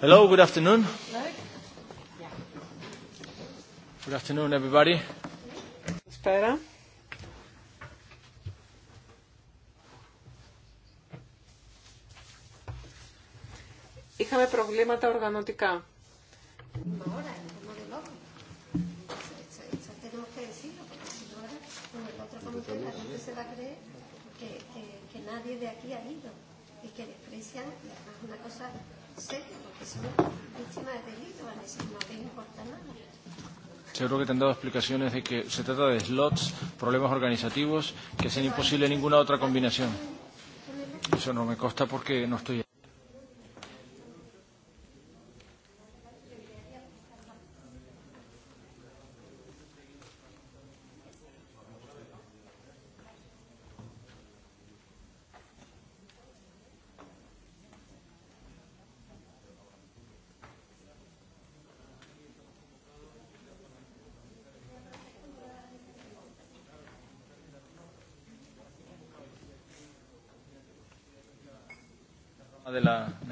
Hello, good afternoon. Good afternoon, everybody. Καλησπέρα. Είχαμε προβλήματα οργανωτικά. que nadie de aquí ha ido y que desprecian, una cosa Seguro que te han dado explicaciones de que se trata de slots, problemas organizativos, que hacen imposible ninguna otra combinación. Eso no me consta porque no estoy.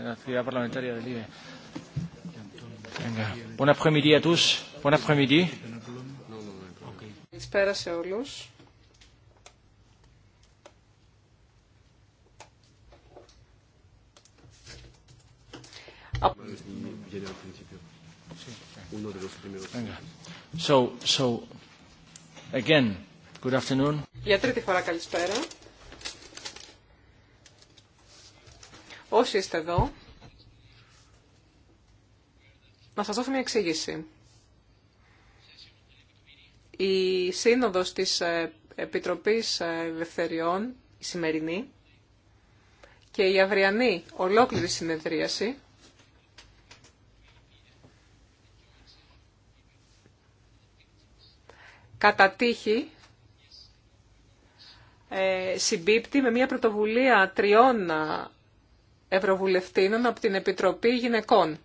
la actividad parlamentaria del IBE. Venga. Buen après-midi a todos. Buen après-midi. Καλησπέρα σε όλους. So, so, again, good afternoon. Για τρίτη φορά καλησπέρα. είστε εδώ, να σας δώσω μια εξήγηση. Η σύνοδος της ε, Επιτροπής ε, Ελευθεριών, η σημερινή, και η αυριανή ολόκληρη συνεδρίαση, κατά τύχη ε, συμπίπτει με μια πρωτοβουλία τριών Ευρωβουλευτήνων από την Επιτροπή Γυναικών.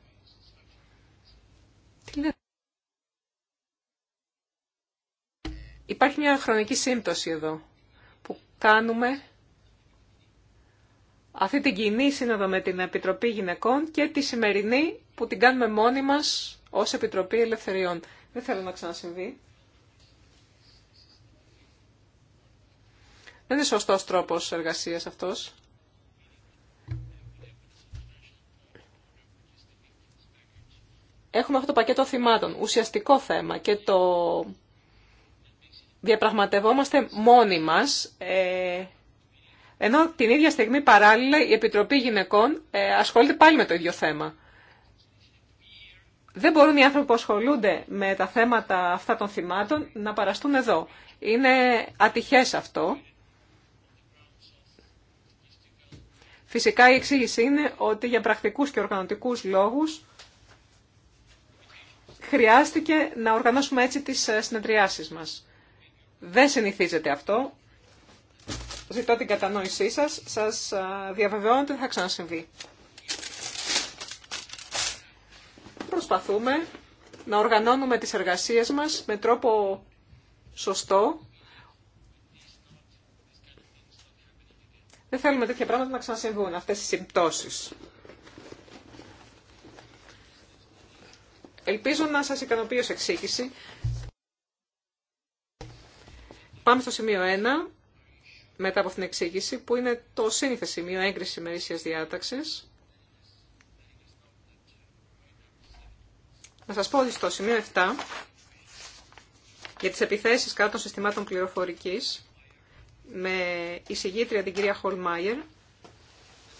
Υπάρχει μια χρονική σύμπτωση εδώ που κάνουμε αυτή την κοινή σύνοδο με την Επιτροπή Γυναικών και τη σημερινή που την κάνουμε μόνοι μας ως Επιτροπή Ελευθεριών. Δεν θέλω να ξανασυμβεί. Δεν είναι σωστός τρόπος εργασίας αυτός. έχουμε αυτό το πακέτο θυμάτων, ουσιαστικό θέμα και το διαπραγματευόμαστε μόνοι μας, ε, ενώ την ίδια στιγμή παράλληλα η Επιτροπή Γυναικών ε, ασχολείται πάλι με το ίδιο θέμα. Δεν μπορούν οι άνθρωποι που ασχολούνται με τα θέματα αυτά των θυμάτων να παραστούν εδώ. Είναι ατυχές αυτό. Φυσικά η εξήγηση είναι ότι για πρακτικούς και οργανωτικούς λόγους χρειάστηκε να οργανώσουμε έτσι τις ε, συνεδριάσεις μας. Δεν συνηθίζεται αυτό. Ζητώ την κατανόησή σας. Σας ε, διαβεβαιώνω ότι θα ξανασυμβεί. Προσπαθούμε να οργανώνουμε τις εργασίες μας με τρόπο σωστό. Δεν θέλουμε τέτοια πράγματα να ξανασυμβούν αυτές οι συμπτώσεις. Ελπίζω να σας ικανοποιεί ως εξήγηση. Πάμε στο σημείο 1, μετά από την εξήγηση, που είναι το σύνηθε σημείο έγκριση ημερήσιας διάταξης. Να σας πω ότι στο σημείο 7, για τις επιθέσεις κάτω των συστημάτων πληροφορικής, με εισηγήτρια την κυρία Χολμάιερ,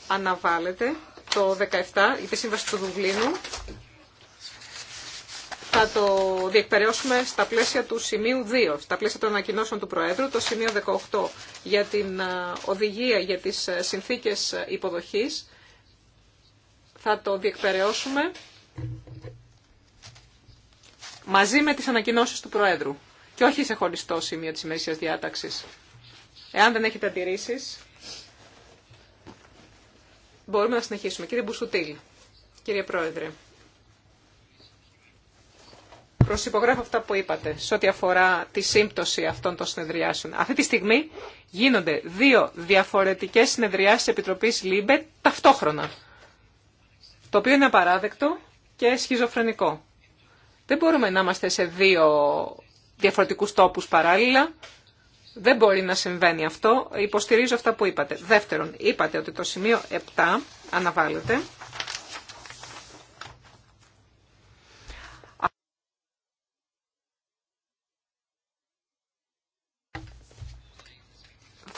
αναβάλλεται το 17 η σύμβαση του Δουβλίνου θα το διεκπαιρεώσουμε στα πλαίσια του σημείου 2, στα πλαίσια των ανακοινώσεων του Προέδρου, το σημείο 18 για την ε, οδηγία για τις ε, συνθήκες ε, υποδοχής. Θα το διεκπαιρεώσουμε μαζί με τις ανακοινώσεις του Προέδρου και όχι σε χωριστό σημείο της ημερήσιας διάταξης. Εάν δεν έχετε αντιρρήσεις, μπορούμε να συνεχίσουμε. Κύριε Μπουσουτήλ, κύριε Πρόεδρε προσυπογράφω αυτά που είπατε σε ό,τι αφορά τη σύμπτωση αυτών των συνεδριάσεων. Αυτή τη στιγμή γίνονται δύο διαφορετικές συνεδριάσεις Επιτροπής ΛΥΜΠΕ ταυτόχρονα. Το οποίο είναι απαράδεκτο και σχιζοφρενικό. Δεν μπορούμε να είμαστε σε δύο διαφορετικούς τόπους παράλληλα. Δεν μπορεί να συμβαίνει αυτό. Υποστηρίζω αυτά που είπατε. Δεύτερον, είπατε ότι το σημείο 7 αναβάλλεται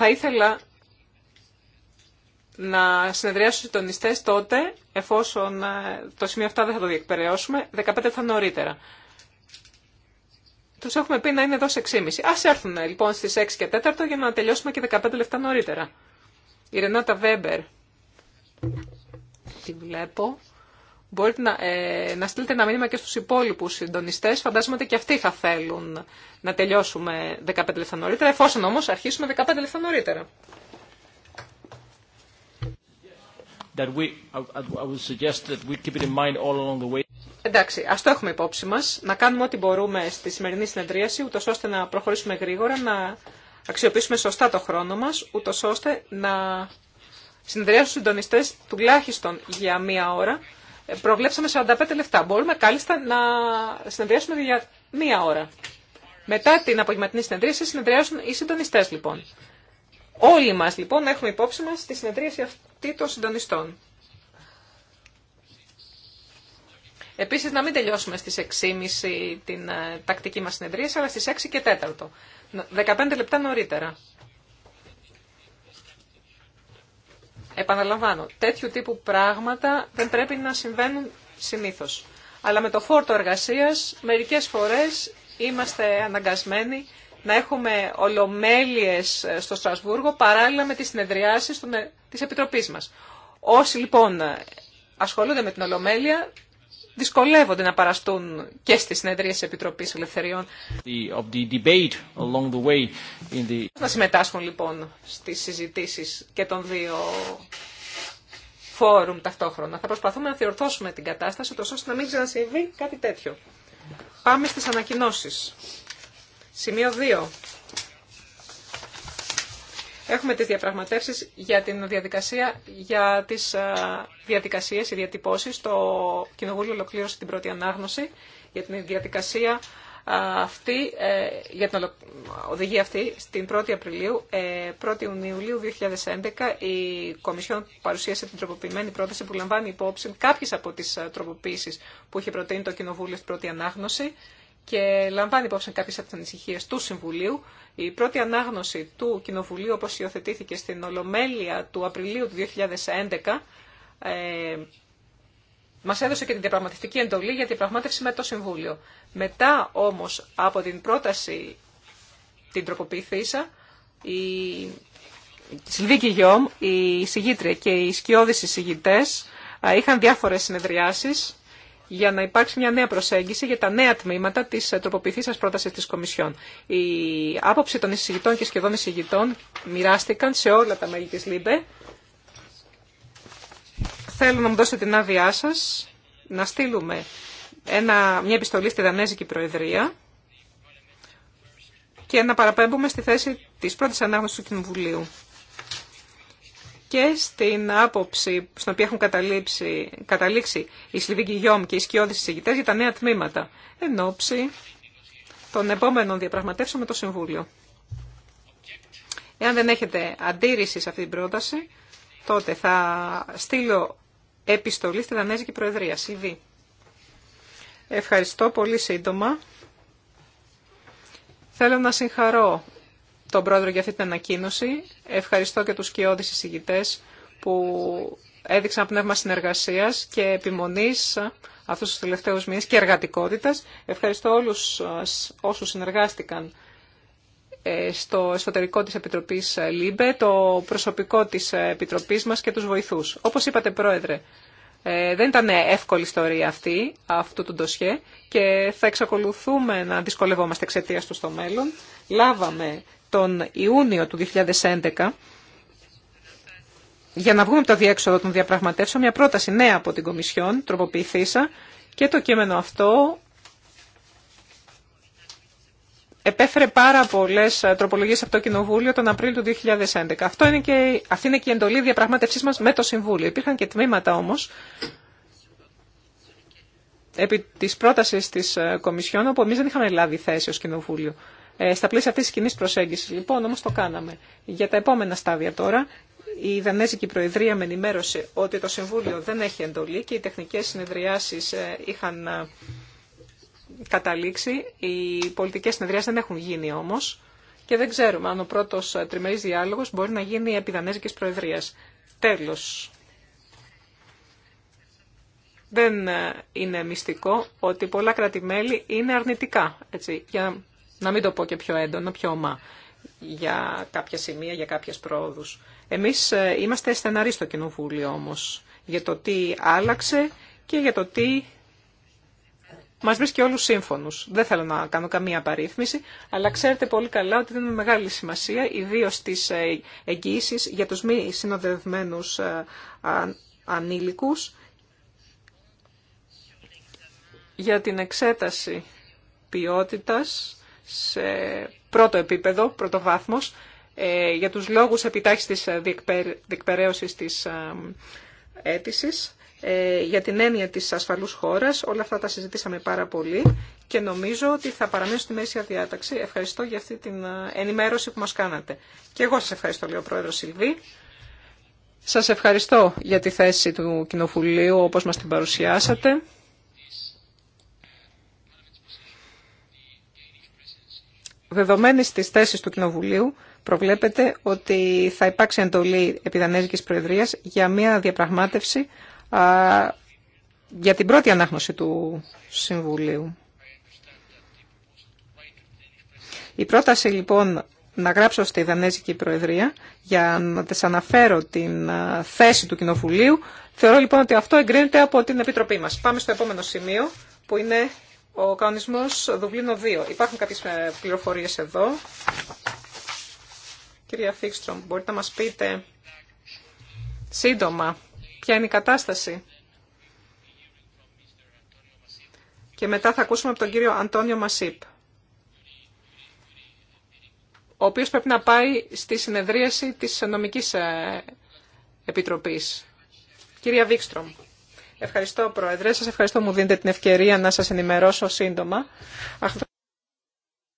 Θα ήθελα να συνεδριάσω τους συντονιστέ τότε, εφόσον ε, το σημείο αυτά δεν θα το διεκπαιρεώσουμε, 15 θα νωρίτερα. Του έχουμε πει να είναι εδώ σε 6.30. Α έρθουν ε, λοιπόν στι 6 και 4 για να τελειώσουμε και 15 λεπτά νωρίτερα. Η Ρενάτα Βέμπερ. Τη βλέπω μπορείτε να, ε, να στείλετε ένα μήνυμα και στους υπόλοιπους συντονιστές. Φαντάζομαι ότι και αυτοί θα θέλουν να τελειώσουμε 15 λεπτά νωρίτερα, εφόσον όμως αρχίσουμε 15 λεπτά νωρίτερα. Εντάξει, ας το έχουμε υπόψη μας, να κάνουμε ό,τι μπορούμε στη σημερινή συνεδρίαση, ούτως ώστε να προχωρήσουμε γρήγορα, να αξιοποιήσουμε σωστά το χρόνο μας, ούτως ώστε να τους συντονιστές τουλάχιστον για μία ώρα προβλέψαμε 45 λεπτά. Μπορούμε κάλλιστα να συνεδριάσουμε για μία ώρα. Μετά την απογευματινή συνεδρίαση συνεδριάζουν οι συντονιστέ λοιπόν. Όλοι μα λοιπόν έχουμε υπόψη μα τη συνεδρίαση αυτή των συντονιστών. Επίση να μην τελειώσουμε στι 6.30 την ε, τακτική μα συνεδρίαση, αλλά στι 6 και 4. 15 λεπτά νωρίτερα. Επαναλαμβάνω, τέτοιου τύπου πράγματα δεν πρέπει να συμβαίνουν συνήθω. Αλλά με το φόρτο εργασία, μερικές φορές είμαστε αναγκασμένοι να έχουμε ολομέλειες στο Στρασβούργο παράλληλα με τις συνεδριάσεις ε, της Επιτροπής μας. Όσοι λοιπόν ασχολούνται με την ολομέλεια δυσκολεύονται να παραστούν και στις συνεδρίες της Επιτροπής Ελευθεριών. The, Να συμμετάσχουν λοιπόν στις συζητήσεις και των δύο φόρουμ ταυτόχρονα. Θα προσπαθούμε να διορθώσουμε την κατάσταση, τόσο ώστε να μην ξανασυμβεί κάτι τέτοιο. Πάμε στις ανακοινώσεις. Σημείο 2. Έχουμε τις διαπραγματεύσεις για την διαδικασία, για τις διαδικασίες, οι διατυπώσεις. Το Κοινοβούλιο ολοκλήρωσε την πρώτη ανάγνωση για την διαδικασία αυτή, ε, για την οδηγία αυτή στην 1η Απριλίου, 1η ε, Ιουλίου 2011 η Κομισιόν παρουσίασε την τροποποιημένη πρόταση που λαμβάνει υπόψη κάποιες από τις τροποποίησεις που είχε προτείνει το Κοινοβούλιο στην πρώτη ανάγνωση και λαμβάνει υπόψη κάποιες από τις ανησυχίες του Συμβουλίου η πρώτη ανάγνωση του Κοινοβουλίου, όπως υιοθετήθηκε στην Ολομέλεια του Απριλίου του 2011, ε, μας έδωσε και την διαπραγματευτική εντολή για την πραγμάτευση με το Συμβούλιο. Μετά όμως από την πρόταση την τροποποιηθήσα, η Σιλβίκη Γιώμ, η συγγήτρια και οι σκιώδεις συγγητές ε, είχαν διάφορες συνεδριάσεις για να υπάρξει μια νέα προσέγγιση για τα νέα τμήματα τη τροποποιηθή σα πρόταση τη Κομισιόν. Η άποψη των εισηγητών και σχεδόν εισηγητών μοιράστηκαν σε όλα τα μέλη τη ΛΥΜΠΕ. Θέλω να μου δώσετε την άδειά σα να στείλουμε ένα, μια επιστολή στη Δανέζικη Προεδρία και να παραπέμπουμε στη θέση τη πρώτη ανάγνωση του Κοινοβουλίου και στην άποψη στην οποία έχουν καταλήξει η Σλιβίκη Γιώμ και οι σκιώδης συζητητές για τα νέα τμήματα, εν ώψη των επόμενων διαπραγματεύσεων με το Συμβούλιο. Εάν δεν έχετε αντίρρηση σε αυτή την πρόταση, τότε θα στείλω επιστολή στη Δανέζικη Προεδρία, ΣΥΒΗ. Ευχαριστώ πολύ σύντομα. Θέλω να συγχαρώ τον Πρόεδρο για αυτή την ανακοίνωση. Ευχαριστώ και τους κοιόδης εισηγητές που έδειξαν πνεύμα συνεργασίας και επιμονής αυτούς τους τελευταίους μήνες και εργατικότητας. Ευχαριστώ όλους όσους συνεργάστηκαν ε, στο εσωτερικό της Επιτροπής ΛΥΜΠΕ, το προσωπικό της Επιτροπής μας και τους βοηθούς. Όπως είπατε Πρόεδρε, ε, δεν ήταν εύκολη ιστορία αυτή, αυτού του ντοσιέ και θα εξακολουθούμε να δυσκολευόμαστε εξαιτία του στο μέλλον. Λάβαμε τον Ιούνιο του 2011 για να βγούμε από το διέξοδο των διαπραγματεύσεων μια πρόταση νέα από την Κομισιόν, τροποποιηθήσα και το κείμενο αυτό επέφερε πάρα πολλέ ε, τροπολογίε από το Κοινοβούλιο τον Απρίλιο του 2011. Αυτό είναι και, αυτή είναι και η εντολή διαπραγμάτευσή μα με το Συμβούλιο. Υπήρχαν και τμήματα όμω επί της πρότασης της ε, Κομισιόν, όπου εμεί δεν είχαμε λάβει θέση ω Κοινοβούλιο. Ε, στα πλαίσια αυτή της κοινή προσέγγισης, λοιπόν, όμω το κάναμε. Για τα επόμενα στάδια τώρα, η Δανέζικη Προεδρία με ενημέρωσε ότι το Συμβούλιο δεν έχει εντολή και οι τεχνικές συνεδριάσεις ε, είχαν ε, καταλήξει. Οι πολιτικές συνεδριάσεις δεν έχουν γίνει όμως και δεν ξέρουμε αν ο πρώτος τριμερής διάλογο μπορεί να γίνει επί Δανέζικη προεδρία. Τέλο Δεν είναι μυστικό ότι πολλά κράτη-μέλη είναι αρνητικά. Έτσι, για να μην το πω και πιο έντονα, πιο ομά, για κάποια σημεία, για κάποιες πρόοδους. Εμείς ε, είμαστε στεναροί στο Κοινοβούλιο όμως, για το τι άλλαξε και για το τι μας βρίσκει όλους σύμφωνους. Δεν θέλω να κάνω καμία παρήθμιση, αλλά ξέρετε πολύ καλά ότι δίνουμε μεγάλη σημασία, ιδίω στις ε, εγγύησει για τους μη συνοδευμένους ε, ανήλικους, για την εξέταση ποιότητας σε πρώτο επίπεδο, πρώτο πρωτοβάθμος, ε, για τους λόγους επιτάχυσης της ε, διεκπεραίωσης της ε, αίτησης, για την έννοια της ασφαλούς χώρας. Όλα αυτά τα συζητήσαμε πάρα πολύ και νομίζω ότι θα παραμείνω στη μέση διάταξη. Ευχαριστώ για αυτή την ενημέρωση που μας κάνατε. Και εγώ σας ευχαριστώ, λέει ο Πρόεδρος Σιλβή. Σας ευχαριστώ για τη θέση του Κοινοβουλίου όπως μας την παρουσιάσατε. δεδομένης της θέσης του Κοινοβουλίου προβλέπεται ότι θα υπάρξει εντολή Δανέζικης προεδρίας για μια διαπραγμάτευση για την πρώτη ανάγνωση του Συμβουλίου. Η πρόταση λοιπόν να γράψω στη Δανέζικη Προεδρία για να τις αναφέρω την θέση του Κοινοβουλίου. Θεωρώ λοιπόν ότι αυτό εγκρίνεται από την Επιτροπή μας. Πάμε στο επόμενο σημείο που είναι ο κανονισμό Δουβλίνο 2. Υπάρχουν κάποιε ε, πληροφορίες εδώ. Κυρία Φίξτρομ, μπορείτε να μας πείτε σύντομα ποια είναι η κατάσταση. Και μετά θα ακούσουμε από τον κύριο Αντώνιο Μασίπ, ο οποίος πρέπει να πάει στη συνεδρίαση της Νομικής ε, Επιτροπής. Κυρία Βίξτρομ. Ευχαριστώ, Πρόεδρε. Σας ευχαριστώ που μου δίνετε την ευκαιρία να σας ενημερώσω σύντομα.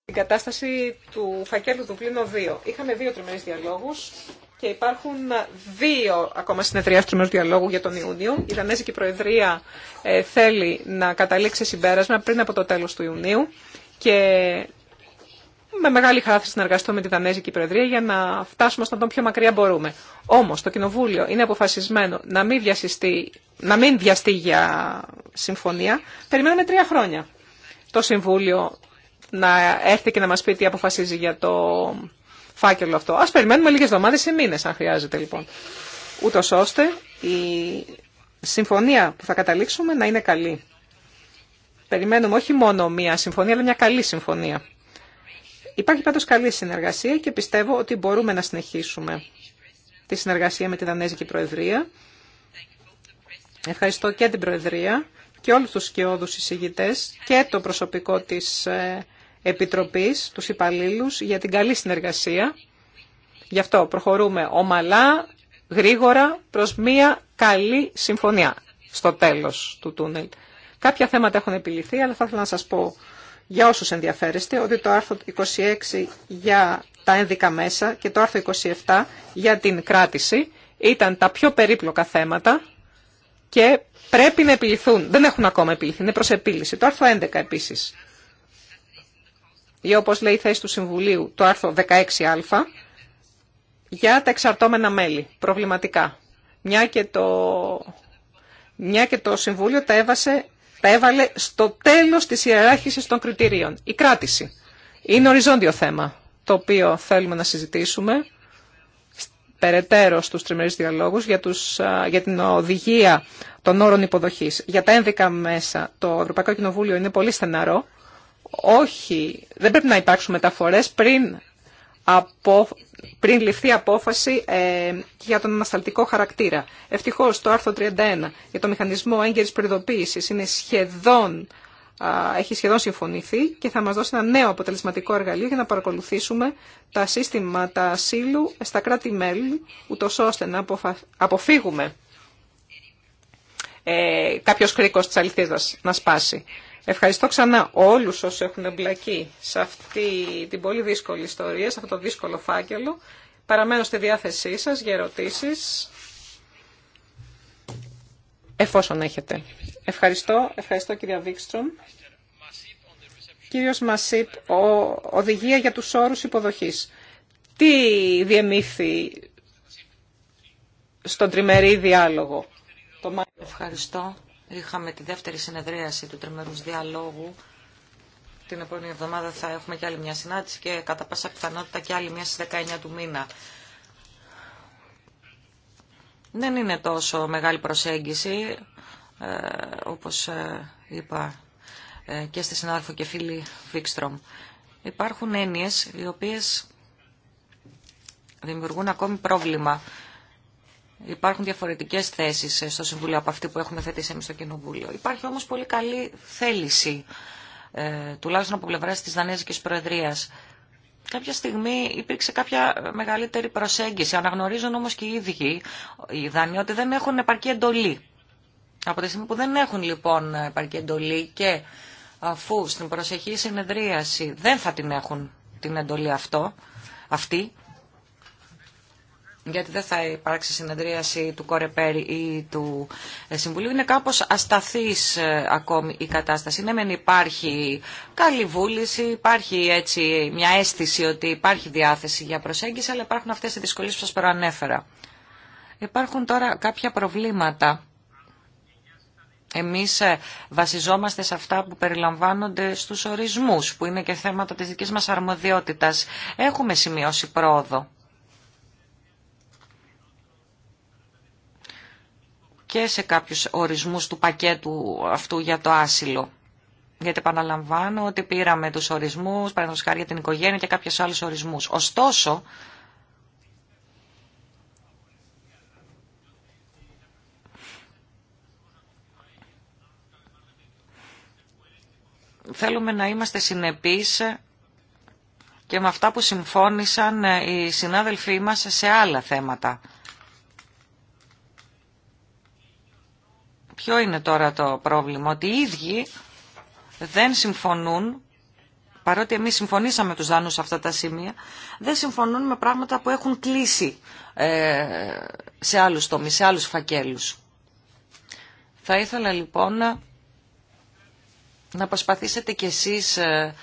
η κατάσταση του φακέλου του πλήνω 2. Είχαμε δύο τριμερεί διαλόγους και υπάρχουν δύο ακόμα συνεδριά τριμερού διαλόγου για τον Ιούνιο. Η Δανέζικη Προεδρία ε, θέλει να καταλήξει συμπέρασμα πριν από το τέλος του Ιουνίου και με μεγάλη χαρά θα συνεργαστώ με τη Δανέζικη Προεδρία για να φτάσουμε στον τον πιο μακριά μπορούμε. Όμω το Κοινοβούλιο είναι αποφασισμένο να μην, διασυστεί, να μην για συμφωνία. Περιμένουμε τρία χρόνια το Συμβούλιο να έρθει και να μα πει τι αποφασίζει για το φάκελο αυτό. Α περιμένουμε λίγε εβδομάδε ή μήνε, αν χρειάζεται λοιπόν. Ούτω ώστε η συμφωνία που θα καταλήξουμε να είναι καλή. Περιμένουμε όχι μόνο μία συμφωνία, αλλά μια καλή συμφωνία υπάρχει πάντως καλή συνεργασία και πιστεύω ότι μπορούμε να συνεχίσουμε τη συνεργασία με τη Δανέζικη Προεδρία. Ευχαριστώ και την Προεδρία και όλους τους σκιώδους εισηγητές και το προσωπικό της ε, Επιτροπής, τους υπαλλήλους, για την καλή συνεργασία. Γι' αυτό προχωρούμε ομαλά, γρήγορα, προς μία καλή συμφωνία στο τέλος του τούνελ. Κάποια θέματα έχουν επιληθεί, αλλά θα ήθελα να σας πω για όσους ενδιαφέρεστε ότι το άρθρο 26 για τα ένδικα μέσα και το άρθρο 27 για την κράτηση ήταν τα πιο περίπλοκα θέματα και πρέπει να επιληθούν. Δεν έχουν ακόμα επιληθεί, είναι προς επίλυση. Το άρθρο 11 επίσης. Ή όπως λέει η θέση του Συμβουλίου, το άρθρο 16α για τα εξαρτώμενα μέλη, προβληματικά. Μια το, Μια και το Συμβούλιο τα έβασε επέβαλε στο τέλος της ιεράρχησης των κριτηρίων. Η κράτηση είναι οριζόντιο θέμα το οποίο θέλουμε να συζητήσουμε περαιτέρω στους τριμερείς διαλόγους για, για την οδηγία των όρων υποδοχής. Για τα ένδικα μέσα το Ευρωπαϊκό Κοινοβούλιο είναι πολύ στεναρό. Όχι, δεν πρέπει να υπάρξουν μεταφορές πριν πριν ληφθεί απόφαση ε, για τον ανασταλτικό χαρακτήρα. Ευτυχώς το άρθρο 31 για το μηχανισμό έγκαιρης προειδοποίησης είναι σχεδόν, έχει σχεδόν συμφωνηθεί και θα μας δώσει ένα νέο αποτελεσματικό εργαλείο για να παρακολουθήσουμε τα σύστηματα ασύλου στα κράτη-μέλη, ούτω ώστε να αποφύγουμε ε, κάποιος κρίκος της αληθίδας να σπάσει. Ευχαριστώ ξανά όλους όσοι έχουν εμπλακεί σε αυτή την πολύ δύσκολη ιστορία, σε αυτό το δύσκολο φάκελο. Παραμένω στη διάθεσή σας για ερωτήσεις, εφόσον έχετε. Ευχαριστώ, ευχαριστώ κυρία Βίξτρομ. Κύριος Μασίπ, ο, οδηγία για τους όρους υποδοχής. Τι διεμήθη στον τριμερή διάλογο. Ευχαριστώ. Είχαμε τη δεύτερη συνεδρίαση του τριμερούς διαλόγου. Την επόμενη εβδομάδα θα έχουμε και άλλη μια συνάντηση και κατά πάσα πιθανότητα και άλλη μια στις 19 του μήνα. Δεν είναι τόσο μεγάλη προσέγγιση, ε, όπως ε, είπα ε, και στη συνάδελφο και φίλη Βίκστρομ. Υπάρχουν έννοιες οι οποίες δημιουργούν ακόμη πρόβλημα Υπάρχουν διαφορετικέ θέσει ε, στο Συμβούλιο από αυτή που έχουμε θέτησει εμεί στο Κοινοβούλιο. Υπάρχει όμω πολύ καλή θέληση, ε, τουλάχιστον από πλευρά τη Δανέζική Προεδρίας. Κάποια στιγμή υπήρξε κάποια μεγαλύτερη προσέγγιση. Αναγνωρίζουν όμω και οι ίδιοι οι Δανείοι ότι δεν έχουν επαρκή εντολή. Από τη στιγμή που δεν έχουν λοιπόν επαρκή εντολή και αφού στην προσεχή συνεδρίαση δεν θα την έχουν την εντολή αυτό, αυτή, γιατί δεν θα υπάρξει συνεδρίαση του Κορεπέρι ή του ε, Συμβουλίου. Είναι κάπως ασταθής ε, ακόμη η κατάσταση. Ναι, μεν υπάρχει καλή βούληση, υπάρχει έτσι μια αίσθηση ότι υπάρχει διάθεση για προσέγγιση, αλλά υπάρχουν αυτές οι δυσκολίες που σας προανέφερα. Υπάρχουν τώρα κάποια προβλήματα. Εμείς ε, βασιζόμαστε σε αυτά που περιλαμβάνονται στους ορισμούς, που είναι και θέματα της δικής μας αρμοδιότητας. Έχουμε σημειώσει πρόοδο και σε κάποιους ορισμούς του πακέτου αυτού για το άσυλο. Γιατί επαναλαμβάνω ότι πήραμε τους ορισμούς, παραδείγματος χάρη για την οικογένεια και κάποιους άλλους ορισμούς. Ωστόσο, θέλουμε να είμαστε συνεπείς και με αυτά που συμφώνησαν οι συνάδελφοί μας σε άλλα θέματα. Ποιο είναι τώρα το πρόβλημα, ότι οι ίδιοι δεν συμφωνούν, παρότι εμείς συμφωνήσαμε τους Δάνους σε αυτά τα σημεία, δεν συμφωνούν με πράγματα που έχουν κλείσει ε, σε άλλους τομείς, σε άλλους φακέλους. Θα ήθελα λοιπόν να προσπαθήσετε κι εσείς, ε,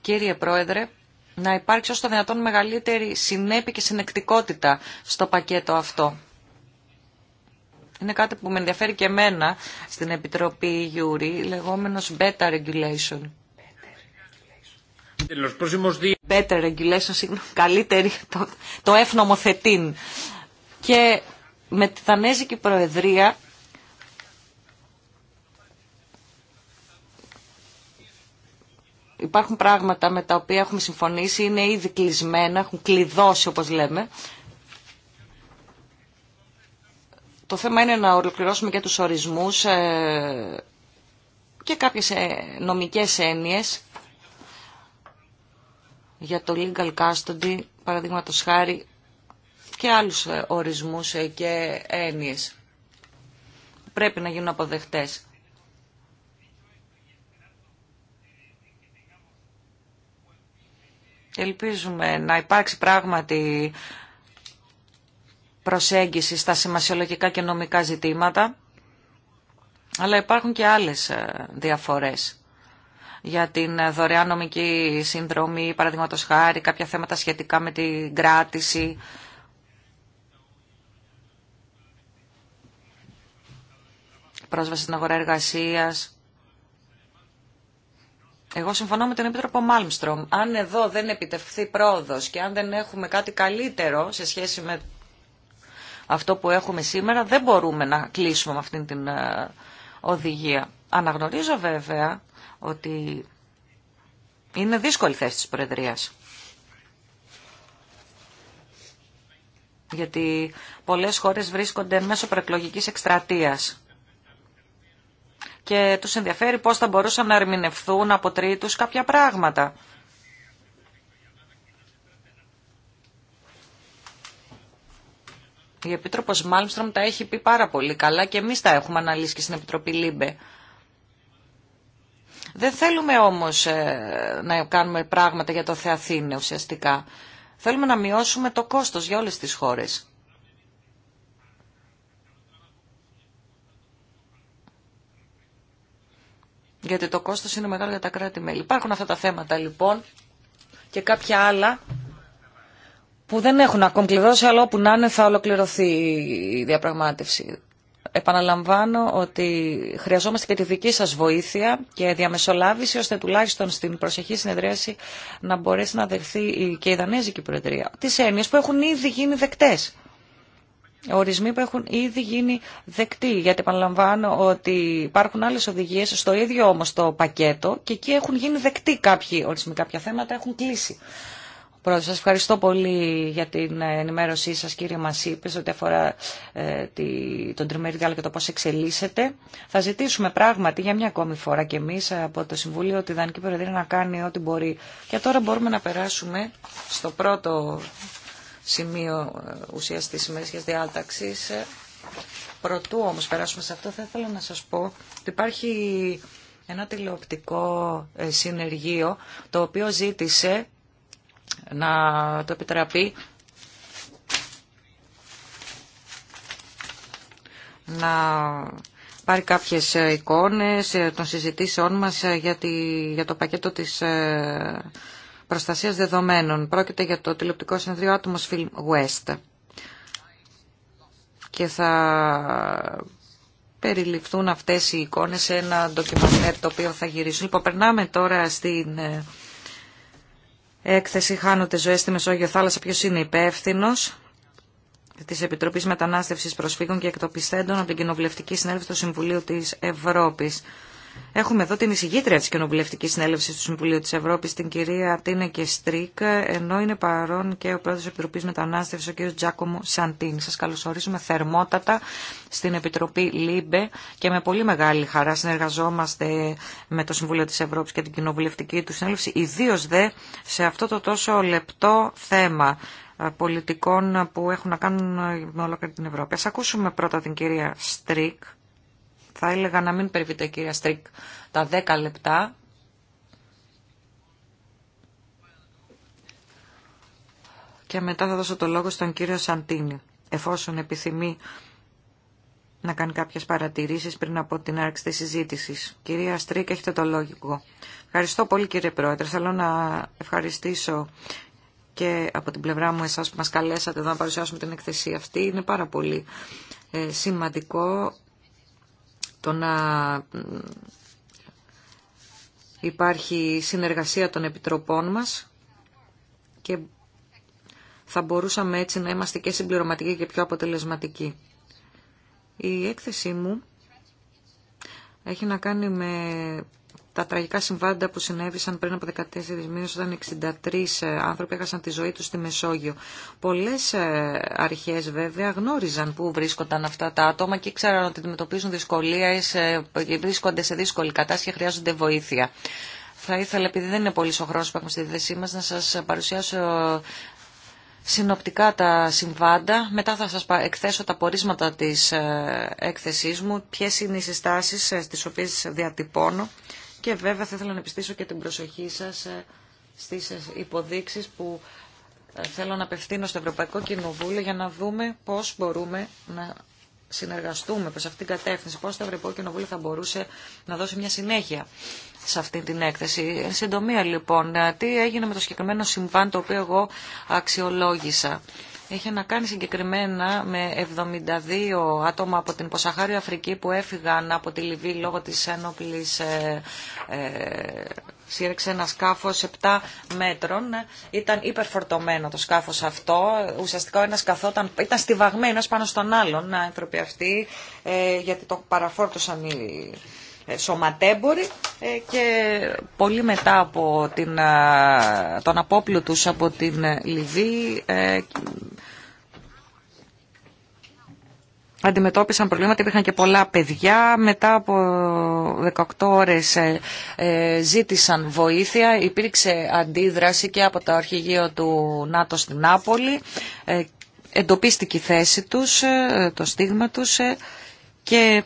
κύριε Πρόεδρε, να υπάρξει όσο το δυνατόν μεγαλύτερη συνέπεια και συνεκτικότητα στο πακέτο αυτό. Είναι κάτι που με ενδιαφέρει και εμένα στην Επιτροπή Γιούρι, λεγόμενος Better Regulation. Better Regulation, συγγνώμη, καλύτερη, το, το εφνομοθετήν. Και με τη Δανέζικη Προεδρία υπάρχουν πράγματα με τα οποία έχουμε συμφωνήσει, είναι ήδη κλεισμένα, έχουν κλειδώσει όπως λέμε Το θέμα είναι να ολοκληρώσουμε και τους ορισμούς ε, και κάποιες ε, νομικές έννοιες για το legal custody, παραδείγματο χάρη, και άλλους ε, ορισμούς και έννοιες. Πρέπει να γίνουν αποδεχτές. Ελπίζουμε να υπάρξει πράγματι προσέγγιση στα σημασιολογικά και νομικά ζητήματα, αλλά υπάρχουν και άλλες ε, διαφορές για την ε, δωρεάν νομική συνδρομή, παραδείγματο χάρη, κάποια θέματα σχετικά με την κράτηση. Πρόσβαση στην αγορά εργασία. Εγώ συμφωνώ με τον Επίτροπο Μάλμστρομ. Αν εδώ δεν επιτευχθεί πρόοδος και αν δεν έχουμε κάτι καλύτερο σε σχέση με αυτό που έχουμε σήμερα δεν μπορούμε να κλείσουμε με αυτήν την ε, οδηγία. Αναγνωρίζω βέβαια ότι είναι δύσκολη θέση της Προεδρίας. Γιατί πολλές χώρες βρίσκονται μέσω προεκλογικής εκστρατείας και τους ενδιαφέρει πώς θα μπορούσαν να ερμηνευθούν από τρίτους κάποια πράγματα. Η επίτροπο Μάλμστρομ τα έχει πει πάρα πολύ καλά και εμείς τα έχουμε αναλύσει και στην Επιτροπή Λίμπε. Δεν θέλουμε όμως ε, να κάνουμε πράγματα για το Θεαθήνε ουσιαστικά. Θέλουμε να μειώσουμε το κόστος για όλες τις χώρες. Γιατί το κόστος είναι μεγάλο για τα κράτη-μέλη. Υπάρχουν αυτά τα θέματα λοιπόν και κάποια άλλα που δεν έχουν ακόμη κλειδώσει, αλλά όπου να είναι θα ολοκληρωθεί η διαπραγμάτευση. Επαναλαμβάνω ότι χρειαζόμαστε και τη δική σας βοήθεια και διαμεσολάβηση, ώστε τουλάχιστον στην προσεχή συνεδρίαση να μπορέσει να δεχθεί και η Δανέζικη Προεδρία. Τις έννοιες που έχουν ήδη γίνει δεκτές. Ορισμοί που έχουν ήδη γίνει δεκτοί, γιατί επαναλαμβάνω ότι υπάρχουν άλλες οδηγίες στο ίδιο όμως το πακέτο και εκεί έχουν γίνει δεκτοί κάποιοι ορισμοί, κάποια θέματα έχουν κλείσει. Πρώτα, σας ευχαριστώ πολύ για την ε, ενημέρωσή σας κύριε Μασίπης ότι αφορά ε, τη, τον τριμερή διάλογο και το πώς εξελίσσεται. Θα ζητήσουμε πράγματι για μια ακόμη φορά και εμείς από το Συμβούλιο ότι η Δανική Προεδρία να κάνει ό,τι μπορεί. Και τώρα μπορούμε να περάσουμε στο πρώτο σημείο ε, ουσίας της διάταξης. Προτού όμως περάσουμε σε αυτό θα ήθελα να σας πω ότι υπάρχει ένα τηλεοπτικό συνεργείο το οποίο ζήτησε να το επιτραπεί να πάρει κάποιες εικόνες των συζητήσεών μας για, για το πακέτο της ε, προστασίας δεδομένων. Πρόκειται για το τηλεοπτικό συνεδρίο Atomos Film West. Και θα περιληφθούν αυτές οι εικόνες σε ένα ντοκιμαντέρ το οποίο θα γυρίσουν. Λοιπόν, περνάμε τώρα στην ε, Έκθεση «Χάνονται ζωέ στη Μεσόγειο θάλασσα. ποιο είναι υπεύθυνο της επιτροπή μετανάστευση Προσφύγων και Εκτοπιστέντων από την Κοινοβουλευτική Συνέλευση του Συμβουλίου της Ευρώπης. Έχουμε εδώ την εισηγήτρια τη κοινοβουλευτική συνέλευση του Συμβουλίου τη Ευρώπη, την κυρία Τίνε Κεστρίκ, ενώ είναι παρόν και ο πρόεδρος της Επιτροπής Μετανάστευσης, ο κύριο Τζάκομο Σαντίν. Σα καλωσορίζουμε θερμότατα στην Επιτροπή ΛΥΜΠΕ και με πολύ μεγάλη χαρά συνεργαζόμαστε με το Συμβούλιο τη Ευρώπη και την Κοινοβουλευτική του Συνέλευση, ιδίω δε σε αυτό το τόσο λεπτό θέμα ε, πολιτικών που έχουν να κάνουν με ολόκληρη την Ευρώπη. Α ακούσουμε πρώτα την κυρία Στρίκ θα έλεγα να μην περιβείτε, κυρία Στρίκ τα 10 λεπτά. Και μετά θα δώσω το λόγο στον κύριο Σαντίνη, εφόσον επιθυμεί να κάνει κάποιες παρατηρήσεις πριν από την άρξη της συζήτησης. Κυρία Στρίκ, έχετε το λόγο. Ευχαριστώ πολύ κύριε Πρόεδρε. Θέλω να ευχαριστήσω και από την πλευρά μου εσάς που μας καλέσατε εδώ να παρουσιάσουμε την εκθεσία αυτή. Είναι πάρα πολύ ε, σημαντικό το να υπάρχει συνεργασία των επιτροπών μας και θα μπορούσαμε έτσι να είμαστε και συμπληρωματικοί και πιο αποτελεσματικοί. Η έκθεσή μου έχει να κάνει με τα τραγικά συμβάντα που συνέβησαν πριν από 14 μήνες όταν 63 ε, άνθρωποι έχασαν τη ζωή τους στη Μεσόγειο. Πολλές ε, αρχές βέβαια γνώριζαν πού βρίσκονταν αυτά τα άτομα και ήξεραν ότι αντιμετωπίζουν δυσκολίες, ε, βρίσκονται σε δύσκολη κατάσταση και χρειάζονται βοήθεια. Θα ήθελα, επειδή δεν είναι πολύ ο χρόνο που έχουμε στη θέση μα να σα παρουσιάσω συνοπτικά τα συμβάντα. Μετά θα σα εκθέσω τα πορίσματα τη έκθεσής μου, ποιε είναι οι συστάσει στι οποίε διατυπώνω και βέβαια θα ήθελα να επιστήσω και την προσοχή σας ε, στις ε, υποδείξεις που ε, θέλω να απευθύνω στο Ευρωπαϊκό Κοινοβούλιο για να δούμε πώς μπορούμε να συνεργαστούμε προ αυτήν την κατεύθυνση, Πώ το Ευρωπαϊκό Κοινοβούλιο θα μπορούσε να δώσει μια συνέχεια σε αυτή την έκθεση. Εν συντομία λοιπόν, τι έγινε με το συγκεκριμένο συμβάν το οποίο εγώ αξιολόγησα. Έχει να κάνει συγκεκριμένα με 72 άτομα από την Ποσαχάριο Αφρική που έφυγαν από τη Λιβύη λόγω της ένοπλης ε, ε, σύρεξε ένα σκάφος 7 μέτρων. Ήταν υπερφορτωμένο το σκάφος αυτό. Ουσιαστικά ο ένας καθόταν, ήταν στιβαγμένος πάνω στον άλλον, άνθρωποι αυτοί, ε, γιατί το παραφόρτωσαν οι ε, σωματέμποροι ε, και πολύ μετά από την, τον απόπλου τους από την Λιβύη αντιμετώπισαν προβλήματα, υπήρχαν και πολλά παιδιά. Μετά από 18 ώρες ε, ε, ζήτησαν βοήθεια. Υπήρξε αντίδραση και από το αρχηγείο του ΝΑΤΟ στην Νάπολη. Ε, εντοπίστηκε η θέση τους, το στίγμα τους και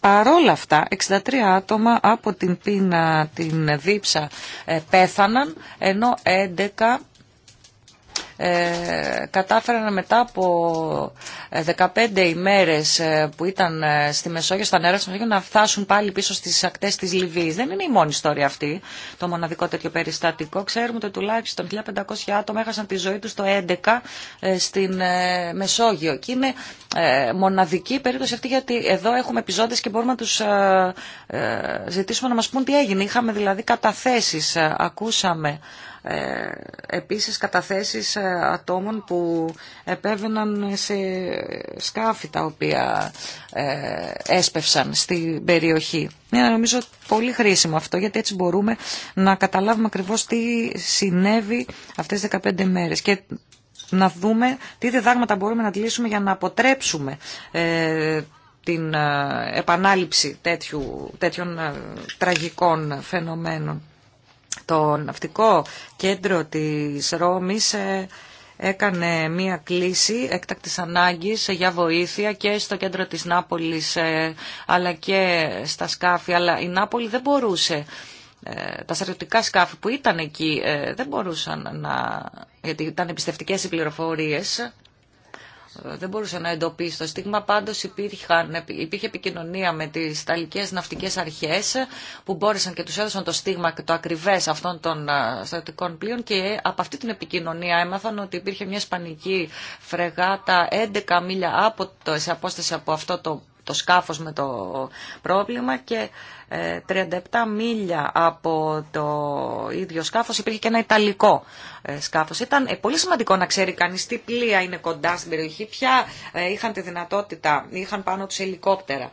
παρόλα αυτά 63 άτομα από την πείνα, την δίψα πέθαναν ενώ 11 ε, κατάφεραν μετά από 15 ε, ημέρες ε, που ήταν στη Μεσόγειο, στα νερά στη Μεσόγειο, να φτάσουν πάλι πίσω στις ακτές της Λιβύης. Δεν είναι η μόνη ιστορία αυτή, το μοναδικό τέτοιο περιστατικό. Ξέρουμε ότι τουλάχιστον 1.500 άτομα έχασαν τη ζωή τους το 2011 στην Μεσόγειο. Και είναι μοναδική περίπτωση αυτή γιατί εδώ έχουμε επιζώντες και μπορούμε να τους ζητήσουμε να μας πούν τι έγινε. Είχαμε δηλαδή καταθέσεις, ακούσαμε επίσης καταθέσεις ε, ατόμων που επέβαιναν σε σκάφη τα οποία ε, έσπευσαν στην περιοχή. Είναι νομίζω πολύ χρήσιμο αυτό γιατί έτσι μπορούμε να καταλάβουμε ακριβώς τι συνέβη αυτές τις 15 μέρες και να δούμε τι διδάγματα μπορούμε να αντλήσουμε για να αποτρέψουμε ε, την επανάληψη τέτοιου, τέτοιων τραγικών φαινομένων το ναυτικό κέντρο της Ρώμης ε, έκανε μία κλίση έκτακτης ανάγκης για βοήθεια και στο κέντρο της Νάπολης ε, αλλά και στα σκάφη. Αλλά η Νάπολη δεν μπορούσε, ε, τα στρατιωτικά σκάφη που ήταν εκεί δεν μπορούσαν να... γιατί ήταν εμπιστευτικές οι πληροφορίες δεν μπορούσε να εντοπίσει το στίγμα. Πάντω υπήρχε επικοινωνία με τις ταλικές ναυτικές αρχές που μπόρεσαν και τους έδωσαν το στίγμα και το ακριβές αυτών των στρατικών πλοίων και από αυτή την επικοινωνία έμαθαν ότι υπήρχε μια ισπανική φρεγάτα 11 μίλια από το, σε απόσταση από αυτό το το σκάφος με το πρόβλημα και 37 ε, μίλια από το ίδιο σκάφος υπήρχε και ένα Ιταλικό ε, σκάφος. Ήταν ε, πολύ σημαντικό να ξέρει κανείς τι πλοία είναι κοντά στην περιοχή, ποια είχαν τη δυνατότητα, είχαν πάνω τους ελικόπτερα.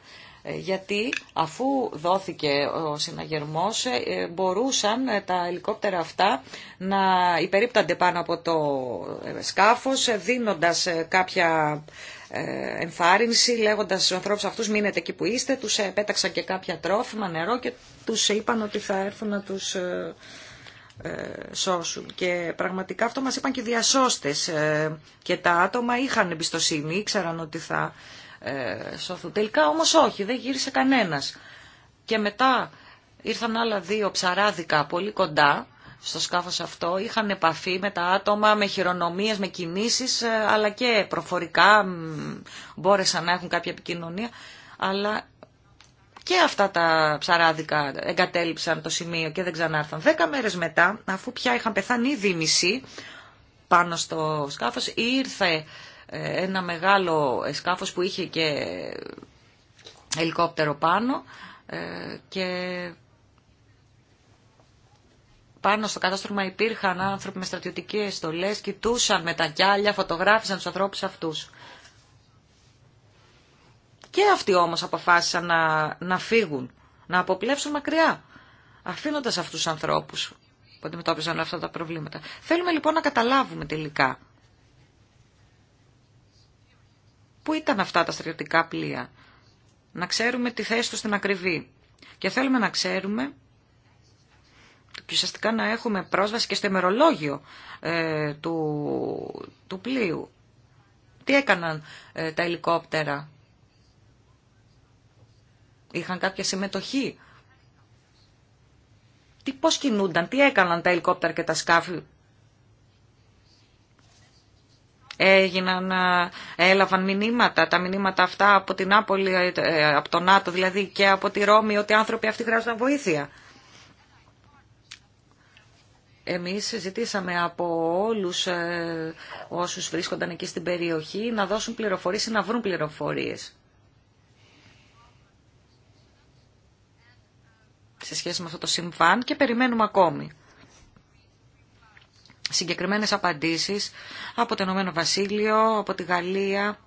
Γιατί αφού δόθηκε ο συναγερμός μπορούσαν τα ελικόπτερα αυτά να υπερίπτανται πάνω από το σκάφος δίνοντας κάποια εμφάρυνση λέγοντας στους ανθρώπους αυτούς μείνετε εκεί που είστε, τους ε, πέταξαν και κάποια τρόφιμα, νερό και τους είπαν ότι θα έρθουν να τους ε, ε, σώσουν. Και πραγματικά αυτό μας είπαν και οι διασώστες και τα άτομα είχαν εμπιστοσύνη, ήξεραν ότι θα σώθουν. Τελικά όμως όχι, δεν γύρισε κανένας. Και μετά ήρθαν άλλα δύο ψαράδικα πολύ κοντά στο σκάφος αυτό είχαν επαφή με τα άτομα, με χειρονομίες, με κινήσεις, ε, αλλά και προφορικά μπόρεσαν να έχουν κάποια επικοινωνία, αλλά και αυτά τα ψαράδικα εγκατέλειψαν το σημείο και δεν ξανάρθαν. Δέκα μέρες μετά, αφού πια είχαν πεθάνει ήδη πάνω στο σκάφος, ήρθε ε, ένα μεγάλο σκάφος που είχε και ελικόπτερο πάνω ε, και πάνω στο κατάστρωμα υπήρχαν άνθρωποι με στρατιωτικέ στολέ, κοιτούσαν με τα γυάλια, φωτογράφησαν τους ανθρώπους αυτούς. Και αυτοί όμως αποφάσισαν να, να φύγουν, να αποπλέψουν μακριά, αφήνοντας αυτούς τους ανθρώπους που αντιμετώπιζαν αυτά τα προβλήματα. Θέλουμε λοιπόν να καταλάβουμε τελικά πού ήταν αυτά τα στρατιωτικά πλοία, να ξέρουμε τη θέση του στην ακριβή. Και θέλουμε να ξέρουμε και ουσιαστικά να έχουμε πρόσβαση και στο ημερολόγιο ε, του, του πλοίου. Τι έκαναν ε, τα ελικόπτερα. Είχαν κάποια συμμετοχή. Τι πώς κινούνταν, τι έκαναν τα ελικόπτερα και τα σκάφη. Έγιναν, ε, έλαβαν μηνύματα, τα μηνύματα αυτά από την Άπολη, ε, από τον ΝΑΤΟ δηλαδή και από τη Ρώμη ότι οι άνθρωποι αυτοί χρειάζονταν βοήθεια. Εμείς ζητήσαμε από όλους ε, όσους βρίσκονταν εκεί στην περιοχή να δώσουν πληροφορίες ή να βρουν πληροφορίες. σε σχέση με αυτό το συμβάν και περιμένουμε ακόμη συγκεκριμένες απαντήσεις από το Ηνωμένο Βασίλειο, από τη Γαλλία,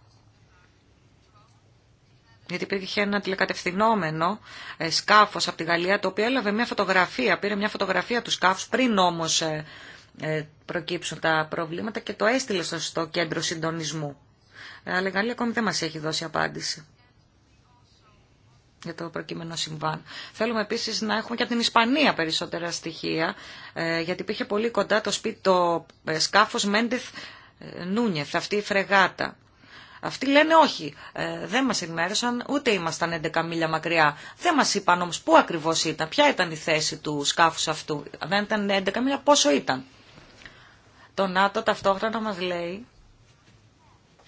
γιατί υπήρχε ένα τηλεκατευθυνόμενο ε, σκάφος από τη Γαλλία, το οποίο έλαβε μια φωτογραφία, πήρε μια φωτογραφία του σκάφους πριν όμως ε, ε, προκύψουν τα προβλήματα και το έστειλε στο κέντρο συντονισμού. Αλλά η Γαλλία ακόμη δεν μας έχει δώσει απάντηση για το προκείμενο συμβάν. Θέλουμε επίση να έχουμε και από την Ισπανία περισσότερα στοιχεία, γιατί υπήρχε πολύ κοντά το, σπίτι, το σκάφο Μέντεθ Νούνιεθ, αυτή η φρεγάτα. Αυτοί λένε όχι, ε, δεν μας ενημέρωσαν, ούτε ήμασταν 11 μίλια μακριά. Δεν μας είπαν όμως πού ακριβώς ήταν, ποια ήταν η θέση του σκάφους αυτού. Δεν ήταν 11 μίλια, πόσο ήταν. Το ΝΑΤΟ ταυτόχρονα μας λέει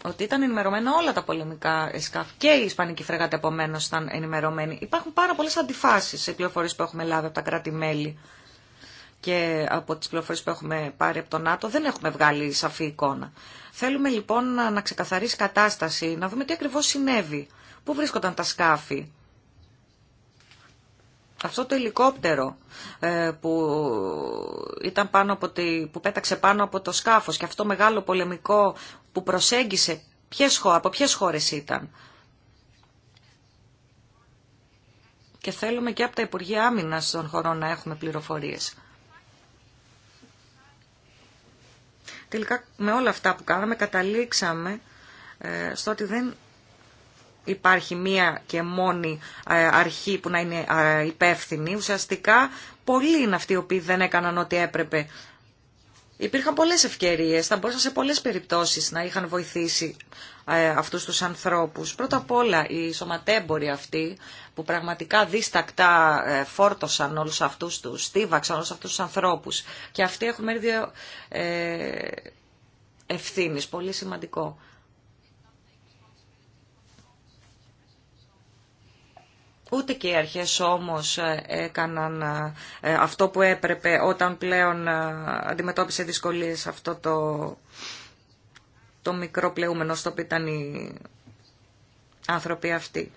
ότι ήταν ενημερωμένα όλα τα πολεμικά σκάφη και η Ισπανική φρεγάτα επομένω ήταν ενημερωμένη. Υπάρχουν πάρα πολλές αντιφάσεις σε πληροφορίες που έχουμε λάβει από τα κράτη-μέλη και από τις πληροφορίες που έχουμε πάρει από τον ΝΑΤΟ δεν έχουμε βγάλει σαφή εικόνα. Θέλουμε λοιπόν να ξεκαθαρίσει κατάσταση, να δούμε τι ακριβώς συνέβη, πού βρίσκονταν τα σκάφη. Αυτό το ελικόπτερο ε, που, ήταν πάνω από που πέταξε πάνω από το σκάφος και αυτό μεγάλο πολεμικό που προσέγγισε ποιες, από ποιες χώρες ήταν. Και θέλουμε και από τα Υπουργεία Άμυνας των χωρών να έχουμε πληροφορίες. Τελικά με όλα αυτά που κάναμε καταλήξαμε ε, στο ότι δεν υπάρχει μία και μόνη ε, αρχή που να είναι ε, υπεύθυνη. Ουσιαστικά πολλοί είναι αυτοί οι οποίοι δεν έκαναν ό,τι έπρεπε Υπήρχαν πολλές ευκαιρίες, θα μπορούσαν σε πολλές περιπτώσεις να είχαν βοηθήσει ε, αυτούς τους ανθρώπους. Πρώτα απ' όλα οι σωματέμποροι αυτοί που πραγματικά δίστακτα ε, φόρτωσαν όλους αυτούς τους, στίβαξαν όλους αυτούς τους ανθρώπους. Και αυτοί έχουν μέρη δύο ε, πολύ σημαντικό. Ούτε και οι αρχές όμως ε, έκαναν ε, ε, αυτό που έπρεπε όταν πλέον αντιμετώπισε δυσκολίες αυτό το, το μικρό πλεούμενο στο οποίο ήταν οι άνθρωποι αυτοί.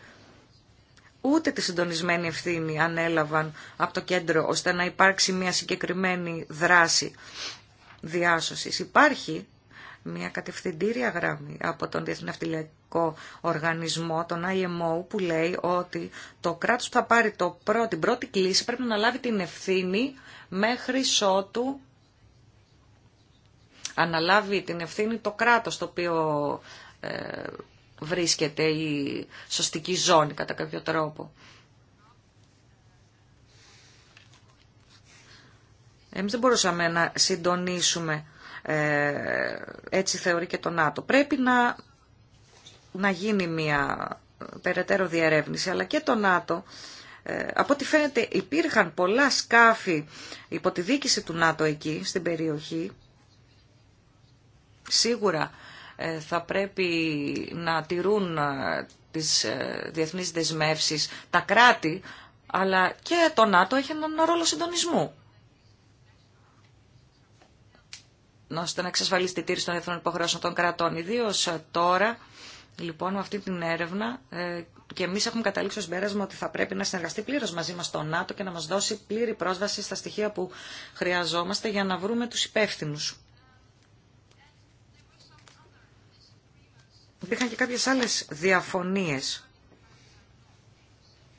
Ούτε τη συντονισμένη ευθύνη ανέλαβαν από το κέντρο ώστε να υπάρξει μια συγκεκριμένη δράση διάσωσης. Υπάρχει μια κατευθυντήρια γραμμή από τον Διεθνή Οργανισμό, τον IMO, που λέει ότι το κράτος που θα πάρει το πρώτη, την πρώτη κλίση πρέπει να λάβει την ευθύνη μέχρι σότου αναλάβει την ευθύνη το κράτος το οποίο ε, βρίσκεται η σωστική ζώνη κατά κάποιο τρόπο. Εμείς δεν μπορούσαμε να συντονίσουμε ε, έτσι θεωρεί και το ΝΑΤΟ. Πρέπει να, να γίνει μια περαιτέρω διερεύνηση, αλλά και το ΝΑΤΟ ε, από ό,τι φαίνεται υπήρχαν πολλά σκάφη υπό τη δίκηση του ΝΑΤΟ εκεί στην περιοχή. Σίγουρα ε, θα πρέπει να τηρούν τις διεθνείς δεσμεύσεις τα κράτη, αλλά και το ΝΑΤΟ έχει έναν ρόλο συντονισμού. ώστε να εξασφαλίσει τη τήρηση των εθνών υποχρεώσεων των κρατών. Ιδίω ε, τώρα, λοιπόν, με αυτή την έρευνα ε, και εμεί έχουμε καταλήξει ω μπέρασμα ότι θα πρέπει να συνεργαστεί πλήρω μαζί μα το ΝΑΤΟ και να μα δώσει πλήρη πρόσβαση στα στοιχεία που χρειαζόμαστε για να βρούμε του υπεύθυνου. Υπήρχαν και κάποιες άλλες διαφωνίες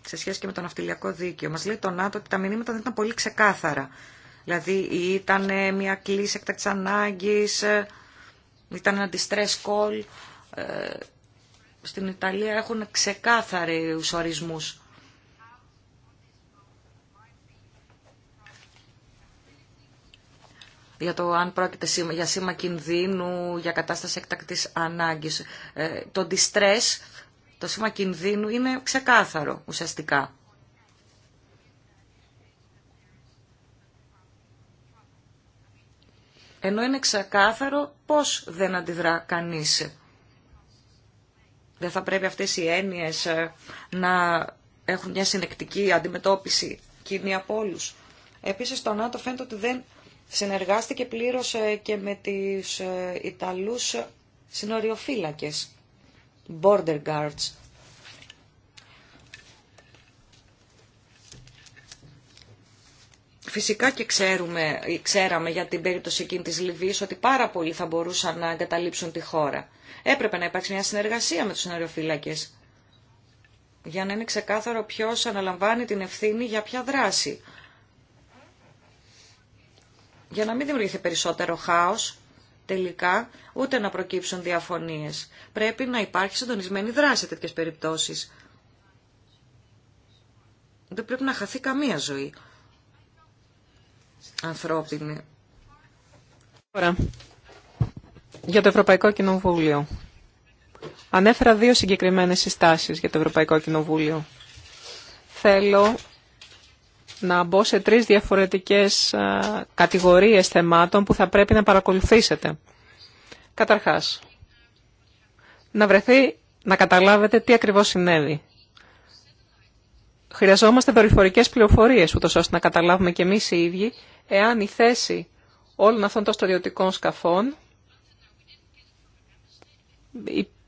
σε σχέση και με το ναυτιλιακό δίκαιο. Μας λέει το ΝΑΤΟ ότι τα μηνύματα δεν ήταν πολύ ξεκάθαρα Δηλαδή ήταν ε, μια κλίση εκτακτής ανάγκης, ε, ήταν ένα distress call. Ε, στην Ιταλία έχουν ξεκάθαρους ορισμούς. για το αν πρόκειται για σήμα κινδύνου, για κατάσταση εκτακτής ανάγκης. το distress, το σήμα κινδύνου είναι ξεκάθαρο ουσιαστικά. ενώ είναι ξεκάθαρο πώς δεν αντιδρά κανείς. Δεν θα πρέπει αυτές οι έννοιες ε, να έχουν μια συνεκτική αντιμετώπιση κοινή από όλους. Επίσης το ΝΑΤΟ φαίνεται ότι δεν συνεργάστηκε πλήρως ε, και με τις ε, Ιταλούς συνοριοφύλακες, border guards. Φυσικά και ξέρουμε, ξέραμε για την περίπτωση εκείνη της Λιβύης ότι πάρα πολλοί θα μπορούσαν να εγκαταλείψουν τη χώρα. Έπρεπε να υπάρξει μια συνεργασία με τους αεροφύλακες για να είναι ξεκάθαρο ποιος αναλαμβάνει την ευθύνη για ποια δράση. Για να μην δημιουργηθεί περισσότερο χάος τελικά, ούτε να προκύψουν διαφωνίες. Πρέπει να υπάρχει συντονισμένη δράση σε τέτοιες περιπτώσεις. Δεν πρέπει να χαθεί καμία ζωή ανθρώπινη. Τώρα, για το Ευρωπαϊκό Κοινοβούλιο. Ανέφερα δύο συγκεκριμένες συστάσεις για το Ευρωπαϊκό Κοινοβούλιο. Θέλω να μπω σε τρεις διαφορετικές κατηγορίες θεμάτων που θα πρέπει να παρακολουθήσετε. Καταρχάς, να βρεθεί να καταλάβετε τι ακριβώς συνέβη. Χρειαζόμαστε δορυφορικές πληροφορίες, ούτως ώστε να καταλάβουμε και εμείς οι ίδιοι εάν η θέση όλων αυτών των στρατιωτικών σκαφών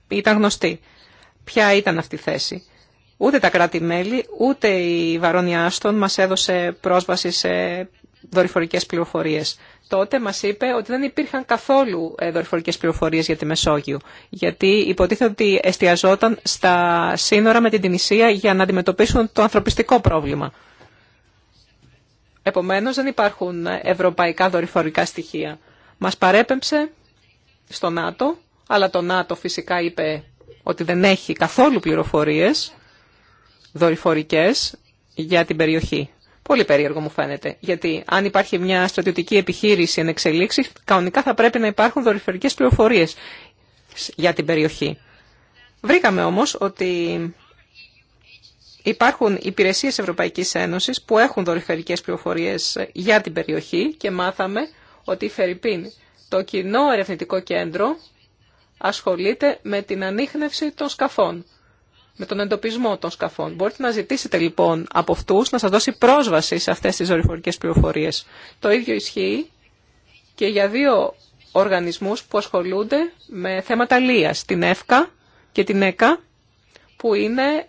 ήταν γνωστή. Ποια ήταν αυτή η θέση. Ούτε τα κράτη-μέλη, ούτε η Βαρόνια Άστον μας έδωσε πρόσβαση σε δορυφορικές πληροφορίες. Τότε μας είπε ότι δεν υπήρχαν καθόλου ε, δορυφορικές πληροφορίες για τη Μεσόγειο, γιατί υποτίθεται ότι εστιαζόταν στα σύνορα με την Τινησία για να αντιμετωπίσουν το ανθρωπιστικό πρόβλημα. Επομένως δεν υπάρχουν ευρωπαϊκά δορυφορικά στοιχεία. Μας παρέπεμψε στο ΝΑΤΟ, αλλά το ΝΑΤΟ φυσικά είπε ότι δεν έχει καθόλου πληροφορίες δορυφορικές για την περιοχή. Πολύ περίεργο μου φαίνεται, γιατί αν υπάρχει μια στρατιωτική επιχείρηση εν εξελίξη, κανονικά θα πρέπει να υπάρχουν δορυφορικές πληροφορίες για την περιοχή. Βρήκαμε όμως ότι Υπάρχουν υπηρεσίε Ευρωπαϊκής Ένωσης που έχουν δορυφορικέ πληροφορίες για την περιοχή και μάθαμε ότι η Φερρυπίν, το κοινό ερευνητικό κέντρο, ασχολείται με την ανείχνευση των σκαφών, με τον εντοπισμό των σκαφών. Μπορείτε να ζητήσετε λοιπόν από αυτούς να σας δώσει πρόσβαση σε αυτές τις δορυφορικές πληροφορίε. Το ίδιο ισχύει και για δύο οργανισμούς που ασχολούνται με θέματα λίας, την ΕΦΚΑ και την ΕΚΑ, που είναι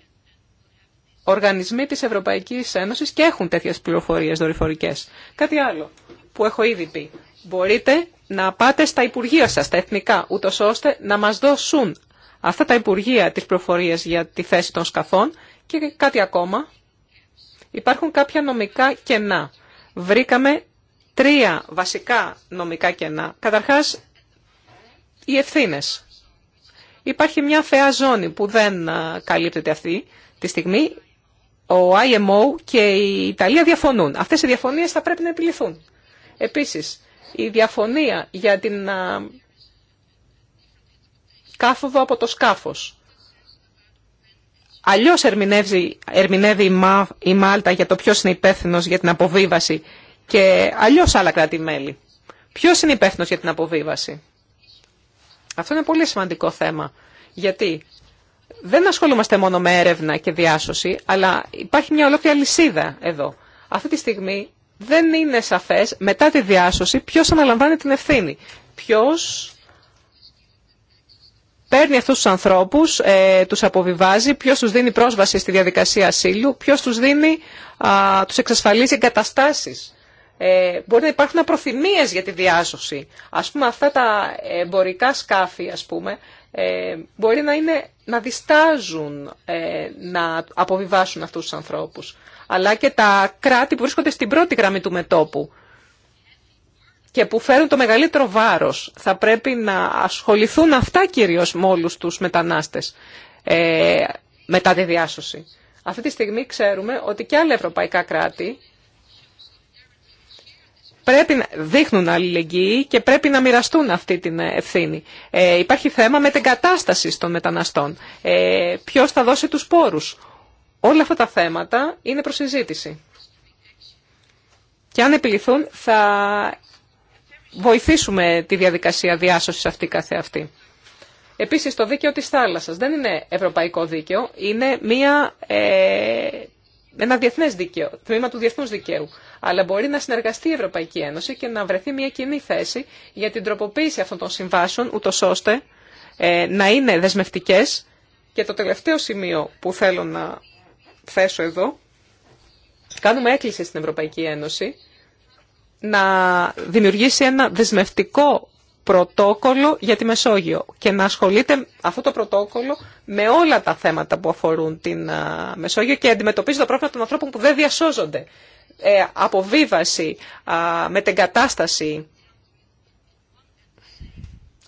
οργανισμοί της Ευρωπαϊκής Ένωσης και έχουν τέτοιες πληροφορίες δορυφορικές. Κάτι άλλο που έχω ήδη πει. Μπορείτε να πάτε στα Υπουργεία σας, τα εθνικά, ούτω ώστε να μας δώσουν αυτά τα Υπουργεία τις πληροφορίες για τη θέση των σκαφών και κάτι ακόμα. Υπάρχουν κάποια νομικά κενά. Βρήκαμε τρία βασικά νομικά κενά. Καταρχάς, οι ευθύνε. Υπάρχει μια φαιά ζώνη που δεν καλύπτεται αυτή τη στιγμή ο IMO και η Ιταλία διαφωνούν. Αυτές οι διαφωνίες θα πρέπει να επιληθούν. Επίσης, η διαφωνία για την κάθοδο από το σκάφος. Αλλιώς ερμηνεύει, ερμηνεύει η Μάλτα για το ποιος είναι υπεύθυνο για την αποβίβαση και αλλιώς άλλα κράτη-μέλη. Ποιος είναι υπεύθυνο για την αποβίβαση. Αυτό είναι πολύ σημαντικό θέμα. Γιατί δεν ασχολούμαστε μόνο με έρευνα και διάσωση, αλλά υπάρχει μια ολόκληρη αλυσίδα εδώ. Αυτή τη στιγμή δεν είναι σαφές μετά τη διάσωση ποιος αναλαμβάνει την ευθύνη. Ποιος παίρνει αυτούς τους ανθρώπους, ε, τους αποβιβάζει, ποιος τους δίνει πρόσβαση στη διαδικασία ασύλου, ποιος τους δίνει, τους εξασφαλίζει εγκαταστάσεις. Ε, μπορεί να υπάρχουν απροθυμίες για τη διάσωση. Ας πούμε αυτά τα εμπορικά σκάφη, ας πούμε, ε, μπορεί να, είναι, να διστάζουν ε, να αποβιβάσουν αυτούς τους ανθρώπους. Αλλά και τα κράτη που βρίσκονται στην πρώτη γραμμή του μετόπου και που φέρουν το μεγαλύτερο βάρος. Θα πρέπει να ασχοληθούν αυτά κυρίως με όλους τους μετανάστες ε, μετά τη διάσωση. Αυτή τη στιγμή ξέρουμε ότι και άλλα ευρωπαϊκά κράτη πρέπει να δείχνουν αλληλεγγύη και πρέπει να μοιραστούν αυτή την ε, ευθύνη. Ε, υπάρχει θέμα με την κατάσταση των μεταναστών. Ε, Ποιο θα δώσει τους πόρους. Όλα αυτά τα θέματα είναι προς συζήτηση. Και αν επιληθούν θα βοηθήσουμε τη διαδικασία διάσωσης αυτή αυτή. Επίσης το δίκαιο της θάλασσας δεν είναι ευρωπαϊκό δίκαιο, είναι μία ε, ένα διεθνές δίκαιο, τμήμα του διεθνούς δικαίου. Αλλά μπορεί να συνεργαστεί η Ευρωπαϊκή Ένωση και να βρεθεί μια κοινή θέση για την τροποποίηση αυτών των συμβάσεων, ούτω ώστε ε, να είναι δεσμευτικέ. Και το τελευταίο σημείο που θέλω να θέσω εδώ, κάνουμε έκκληση στην Ευρωπαϊκή Ένωση να δημιουργήσει ένα δεσμευτικό πρωτόκολλο για τη Μεσόγειο και να ασχολείται αυτό το πρωτόκολλο με όλα τα θέματα που αφορούν την Μεσόγειο και αντιμετωπίζει το πρόβλημα των ανθρώπων που δεν διασώζονται. Ε, αποβίβαση, μετεγκατάσταση.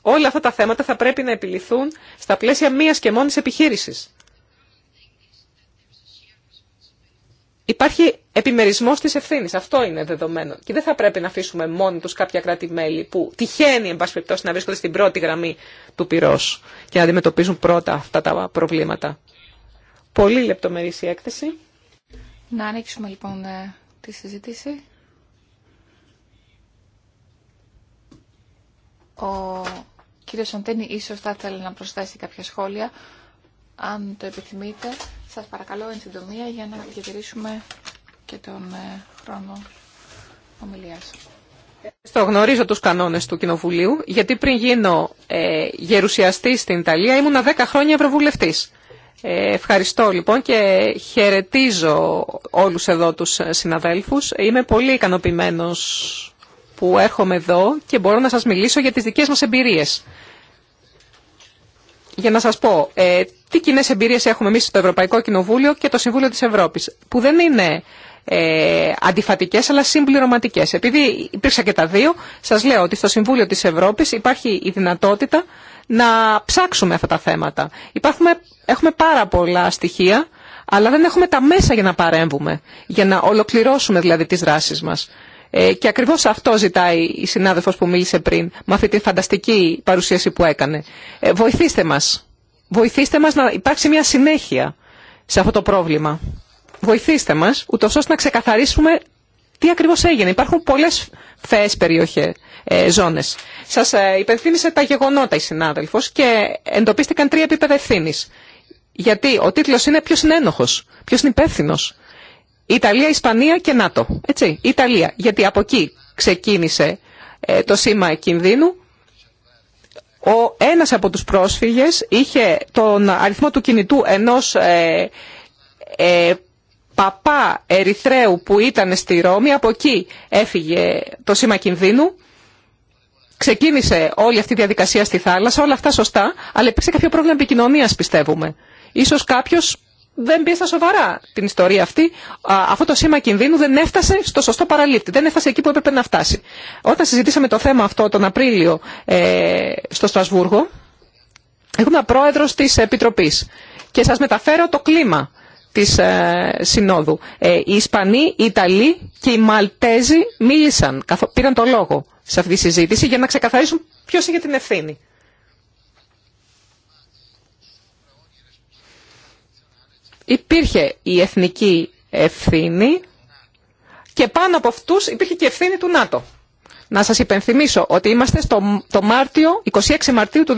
Όλα αυτά τα θέματα θα πρέπει να επιληθούν στα πλαίσια μίας και μόνης επιχείρησης. Υπάρχει επιμερισμό τη ευθύνη. Αυτό είναι δεδομένο. Και δεν θα πρέπει να αφήσουμε μόνοι του κάποια κράτη-μέλη που τυχαίνει, εν να βρίσκονται στην πρώτη γραμμή του πυρό και να αντιμετωπίζουν πρώτα αυτά τα προβλήματα. Πολύ λεπτομερή η έκθεση. Να ανοίξουμε λοιπόν ε, τη συζήτηση. Ο κύριος Αντένη ίσως θα ήθελε να προσθέσει κάποια σχόλια, αν το επιθυμείτε. Σας παρακαλώ εν συντομία για να διατηρήσουμε και τον ε, χρόνο ομιλίας. Στο γνωρίζω τους κανόνες του Κοινοβουλίου, γιατί πριν γίνω ε, γερουσιαστής στην Ιταλία ήμουνα 10 χρόνια ευρωβουλευτής. Ε, ευχαριστώ λοιπόν και χαιρετίζω όλους εδώ τους συναδέλφους. Είμαι πολύ ικανοποιημένος που έρχομαι εδώ και μπορώ να σας μιλήσω για τις δικές μας εμπειρίες για να σας πω ε, τι κοινέ εμπειρίες έχουμε εμεί στο Ευρωπαϊκό Κοινοβούλιο και το Συμβούλιο της Ευρώπης, που δεν είναι ε, αντιφατικές αλλά συμπληρωματικέ. Επειδή υπήρξα και τα δύο, σας λέω ότι στο Συμβούλιο της Ευρώπης υπάρχει η δυνατότητα να ψάξουμε αυτά τα θέματα. Υπάρχουμε, έχουμε πάρα πολλά στοιχεία, αλλά δεν έχουμε τα μέσα για να παρέμβουμε, για να ολοκληρώσουμε δηλαδή τις δράσεις μας. Ε, και ακριβώ αυτό ζητάει η συνάδελφο που μίλησε πριν, με αυτή τη φανταστική παρουσίαση που έκανε. Ε, βοηθήστε μα. Βοηθήστε μα να υπάρξει μια συνέχεια σε αυτό το πρόβλημα. Βοηθήστε μα ούτως ώστε να ξεκαθαρίσουμε τι ακριβώ έγινε. Υπάρχουν πολλέ φαίε περιοχε ε, Σα Σας ε, υπενθύμησε τα γεγονότα η συνάδελφο και εντοπίστηκαν τρία επίπεδα ευθύνη. Γιατί ο τίτλο είναι Ποιο είναι ένοχο, Ποιο είναι υπεύθυνο. Ιταλία, Ισπανία και ΝΑΤΟ. Έτσι, Ιταλία. Γιατί από εκεί ξεκίνησε ε, το σήμα κινδύνου. Ο ένας από τους πρόσφυγες είχε τον αριθμό του κινητού ενός ε, ε, παπά Ερυθρέου που ήταν στη Ρώμη. Από εκεί έφυγε το σήμα κινδύνου. Ξεκίνησε όλη αυτή η διαδικασία στη θάλασσα, όλα αυτά σωστά, αλλά υπήρξε κάποιο πρόβλημα επικοινωνία, πιστεύουμε. Ίσως κάποιος δεν πήρε σοβαρά την ιστορία αυτή. Αυτό το σήμα κινδύνου δεν έφτασε στο σωστό παραλήπτη. Δεν έφτασε εκεί που έπρεπε να φτάσει. Όταν συζητήσαμε το θέμα αυτό τον Απρίλιο ε, στο Στρασβούργο, έχουμε ένα πρόεδρο τη Επιτροπή και σα μεταφέρω το κλίμα τη ε, Συνόδου. Ε, οι Ισπανοί, οι Ιταλοί και οι Μαλτέζοι μίλησαν, πήραν το λόγο σε αυτή τη συζήτηση για να ξεκαθαρίσουν ποιο είχε την ευθύνη. υπήρχε η εθνική ευθύνη και πάνω από αυτούς υπήρχε και η ευθύνη του ΝΑΤΟ. Να σας υπενθυμίσω ότι είμαστε στο, το Μάρτιο, 26 Μαρτίου του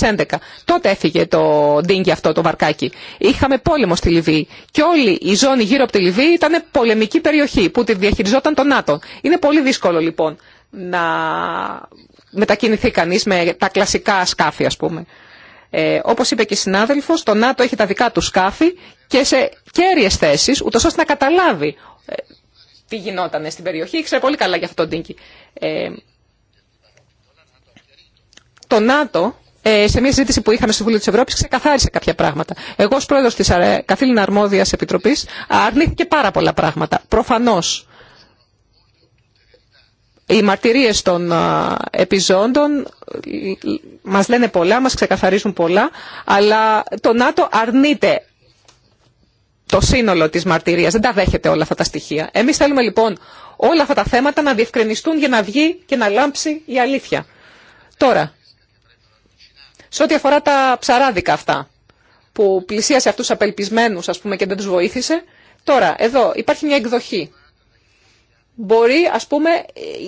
2011. Τότε έφυγε το ντίνγκι αυτό, το βαρκάκι. Είχαμε πόλεμο στη Λιβύη και όλη η ζώνη γύρω από τη Λιβύη ήταν πολεμική περιοχή που τη διαχειριζόταν το ΝΑΤΟ. Είναι πολύ δύσκολο λοιπόν να μετακινηθεί κανείς με τα κλασικά σκάφη ας πούμε. Ε, όπως είπε και η συνάδελφος, το ΝΑΤΟ έχει τα δικά του σκάφη και σε κέρυε θέσει ούτως ώστε να καταλάβει ε, τι γινόταν στην περιοχή. Ήξερε πολύ καλά για αυτό τον Τίνκι. Ε, το ΝΑΤΟ, ε, σε μια συζήτηση που είχαμε στο Βουλίο τη Ευρώπης, ξεκαθάρισε κάποια πράγματα. Εγώ ως πρόεδρος της Καθήλυνα Αρμόδιας Επιτροπής αρνήθηκε πάρα πολλά πράγματα. Προφανώς, οι μαρτυρίες των επιζώντων μας λένε πολλά, μας ξεκαθαρίζουν πολλά, αλλά το ΝΑΤΟ αρνείται το σύνολο της μαρτυρίας, δεν τα δέχεται όλα αυτά τα στοιχεία. Εμείς θέλουμε λοιπόν όλα αυτά τα θέματα να διευκρινιστούν για να βγει και να λάμψει η αλήθεια. Τώρα, σε ό,τι αφορά τα ψαράδικα αυτά, που πλησίασε αυτούς απελπισμένους ας πούμε και δεν τους βοήθησε, τώρα εδώ υπάρχει μια εκδοχή. Μπορεί, α πούμε,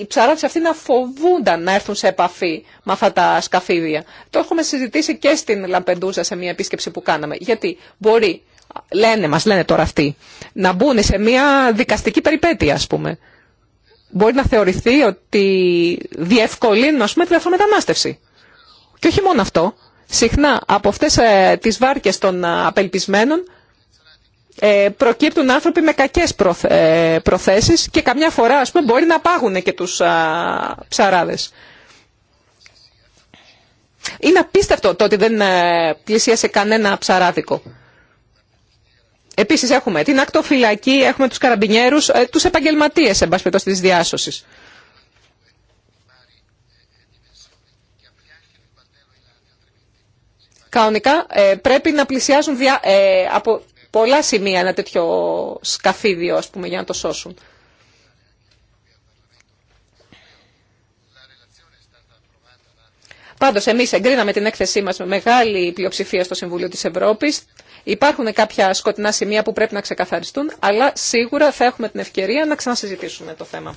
οι ψαράδες αυτοί να φοβούνταν να έρθουν σε επαφή με αυτά τα σκαφίδια. Το έχουμε συζητήσει και στην Λαμπεντούζα σε μια επίσκεψη που κάναμε. Γιατί μπορεί λένε, μας λένε τώρα αυτοί, να μπουν σε μια δικαστική περιπέτεια, ας πούμε. Μπορεί να θεωρηθεί ότι διευκολύνουν, ας πούμε, τη αυτομετανάστευση. Και όχι μόνο αυτό. Συχνά από αυτές ε, τις βάρκες των ε, απελπισμένων ε, προκύπτουν άνθρωποι με κακές ε, προθέσεις και καμιά φορά, ας πούμε, μπορεί να πάγουν και τους ψαράδες. Είναι απίστευτο το ότι δεν πλησίασε κανένα ψαράδικο. Επίσης έχουμε την ακτοφυλακή, έχουμε τους καραμπινιέρους, ε, τους επαγγελματίες εν πάση της διάσωσης. Κανονικά ε, πρέπει να πλησιάζουν ε, από πολλά σημεία ένα τέτοιο σκαφίδιο ας πούμε, για να το σώσουν. Πάντως εμείς εγκρίναμε την έκθεσή μας με μεγάλη πλειοψηφία στο Συμβούλιο της Ευρώπης. Υπάρχουν κάποια σκοτεινά σημεία που πρέπει να ξεκαθαριστούν, αλλά σίγουρα θα έχουμε την ευκαιρία να ξανασυζητήσουμε το θέμα.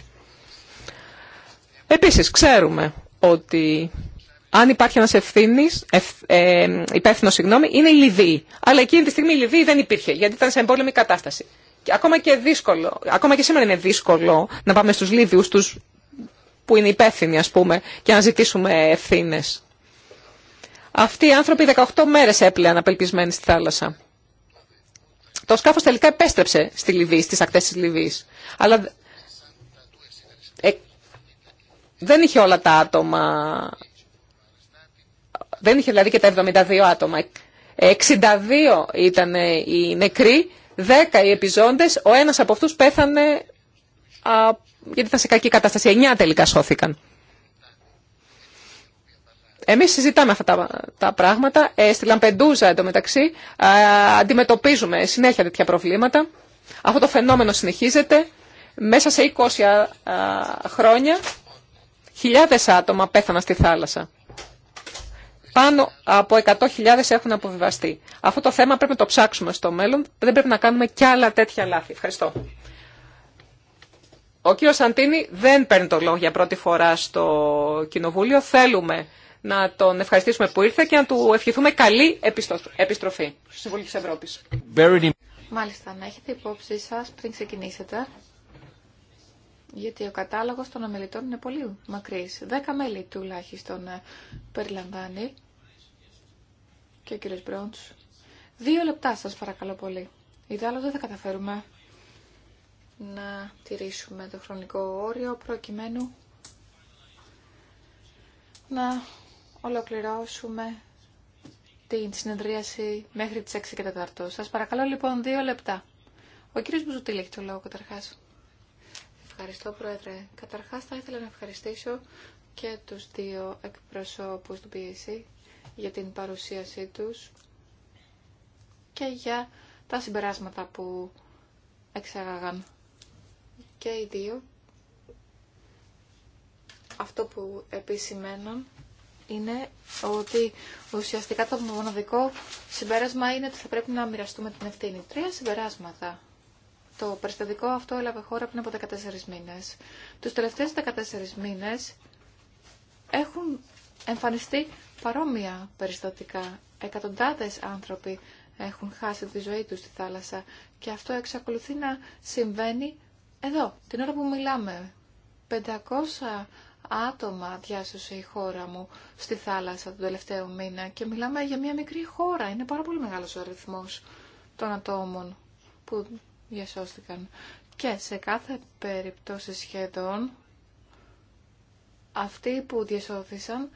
Επίσης, ξέρουμε ότι αν υπάρχει ένας ευθύνης, ε, υπεύθυνος, συγγνώμη, είναι η Λιβύη. Αλλά εκείνη τη στιγμή η Λιβύη δεν υπήρχε, γιατί ήταν σε εμπόλεμη κατάσταση. Και ακόμα και δύσκολο, ακόμα και σήμερα είναι δύσκολο να πάμε στους Λίβιους, τους που είναι υπεύθυνοι, ας πούμε, και να ζητήσουμε ευθύνες. Αυτοί οι άνθρωποι 18 μέρες έπλεαν απελπισμένοι στη θάλασσα. Το σκάφο τελικά επέστρεψε στη Λιβύη, στις ακτές της Λιβύης. Αλλά ε, δεν είχε όλα τα άτομα, δεν είχε δηλαδή και τα 72 άτομα. 62 ε, ήταν οι νεκροί, 10 οι επιζώντες, ο ένας από αυτούς πέθανε α, γιατί ήταν σε κακή κατάσταση, 9 τελικά σώθηκαν. Εμείς συζητάμε αυτά τα, τα πράγματα. Ε, στη Λαμπεντούζα εντωμεταξύ αντιμετωπίζουμε συνέχεια τέτοια προβλήματα. Αυτό το φαινόμενο συνεχίζεται. Μέσα σε 20 χρόνια χιλιάδες άτομα πέθαναν στη θάλασσα. Πάνω από 100.000 έχουν αποβιβαστεί. Αυτό το θέμα πρέπει να το ψάξουμε στο μέλλον. Δεν πρέπει να κάνουμε κι άλλα τέτοια λάθη. Ευχαριστώ. Ο κύριος Σαντίνη δεν παίρνει το λόγο για πρώτη φορά στο Κοινοβούλιο. Θέλουμε να τον ευχαριστήσουμε που ήρθε και να του ευχηθούμε καλή επιστροφή στη Συμβούλιο της Ευρώπης. Μάλιστα, να έχετε υπόψη σας πριν ξεκινήσετε, γιατί ο κατάλογος των ομιλητών είναι πολύ μακρύς. Δέκα μέλη τουλάχιστον ε, περιλαμβάνει και ο κύριο Μπρόντς. Δύο λεπτά σας παρακαλώ πολύ. Ιδάλλως δεν θα καταφέρουμε να τηρήσουμε το χρονικό όριο προκειμένου να ολοκληρώσουμε την συνεδρίαση μέχρι τις 6 και 4. Σας παρακαλώ λοιπόν δύο λεπτά. Ο κύριος Μπουζουτήλη έχει το λόγο καταρχάς. Ευχαριστώ Πρόεδρε. Καταρχάς θα ήθελα να ευχαριστήσω και τους δύο εκπροσώπους του ΠΙΕΣΗ για την παρουσίασή τους και για τα συμπεράσματα που εξαγάγαν. Και οι δύο αυτό που επισημαίνουν είναι ότι ουσιαστικά το μοναδικό συμπέρασμα είναι ότι θα πρέπει να μοιραστούμε την ευθύνη. Τρία συμπεράσματα. Το περιστατικό αυτό έλαβε χώρα πριν από 14 μήνες. Τους τελευταίους 14 μήνες έχουν εμφανιστεί παρόμοια περιστατικά. Εκατοντάδες άνθρωποι έχουν χάσει τη ζωή τους στη θάλασσα και αυτό εξακολουθεί να συμβαίνει εδώ, την ώρα που μιλάμε. 500 άτομα διάσωσε η χώρα μου στη θάλασσα τον τελευταίο μήνα και μιλάμε για μια μικρή χώρα. Είναι πάρα πολύ μεγάλος ο αριθμός των ατόμων που διασώστηκαν. Και σε κάθε περίπτωση σχεδόν αυτοί που διασώθησαν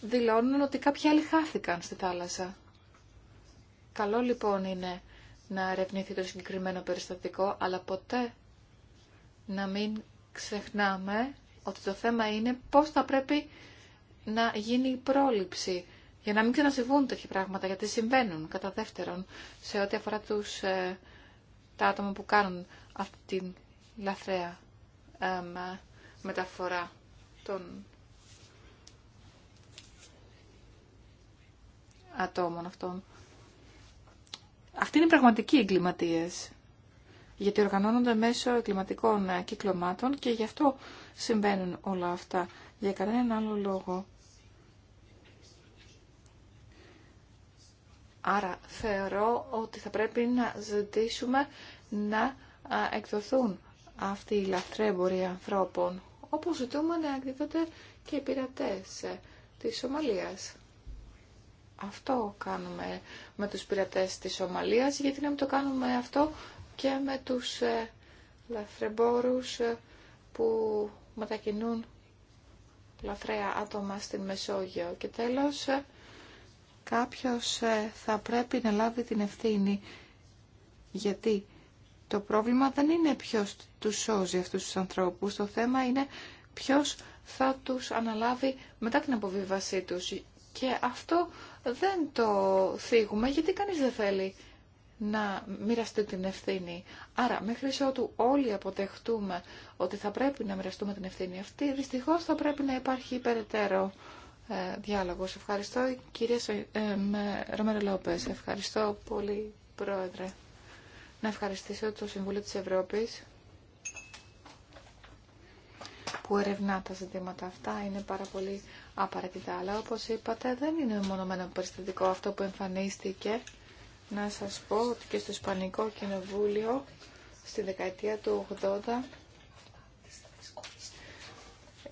δηλώνουν ότι κάποιοι άλλοι χάθηκαν στη θάλασσα. Καλό λοιπόν είναι να ερευνηθεί το συγκεκριμένο περιστατικό, αλλά ποτέ να μην ξεχνάμε ότι το θέμα είναι πώς θα πρέπει να γίνει η πρόληψη για να μην ξανασυμβούν τέτοια πράγματα, γιατί συμβαίνουν κατά δεύτερον σε ό,τι αφορά τους, ε, τα άτομα που κάνουν αυτή την λαθρέα ε, μεταφορά των ατόμων αυτών. Αυτοί είναι οι πραγματικοί εγκληματίες, γιατί οργανώνονται μέσω εγκληματικών ε, κυκλωμάτων και γι' αυτό συμβαίνουν όλα αυτά για κανέναν άλλο λόγο. Άρα θεωρώ ότι θα πρέπει να ζητήσουμε να εκδοθούν αυτοί οι λαθρέμποροι ανθρώπων, όπως ζητούμε να εκδίδονται και οι πειρατές ε, της Σομαλίας. Αυτό κάνουμε με τους πειρατές της Σομαλίας, γιατί να μην το κάνουμε αυτό και με τους ε, λαθρεμπόρους ε, που μετακινούν λαθρέα άτομα στην Μεσόγειο. Και τέλος, κάποιος ε, θα πρέπει να λάβει την ευθύνη. Γιατί το πρόβλημα δεν είναι ποιος τους σώζει αυτούς τους ανθρώπους. Το θέμα είναι ποιος θα τους αναλάβει μετά την αποβίβασή τους. Και αυτό δεν το θίγουμε γιατί κανείς δεν θέλει να μοιραστεί την ευθύνη. Άρα, μέχρι ότου όλοι αποτεχτούμε ότι θα πρέπει να μοιραστούμε την ευθύνη αυτή, δυστυχώς θα πρέπει να υπάρχει υπεραιτέρω ε, διάλογος. Ευχαριστώ, κυρία ε, Ρομέρο Ευχαριστώ πολύ, Πρόεδρε. Να ευχαριστήσω το Συμβούλιο της Ευρώπης που ερευνά τα ζητήματα αυτά. Είναι πάρα πολύ απαραίτητα. Αλλά, όπως είπατε, δεν είναι μονομένο περιστατικό αυτό που εμφανίστηκε να σας πω ότι και στο Ισπανικό Κοινοβούλιο στη δεκαετία του 80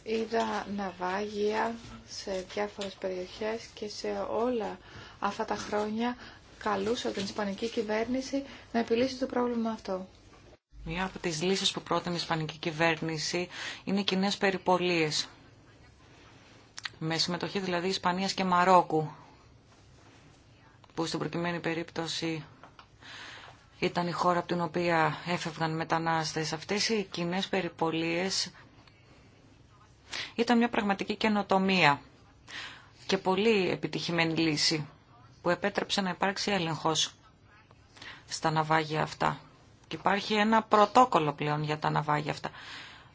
είδα ναυάγια σε διάφορες περιοχές και σε όλα αυτά τα χρόνια καλούσα την Ισπανική κυβέρνηση να επιλύσει το πρόβλημα αυτό. Μία από τις λύσεις που πρότεινε η Ισπανική κυβέρνηση είναι κοινέ περιπολίες. Με συμμετοχή δηλαδή Ισπανίας και Μαρόκου που στην προκειμένη περίπτωση ήταν η χώρα από την οποία έφευγαν μετανάστες. Αυτές οι κοινέ περιπολίες ήταν μια πραγματική καινοτομία και πολύ επιτυχημένη λύση που επέτρεψε να υπάρξει έλεγχος στα ναυάγια αυτά. Και υπάρχει ένα πρωτόκολλο πλέον για τα ναυάγια αυτά.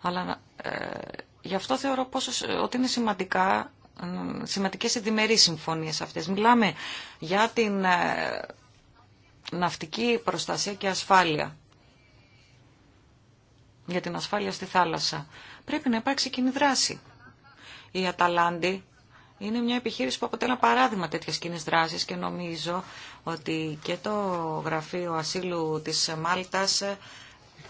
Αλλά ε, γι' αυτό θεωρώ πόσο, ότι είναι σημαντικά σημαντικές εντιμερείς συμφωνίες αυτές. Μιλάμε για την ε, ναυτική προστασία και ασφάλεια. Για την ασφάλεια στη θάλασσα. Πρέπει να υπάρξει κοινή δράση. Η Αταλάντη είναι μια επιχείρηση που αποτελεί ένα παράδειγμα τέτοιας κοινή δράση και νομίζω ότι και το Γραφείο Ασύλου της Μάλτας ε,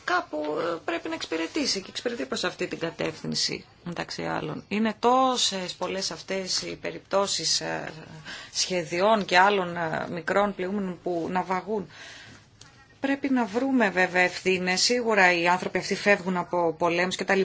κάπου ε, πρέπει να εξυπηρετήσει και εξυπηρετεί προς αυτή την κατεύθυνση μεταξύ άλλων. Είναι τόσες πολλές αυτές οι περιπτώσεις ε, σχεδιών και άλλων ε, μικρών πληγούμενων που ναυαγούν Πρέπει να βρούμε βέβαια ευθύνε. Σίγουρα οι άνθρωποι αυτοί φεύγουν από πολέμους κτλ.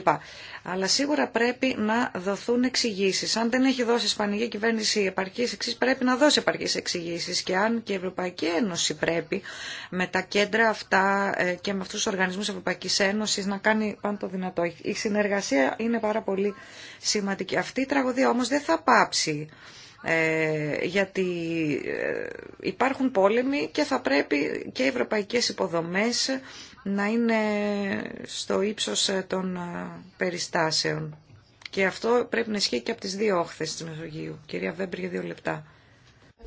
Αλλά σίγουρα πρέπει να δοθούν εξηγήσει. Αν δεν έχει δώσει η Ισπανική κυβέρνηση επαρκή εξή, πρέπει να δώσει επαρκή εξηγήσει. Και αν και η Ευρωπαϊκή Ένωση πρέπει με τα κέντρα αυτά ε, και με αυτού του οργανισμού Ευρωπαϊκή Ένωση να κάνει πάνω το δυνατό. Η συνεργασία είναι πάρα πολύ σημαντική. Αυτή η τραγωδία όμω δεν θα πάψει. Ε, γιατί ε, υπάρχουν πόλεμοι και θα πρέπει και οι ευρωπαϊκές υποδομές να είναι στο ύψος ε, των περιστάσεων. Και αυτό πρέπει να ισχύει και από τις δύο όχθες της Μεσογείου. Κυρία Βέμπρη για δύο λεπτά.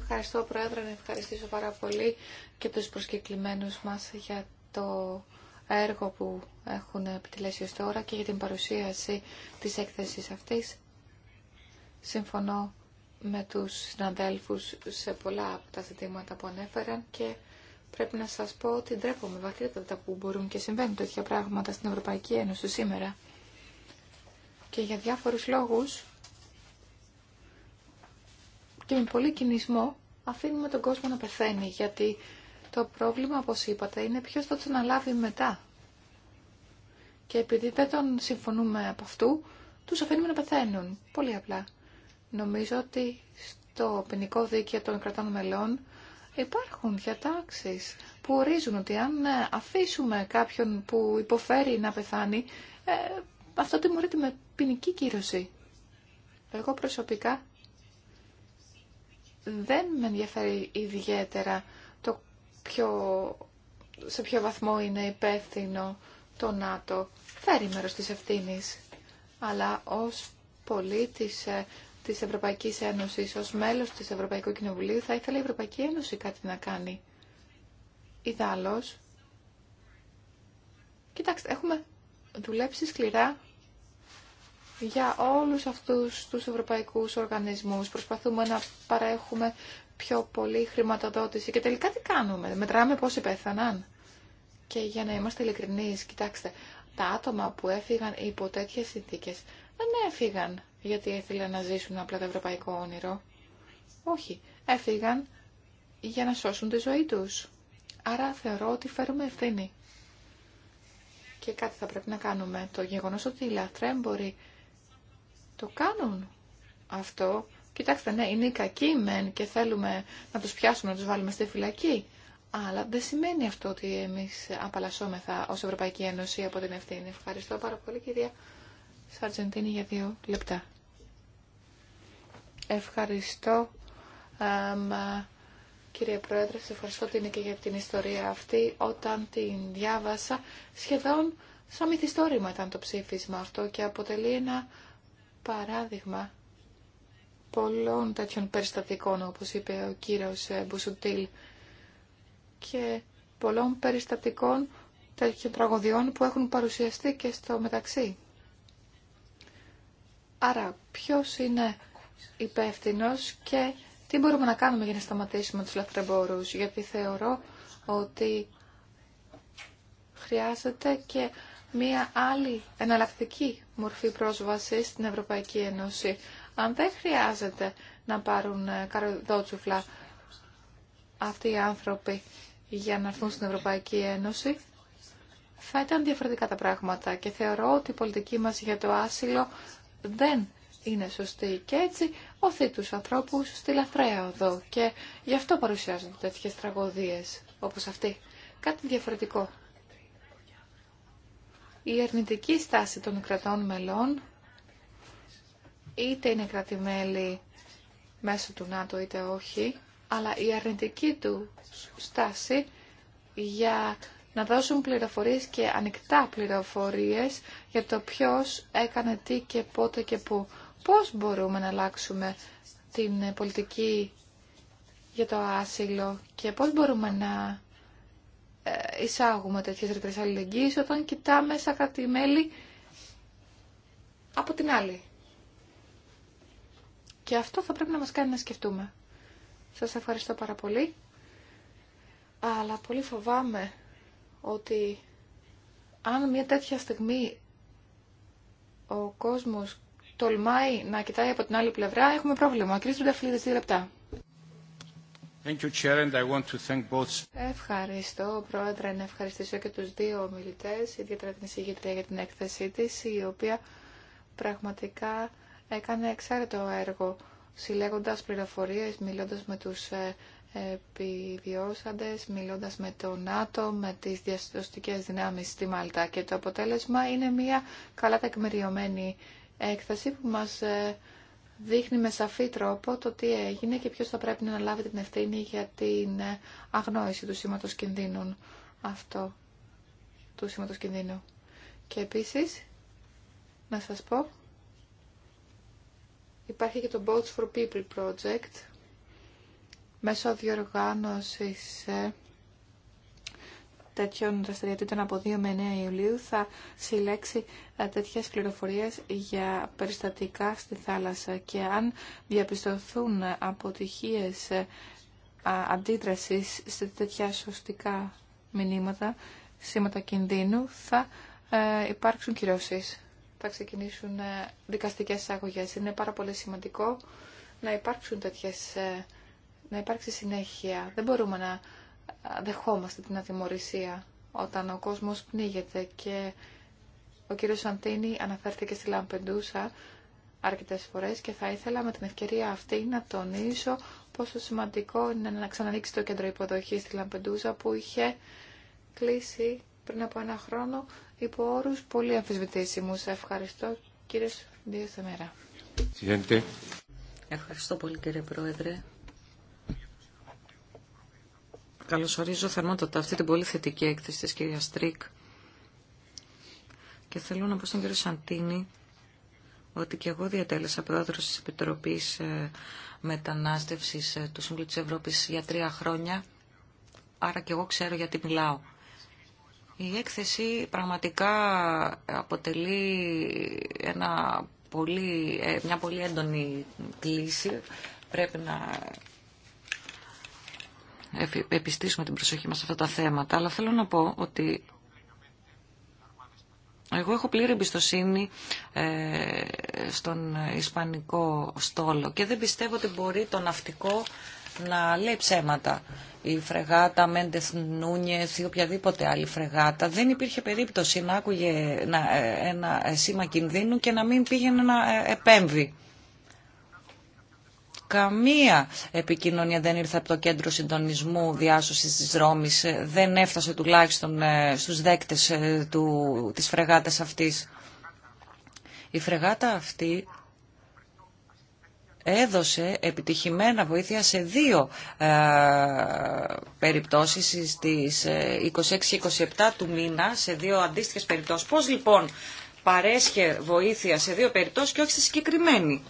Ευχαριστώ, Πρόεδρε, να ευχαριστήσω πάρα πολύ και τους προσκεκλημένους μας για το έργο που έχουν επιτελέσει ως τώρα και για την παρουσίαση της έκθεσης αυτής. Συμφωνώ με τους συναδέλφους σε πολλά από τα ζητήματα που ανέφεραν και πρέπει να σας πω ότι ντρέπομαι βαθύτατα που μπορούν και συμβαίνουν τέτοια πράγματα στην Ευρωπαϊκή Ένωση σήμερα. Και για διάφορους λόγους και με πολύ κινησμό αφήνουμε τον κόσμο να πεθαίνει γιατί το πρόβλημα, όπως είπατε, είναι ποιος θα τον αναλάβει μετά. Και επειδή δεν τον συμφωνούμε από αυτού, τους αφήνουμε να πεθαίνουν. Πολύ απλά. Νομίζω ότι στο ποινικό δίκαιο των κρατών μελών υπάρχουν διατάξεις που ορίζουν ότι αν ε, αφήσουμε κάποιον που υποφέρει να πεθάνει, ε, αυτό τιμωρείται με ποινική κύρωση. Εγώ προσωπικά δεν με ενδιαφέρει ιδιαίτερα το ποιο, σε ποιο βαθμό είναι υπεύθυνο το ΝΑΤΟ. Φέρει μέρος της ευθύνης. Αλλά ως πολίτης ε, της Ευρωπαϊκής Ένωσης, ως μέλος της Ευρωπαϊκού Κοινοβουλίου, θα ήθελε η Ευρωπαϊκή Ένωση κάτι να κάνει. Ιδάλλως, κοιτάξτε, έχουμε δουλέψει σκληρά για όλους αυτούς τους ευρωπαϊκούς οργανισμούς. Προσπαθούμε να παρέχουμε πιο πολύ χρηματοδότηση και τελικά τι κάνουμε, μετράμε πόσοι πέθαναν. Και για να είμαστε ειλικρινείς, κοιτάξτε, τα άτομα που έφυγαν υπό τέτοιες συνθήκες δεν ναι, έφυγαν γιατί ήθελαν να ζήσουν απλά το ευρωπαϊκό όνειρο. Όχι, έφυγαν για να σώσουν τη ζωή τους. Άρα θεωρώ ότι φέρουμε ευθύνη. Και κάτι θα πρέπει να κάνουμε. Το γεγονός ότι οι λαθρέμποροι το κάνουν αυτό. Κοιτάξτε, ναι, είναι οι κακοί μεν και θέλουμε να τους πιάσουμε, να τους βάλουμε στη φυλακή. Αλλά δεν σημαίνει αυτό ότι εμείς απαλλασσόμεθα ως Ευρωπαϊκή Ένωση από την ευθύνη. Ευχαριστώ πάρα πολύ κυρία Αργεντίνη για δύο λεπτά. Ευχαριστώ κύριε Πρόεδρε, σε ευχαριστώ την και για την ιστορία αυτή. Όταν την διάβασα, σχεδόν σαν μυθιστόρημα ήταν το ψήφισμα αυτό και αποτελεί ένα παράδειγμα πολλών τέτοιων περιστατικών, όπως είπε ο κύριος Μπουσουτήλ, και πολλών περιστατικών τέτοιων τραγωδιών που έχουν παρουσιαστεί και στο μεταξύ. Άρα ποιος είναι υπεύθυνο και τι μπορούμε να κάνουμε για να σταματήσουμε τους λαθρεμπόρους, γιατί θεωρώ ότι χρειάζεται και μία άλλη εναλλακτική μορφή πρόσβαση στην Ευρωπαϊκή Ένωση. Αν δεν χρειάζεται να πάρουν ε, καροδότσουφλα αυτοί οι άνθρωποι για να έρθουν στην Ευρωπαϊκή Ένωση, θα ήταν διαφορετικά τα πράγματα και θεωρώ ότι η πολιτική μας για το άσυλο δεν είναι σωστή και έτσι οθεί τους ανθρώπους στη λαθρέα οδό και γι' αυτό παρουσιάζονται τέτοιες τραγωδίες όπως αυτή. Κάτι διαφορετικό. Η αρνητική στάση των κρατών μελών, είτε είναι κρατημέλη μέσω του ΝΑΤΟ είτε όχι, αλλά η αρνητική του στάση για να δώσουν πληροφορίες και ανοιχτά πληροφορίες για το ποιος έκανε τι και πότε και πού. Πώς μπορούμε να αλλάξουμε την πολιτική για το άσυλο και πώς μπορούμε να ε, εισάγουμε τέτοιες ρητρές αλληλεγγύης όταν κοιτάμε σαν μέλη από την άλλη. Και αυτό θα πρέπει να μας κάνει να σκεφτούμε. Σας ευχαριστώ πάρα πολύ. Αλλά πολύ φοβάμαι ότι αν μια τέτοια στιγμή ο κόσμος τολμάει να κοιτάει από την άλλη πλευρά, έχουμε πρόβλημα. Κύριε δύο λεπτά. Thank you, I want to thank both. Ευχαριστώ, Πρόεδρε, να ευχαριστήσω και τους δύο ομιλητές, ιδιαίτερα την εισηγήτρια για την έκθεσή της, η οποία πραγματικά έκανε εξαιρετό έργο, συλλέγοντας πληροφορίες, μιλώντας με τους ε, επιβιώσαντες μιλώντας με το ΝΑΤΟ, με τις διαστοστικές δυνάμεις στη Μάλτα και το αποτέλεσμα είναι μια καλά τεκμηριωμένη έκθεση που μας ε, δείχνει με σαφή τρόπο το τι έγινε και ποιος θα πρέπει να λάβει την ευθύνη για την ε, αγνόηση του σήματος αυτό του σήματος κινδύνου. Και επίσης, να σας πω, υπάρχει και το Boats for People Project, μέσω διοργάνωσης ε, τέτοιων δραστηριοτήτων από 2 με 9 Ιουλίου θα συλλέξει ε, τέτοιες πληροφορίες για περιστατικά στη θάλασσα και αν διαπιστωθούν αποτυχίες ε, αντίδρασης σε τέτοια σωστικά μηνύματα, σήματα κινδύνου, θα υπάρξουν κυρώσεις. Θα ξεκινήσουν δικαστικές αγωγές. Είναι πάρα πολύ σημαντικό να υπάρξουν τέτοιες να υπάρξει συνέχεια. Δεν μπορούμε να δεχόμαστε την ατιμορρησία όταν ο κόσμος πνίγεται και ο κύριος Σαντίνη αναφέρθηκε στη Λαμπεντούσα αρκετές φορές και θα ήθελα με την ευκαιρία αυτή να τονίσω πόσο σημαντικό είναι να ξανανοίξει το κέντρο υποδοχής στη Λαμπεντούσα που είχε κλείσει πριν από ένα χρόνο υπό όρους πολύ αμφισβητήσιμους. Ευχαριστώ κύριε Σαντίνη. Ευχαριστώ πολύ κύριε Πρόεδρε. Καλωσορίζω θερμότατα αυτή την πολύ θετική έκθεση της κυρία Στρίκ. Και θέλω να πω στον κύριο Σαντίνη ότι και εγώ διατέλεσα πρόεδρος της Επιτροπής ε, Μετανάστευσης ε, του Σύμβουλου της Ευρώπης για τρία χρόνια, άρα και εγώ ξέρω γιατί μιλάω. Η έκθεση πραγματικά αποτελεί ένα πολύ, ε, μια πολύ έντονη κλίση. Πρέπει να επιστήσουμε την προσοχή μας σε αυτά τα θέματα, αλλά θέλω να πω ότι εγώ έχω πλήρη εμπιστοσύνη ε, στον ισπανικό στόλο και δεν πιστεύω ότι μπορεί το ναυτικό να λέει ψέματα. Η φρεγάτα Μέντεθ Νούνιεθ ή οποιαδήποτε άλλη φρεγάτα δεν υπήρχε περίπτωση να άκουγε ε, ένα σήμα κινδύνου και να μην πήγαινε να ε, επέμβει καμία επικοινωνία δεν ήρθε από το κέντρο συντονισμού διάσωσης της Ρώμης, δεν έφτασε τουλάχιστον ε, στους δέκτες ε, του, της φρεγάτας αυτής. Η φρεγάτα αυτή έδωσε επιτυχημένα βοήθεια σε δύο ε, περιπτώσεις στις 26 ε, και 27 του μήνα, σε δύο αντίστοιχες περιπτώσεις. Πώς λοιπόν παρέσχε βοήθεια σε δύο περιπτώσεις και όχι στη συγκεκριμένη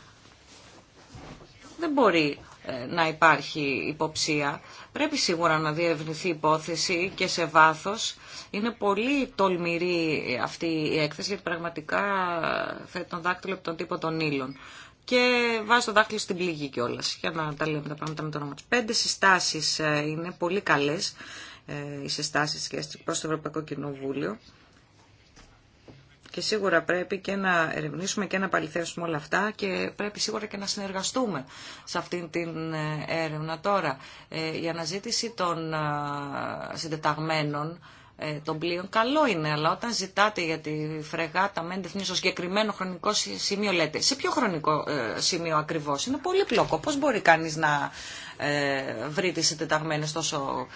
δεν μπορεί ε, να υπάρχει υποψία. Πρέπει σίγουρα να διευνηθεί η υπόθεση και σε βάθος. Είναι πολύ τολμηρή αυτή η έκθεση γιατί πραγματικά ε, θέτει τον δάκτυλο από τον τύπο των ήλων. Και βάζει το δάκτυλο στην πληγή κιόλα για να τα λέμε τα πράγματα με το όνομα του. Πέντε συστάσεις ε, είναι πολύ καλές οι συστάσεις και προς το Ευρωπαϊκό Κοινοβούλιο. Και σίγουρα πρέπει και να ερευνήσουμε και να παληθεύσουμε όλα αυτά και πρέπει σίγουρα και να συνεργαστούμε σε αυτήν την ε, έρευνα. Τώρα, ε, η αναζήτηση των συντεταγμένων ε, των πλοίων. Καλό είναι, αλλά όταν ζητάτε για τη φρεγάτα με εντεθνή στο συγκεκριμένο χρονικό σημείο, λέτε σε ποιο χρονικό ε, σημείο ακριβώ. Είναι πολύ πλόκο. Πώ μπορεί κανεί να ε, βρει τι συντεταγμένε τόσο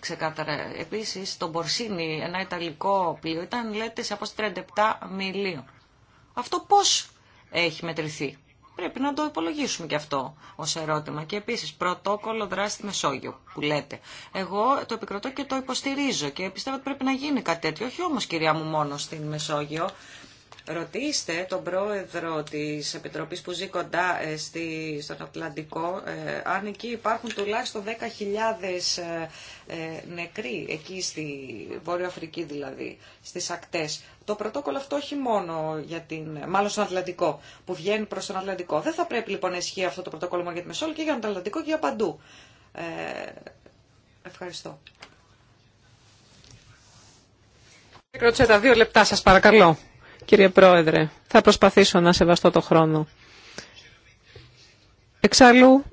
ξεκάθαρα. Επίση, το Μπορσίνι, ένα ιταλικό πλοίο, ήταν λέτε σε από 37 μιλίων. Αυτό πώ έχει μετρηθεί. Πρέπει να το υπολογίσουμε και αυτό ως ερώτημα. Και επίσης, πρωτόκολλο δράση στη Μεσόγειο που λέτε. Εγώ το επικροτώ και το υποστηρίζω και πιστεύω ότι πρέπει να γίνει κάτι τέτοιο. Όχι όμως, κυρία μου, μόνο στην Μεσόγειο. Ρωτήστε τον πρόεδρο της Επιτροπής που ζει κοντά ε, στη, στον Ατλαντικό ε, αν εκεί υπάρχουν τουλάχιστον 10.000 ε, νεκροί, εκεί στη Βόρεια Αφρική δηλαδή, στις ακτές. Το πρωτόκολλο αυτό όχι μόνο για την, μάλλον στον Ατλαντικό, που βγαίνει προς τον Ατλαντικό. Δεν θα πρέπει λοιπόν να ισχύει αυτό το πρωτόκολλο μόνο για τη Μεσόλ και για τον Ατλαντικό και για παντού. Ε, ευχαριστώ. δύο λεπτά σας παρακαλώ. Κύριε Πρόεδρε, θα προσπαθήσω να σεβαστώ το χρόνο. Εξάλλου,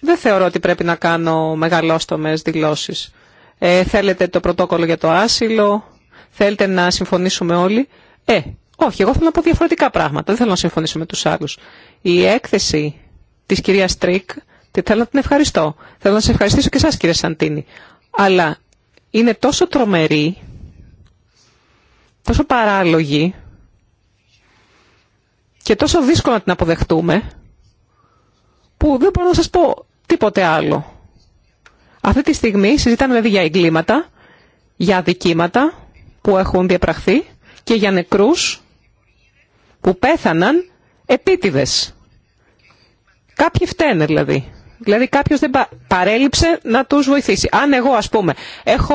δεν θεωρώ ότι πρέπει να κάνω μεγαλόστομες δηλώσεις. Ε, θέλετε το πρωτόκολλο για το άσυλο, θέλετε να συμφωνήσουμε όλοι. Ε, όχι, εγώ θέλω να πω διαφορετικά πράγματα, δεν θέλω να συμφωνήσω με τους άλλους. Η έκθεση της κυρίας Τρίκ, τη θέλω να την ευχαριστώ. Θέλω να σε ευχαριστήσω και εσάς κύριε Σαντίνη. Αλλά είναι τόσο τρομερή τόσο παράλογη και τόσο δύσκολο να την αποδεχτούμε, που δεν μπορώ να σας πω τίποτε άλλο. Αυτή τη στιγμή συζητάμε δηλαδή για εγκλήματα, για δικήματα που έχουν διαπραχθεί και για νεκρούς που πέθαναν επίτηδες. Κάποιοι φταίνε δηλαδή. Δηλαδή κάποιος δεν παρέλειψε να τους βοηθήσει. Αν εγώ ας πούμε έχω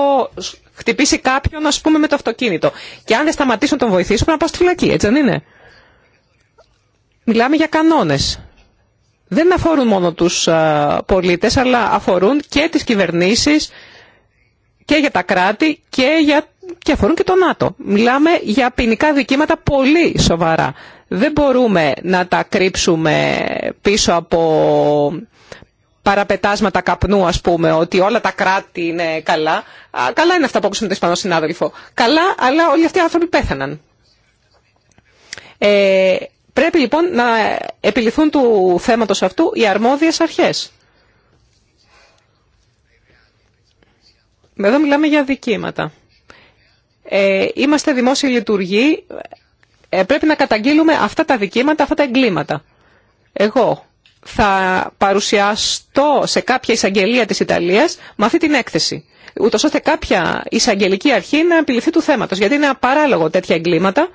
χτυπήσει κάποιον, α πούμε, με το αυτοκίνητο. Και αν δεν σταματήσω να τον βοηθήσω, πρέπει να πάω στη φυλακή, έτσι δεν είναι. Μιλάμε για κανόνε. Δεν αφορούν μόνο του πολίτε, αλλά αφορούν και τι κυβερνήσει και για τα κράτη και, για... και αφορούν και τον ΝΑΤΟ. Μιλάμε για ποινικά δικήματα πολύ σοβαρά. Δεν μπορούμε να τα κρύψουμε πίσω από παραπετάσματα καπνού, α πούμε, ότι όλα τα κράτη είναι καλά. Καλά είναι αυτά που ακούσαμε τον Ισπανό συνάδελφο. Καλά, αλλά όλοι αυτοί οι άνθρωποι πέθαναν. Ε, πρέπει λοιπόν να επιληθούν του θέματος αυτού οι αρμόδιες αρχές. Εδώ μιλάμε για δικήματα. Ε, είμαστε δημόσιοι λειτουργοί, ε, πρέπει να καταγγείλουμε αυτά τα δικήματα, αυτά τα εγκλήματα. Εγώ θα παρουσιαστώ σε κάποια εισαγγελία της Ιταλίας με αυτή την έκθεση. Ούτως ώστε κάποια εισαγγελική αρχή να επιληφθεί του θέματος. Γιατί είναι απαράλογο τέτοια εγκλήματα.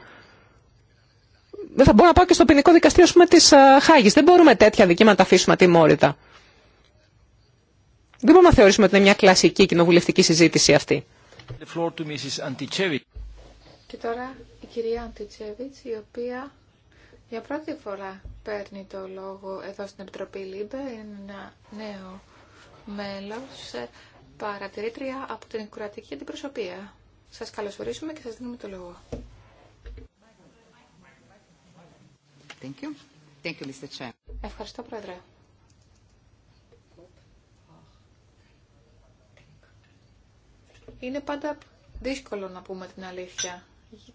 Δεν θα μπορώ να πάω και στο ποινικό δικαστήριο πούμε, της Χάγης. Δεν μπορούμε τέτοια δικήματα να αφήσουμε ατιμόρυτα. Δεν μπορούμε να θεωρήσουμε ότι είναι μια κλασική κοινοβουλευτική συζήτηση αυτή. Και τώρα η κυρία Αντιτσέβιτς, η οποία για πρώτη φορά παίρνει το λόγο εδώ στην Επιτροπή ΛΥΜΠΕ, είναι ένα νέο μέλος, ε, παρατηρήτρια από την κουρατική αντιπροσωπεία. Σας καλωσορίσουμε και σας δίνουμε το λόγο. Thank you. Thank you, Mr. Ευχαριστώ, Πρόεδρε. Είναι πάντα δύσκολο να πούμε την αλήθεια.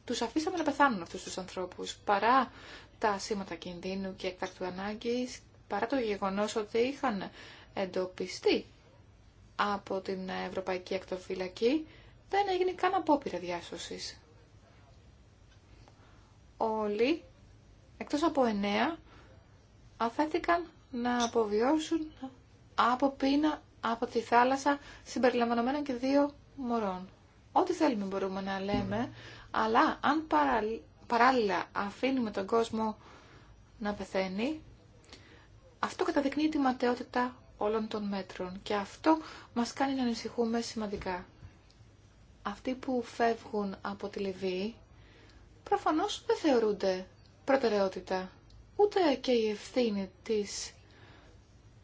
Τους αφήσαμε να πεθάνουν αυτούς τους ανθρώπους, παρά τα σήματα κινδύνου και εκτακτού ανάγκης, παρά το γεγονός ότι είχαν εντοπιστεί από την Ευρωπαϊκή Ακτοφυλακή, δεν έγινε καν απόπειρα διάσωσης. Όλοι, εκτός από εννέα, αφέθηκαν να αποβιώσουν από πείνα, από τη θάλασσα, συμπεριλαμβανομένων και δύο μωρών. Ό,τι θέλουμε μπορούμε να λέμε, αλλά αν παράλληλα αφήνουμε τον κόσμο να πεθαίνει, αυτό καταδεικνύει τη ματαιότητα όλων των μέτρων και αυτό μας κάνει να ανησυχούμε σημαντικά. Αυτοί που φεύγουν από τη Λιβύη προφανώς δεν θεωρούνται προτεραιότητα, ούτε και η ευθύνη της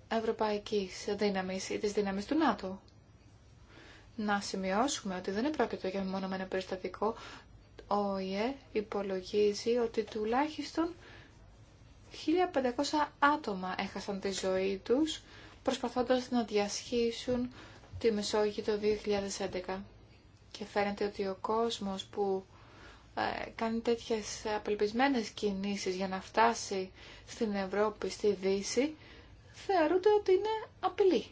ευρωπαϊκής δύναμης ή της δύναμης του ΝΑΤΟ. Να σημειώσουμε ότι δεν πρόκειται για μόνο με ένα περιστατικό. Ο ΙΕ υπολογίζει ότι τουλάχιστον 1.500 άτομα έχασαν τη ζωή τους προσπαθώντας να διασχίσουν τη Μεσόγειο το 2011. Και φαίνεται ότι ο κόσμος που ε, κάνει τέτοιες απελπισμένες κινήσεις για να φτάσει στην Ευρώπη, στη Δύση, θεωρούνται ότι είναι απειλή,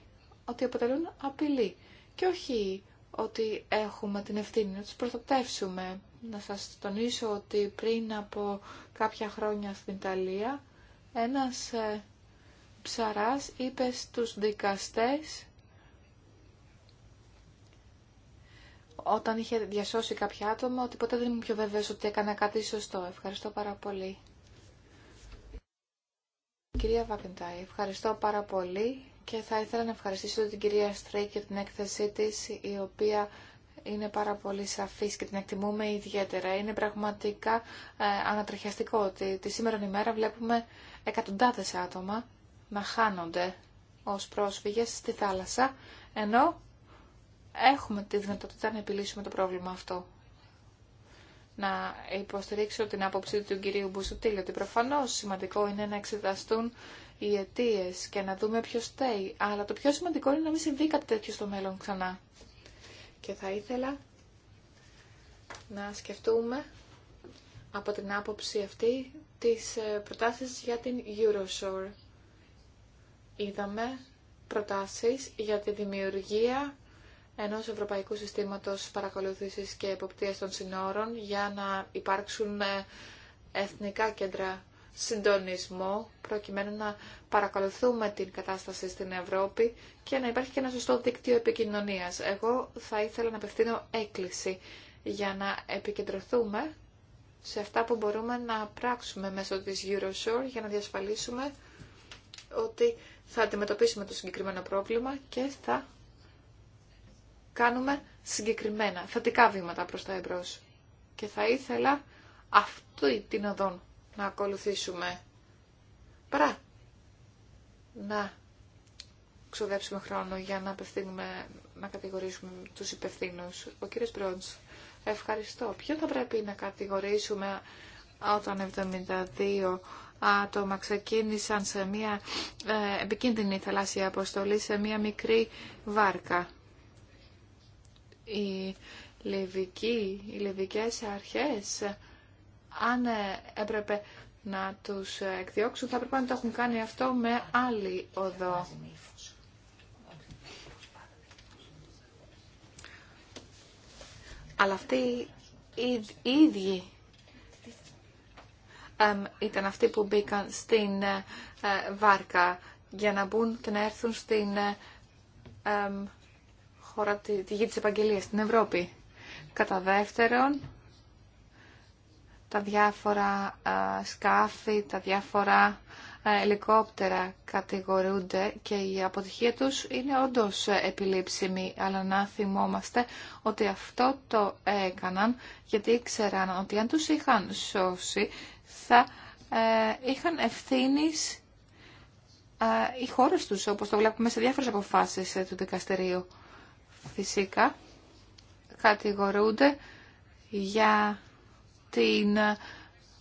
ότι αποτελούν απειλή και όχι ότι έχουμε την ευθύνη να τους προστατεύσουμε να σας τονίσω ότι πριν από κάποια χρόνια στην Ιταλία ένας ε, ψαράς είπε στους δικαστές όταν είχε διασώσει κάποια άτομα ότι ποτέ δεν είμαι πιο βέβαιος ότι έκανα κάτι σωστό. Ευχαριστώ πάρα πολύ. Κυρία Βαπεντάη, ευχαριστώ πάρα πολύ και θα ήθελα να ευχαριστήσω την κυρία Στρέικ για την έκθεσή της η οποία είναι πάρα πολύ σαφής και την εκτιμούμε ιδιαίτερα. Είναι πραγματικά ε, ανατριχιαστικό ότι τη σήμερα ημέρα βλέπουμε εκατοντάδες άτομα να χάνονται ως πρόσφυγες στη θάλασσα, ενώ έχουμε τη δυνατότητα να επιλύσουμε το πρόβλημα αυτό. Να υποστηρίξω την άποψη του κυρίου Μπουσουτήλ ότι προφανώς σημαντικό είναι να εξεταστούν οι αιτίε και να δούμε ποιο στέει, αλλά το πιο σημαντικό είναι να μην συμβεί κάτι τέτοιο στο μέλλον ξανά. Και θα ήθελα να σκεφτούμε από την άποψη αυτή τις ε, προτάσεις για την Eurosur. Είδαμε προτάσεις για τη δημιουργία ενός Ευρωπαϊκού Συστήματος Παρακολούθησης και Εποπτείας των Συνόρων για να υπάρξουν ε, εθνικά κέντρα συντονισμό προκειμένου να παρακολουθούμε την κατάσταση στην Ευρώπη και να υπάρχει και ένα σωστό δίκτυο επικοινωνίας. Εγώ θα ήθελα να απευθύνω έκκληση για να επικεντρωθούμε σε αυτά που μπορούμε να πράξουμε μέσω της Eurosure για να διασφαλίσουμε ότι θα αντιμετωπίσουμε το συγκεκριμένο πρόβλημα και θα κάνουμε συγκεκριμένα θετικά βήματα προς τα εμπρός. Και θα ήθελα αυτή την οδόν να ακολουθήσουμε παρά να ξοδέψουμε χρόνο για να απευθύνουμε, να κατηγορήσουμε τους υπευθύνους. Ο κύριος Μπρόντς, ευχαριστώ. Ποιο θα πρέπει να κατηγορήσουμε όταν 72 άτομα ξεκίνησαν σε μια ε, επικίνδυνη θαλάσσια αποστολή σε μια μικρή βάρκα. Οι λεβικοί, οι λεβικές αρχές αν ε, έπρεπε να τους ε, εκδιώξουν, θα έπρεπε να το έχουν κάνει αυτό με άλλη οδό. Αλλά αυτοί οι ίδιοι ήταν αυτοί που μπήκαν στην ε, βάρκα για να μπουν και να έρθουν στην χώρα, τη γη της επαγγελίας, στην Ευρώπη. Κατά δεύτερον, τα διάφορα σκάφη, τα διάφορα ελικόπτερα κατηγορούνται και η αποτυχία τους είναι όντως επιλήψιμη, αλλά να θυμόμαστε ότι αυτό το έκαναν γιατί ήξεραν ότι αν τους είχαν σώσει θα ε, είχαν ευθύνης οι χώρες τους, όπως το βλέπουμε σε διάφορες αποφάσεις ε, του δικαστηρίου. Φυσικά κατηγορούνται για την ε,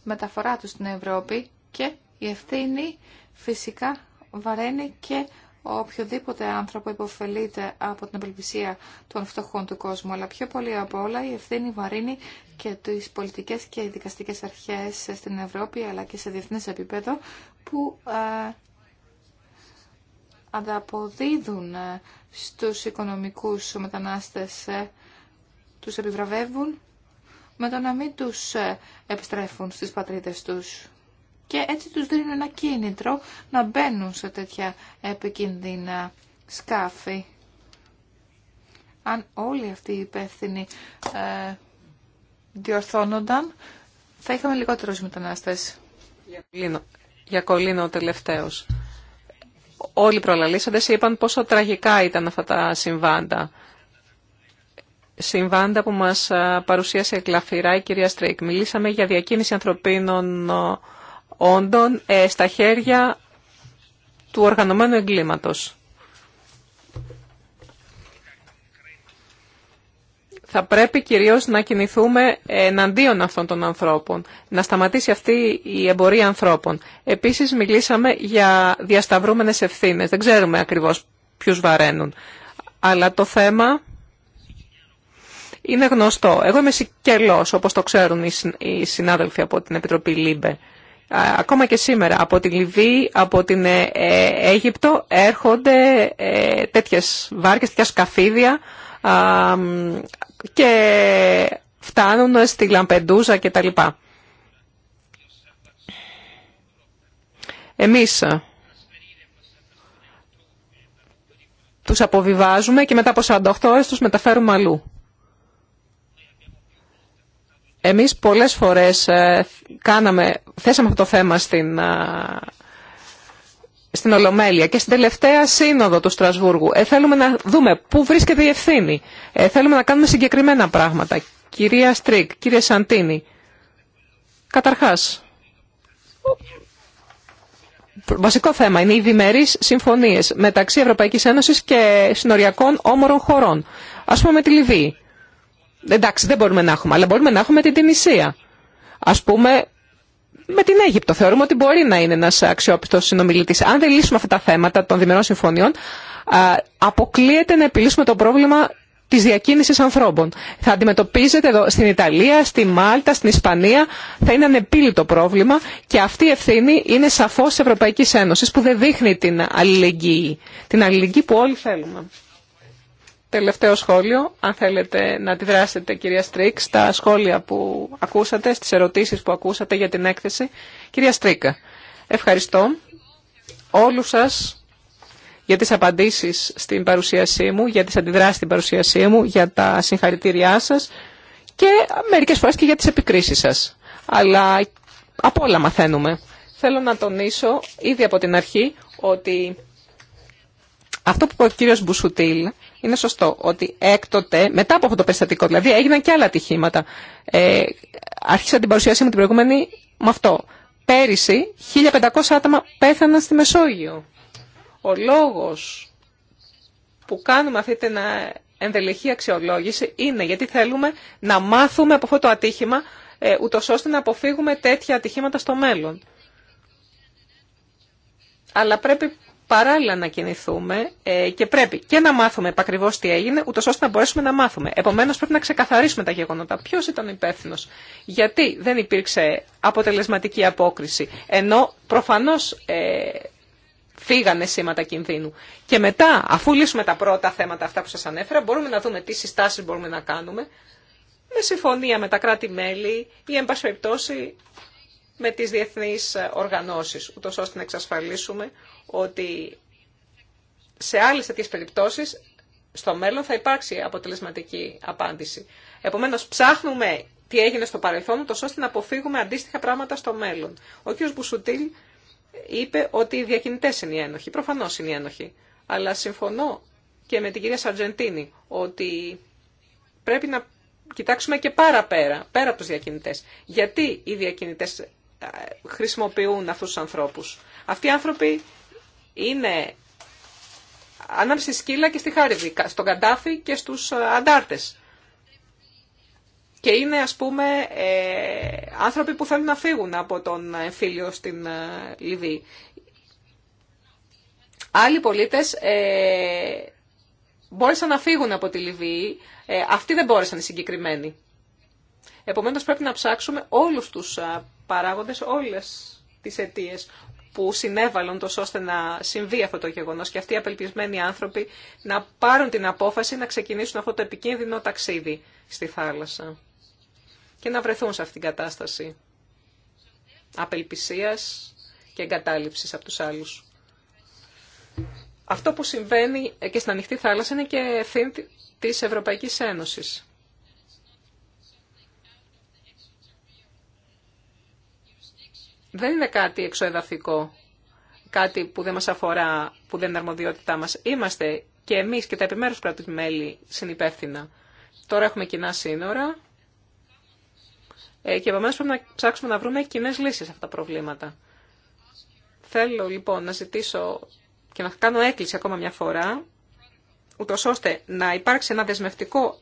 μεταφορά τους στην Ευρώπη και η ευθύνη φυσικά βαραίνει και οποιοδήποτε άνθρωπο υποφελείται από την απελπισία των φτωχών του κόσμου, αλλά πιο πολύ από όλα η ευθύνη βαρύνει και τις πολιτικές και δικαστικές αρχές στην Ευρώπη, αλλά και σε διεθνές επίπεδο, που ε, ανταποδίδουν ε, στους οικονομικούς μετανάστες, ε, τους επιβραβεύουν με το να μην τους ε, επιστρέφουν στις πατρίδες τους. Και έτσι τους δίνουν ένα κίνητρο να μπαίνουν σε τέτοια επικίνδυνα σκάφη. Αν όλοι αυτοί οι υπεύθυνοι ε, διορθώνονταν, θα είχαμε λιγότερους μετανάστες. Για κολλήνω ο τελευταίος. Όλοι προλαλήσαντες είπαν πόσο τραγικά ήταν αυτά τα συμβάντα συμβάντα που μας παρουσίασε εκλαφυρά η κυρία Στρέικ. Μιλήσαμε για διακίνηση ανθρωπίνων όντων ε, στα χέρια του οργανωμένου εγκλήματος. Θα πρέπει κυρίως να κινηθούμε εναντίον αυτών των ανθρώπων, να σταματήσει αυτή η εμπορία ανθρώπων. Επίσης μιλήσαμε για διασταυρούμενες ευθύνες. Δεν ξέρουμε ακριβώς ποιους βαραίνουν. Αλλά το θέμα είναι γνωστό. Εγώ είμαι σικελός, όπως το ξέρουν οι συνάδελφοι από την Επιτροπή ΛΥΜΠΕ. Ακόμα και σήμερα από τη Λιβύη, από την ε, ε, Αίγυπτο έρχονται ε, τέτοιε βάρκες, τέτοια σκαφίδια και φτάνουν στη Λαμπεντούζα κτλ. Εμείς τους αποβιβάζουμε και μετά από 48 ώρες τους μεταφέρουμε αλλού. Εμείς πολλές φορές ε, κάναμε, θέσαμε αυτό το θέμα στην, ε, στην Ολομέλεια και στην τελευταία σύνοδο του Στρασβούργου. Ε, θέλουμε να δούμε πού βρίσκεται η ευθύνη. θέλουμε να κάνουμε συγκεκριμένα πράγματα. Κυρία Στρίκ, κύριε Σαντίνη, καταρχάς, βασικό θέμα είναι οι διμερείς συμφωνίες μεταξύ Ευρωπαϊκής Ένωσης και συνοριακών όμορων χωρών. Ας πούμε με τη Λιβύη εντάξει δεν μπορούμε να έχουμε, αλλά μπορούμε να έχουμε την Τινησία. Ας πούμε με την Αίγυπτο. Θεωρούμε ότι μπορεί να είναι ένας αξιόπιστος συνομιλητής. Αν δεν λύσουμε αυτά τα θέματα των διμερών συμφωνιών, αποκλείεται να επιλύσουμε το πρόβλημα τη διακίνηση ανθρώπων. Θα αντιμετωπίζεται εδώ στην Ιταλία, στη Μάλτα, στην Ισπανία. Θα είναι ανεπίλητο πρόβλημα και αυτή η ευθύνη είναι σαφώ τη Ευρωπαϊκή Ένωση που δεν δείχνει την αλληλεγγύη. Την αλληλεγγύη που όλοι θέλουμε τελευταίο σχόλιο, αν θέλετε να αντιδράσετε κυρία Στρίκ στα σχόλια που ακούσατε, στις ερωτήσεις που ακούσατε για την έκθεση. Κυρία Στρίκα, ευχαριστώ όλους σας για τις απαντήσεις στην παρουσίασή μου, για τις αντιδράσεις στην παρουσίασή μου, για τα συγχαρητήριά σας και μερικές φορές και για τις επικρίσεις σας. Αλλά από όλα μαθαίνουμε. Θέλω να τονίσω ήδη από την αρχή ότι αυτό που είπε ο κύριο Μπουσουτήλ είναι σωστό, ότι έκτοτε, μετά από αυτό το περιστατικό, δηλαδή έγιναν και άλλα ατυχήματα. Ε, άρχισα την παρουσίασή μου την προηγούμενη με αυτό. Πέρυσι, 1500 άτομα πέθαναν στη Μεσόγειο. Ο λόγος που κάνουμε αυτή την ε, ενδελεχή αξιολόγηση είναι γιατί θέλουμε να μάθουμε από αυτό το ατύχημα, ε, ώστε να αποφύγουμε τέτοια ατυχήματα στο μέλλον. Αλλά πρέπει παράλληλα να κινηθούμε ε, και πρέπει και να μάθουμε επακριβώ τι έγινε, ούτω ώστε να μπορέσουμε να μάθουμε. Επομένω, πρέπει να ξεκαθαρίσουμε τα γεγονότα. Ποιο ήταν υπεύθυνο, γιατί δεν υπήρξε αποτελεσματική απόκριση, ενώ προφανώ ε, φύγανε σήματα κινδύνου. Και μετά, αφού λύσουμε τα πρώτα θέματα αυτά που σα ανέφερα, μπορούμε να δούμε τι συστάσει μπορούμε να κάνουμε με συμφωνία με τα κράτη-μέλη ή, εν πάση περιπτώσει, με τις διεθνείς οργανώσεις, ούτως ώστε να εξασφαλίσουμε ότι σε άλλες τέτοιες περιπτώσεις στο μέλλον θα υπάρξει αποτελεσματική απάντηση. Επομένως, ψάχνουμε τι έγινε στο παρελθόν, τόσο ώστε να αποφύγουμε αντίστοιχα πράγματα στο μέλλον. Ο κ. Μπουσουτήλ είπε ότι οι διακινητές είναι οι ένοχοι. Προφανώς είναι οι ένοχοι. Αλλά συμφωνώ και με την κυρία Σαρτζεντίνη ότι πρέπει να κοιτάξουμε και πάρα πέρα, πέρα από τους διακινητές. Γιατί οι διακινητές ε, χρησιμοποιούν αυτούς τους ανθρώπους. Αυτοί οι άνθρωποι είναι ανάμεσα στη σκύλα και στη χάριβη, στον Καντάφη και στους ε, αντάρτες. Και είναι, ας πούμε, ε, άνθρωποι που θέλουν να φύγουν από τον εμφύλιο στην ε, Λιβύη. Άλλοι πολίτες ε, μπόρεσαν να φύγουν από τη Λιβύη. Ε, αυτοί δεν μπόρεσαν οι συγκεκριμένοι. Επομένως, πρέπει να ψάξουμε όλους τους παράγοντες, όλες τις αιτίες που συνέβαλαν τόσο ώστε να συμβεί αυτό το γεγονός και αυτοί οι απελπισμένοι άνθρωποι να πάρουν την απόφαση να ξεκινήσουν αυτό το επικίνδυνο ταξίδι στη θάλασσα και να βρεθούν σε αυτήν την κατάσταση απελπισίας και εγκατάλειψης από τους άλλους. Αυτό που συμβαίνει ε, και στην ανοιχτή θάλασσα είναι και ευθύνη της Ευρωπαϊκής Ένωσης. δεν είναι κάτι εξοεδαφικό, κάτι που δεν μας αφορά, που δεν είναι αρμοδιότητά μας. Είμαστε και εμείς και τα επιμέρους κράτη-μέλη συνυπεύθυνα. Τώρα έχουμε κοινά σύνορα ε, και επομένως πρέπει να ψάξουμε να βρούμε κοινέ λύσεις σε αυτά τα προβλήματα. Θέλω λοιπόν να ζητήσω και να κάνω έκκληση ακόμα μια φορά, ούτω ώστε να υπάρξει ένα δεσμευτικό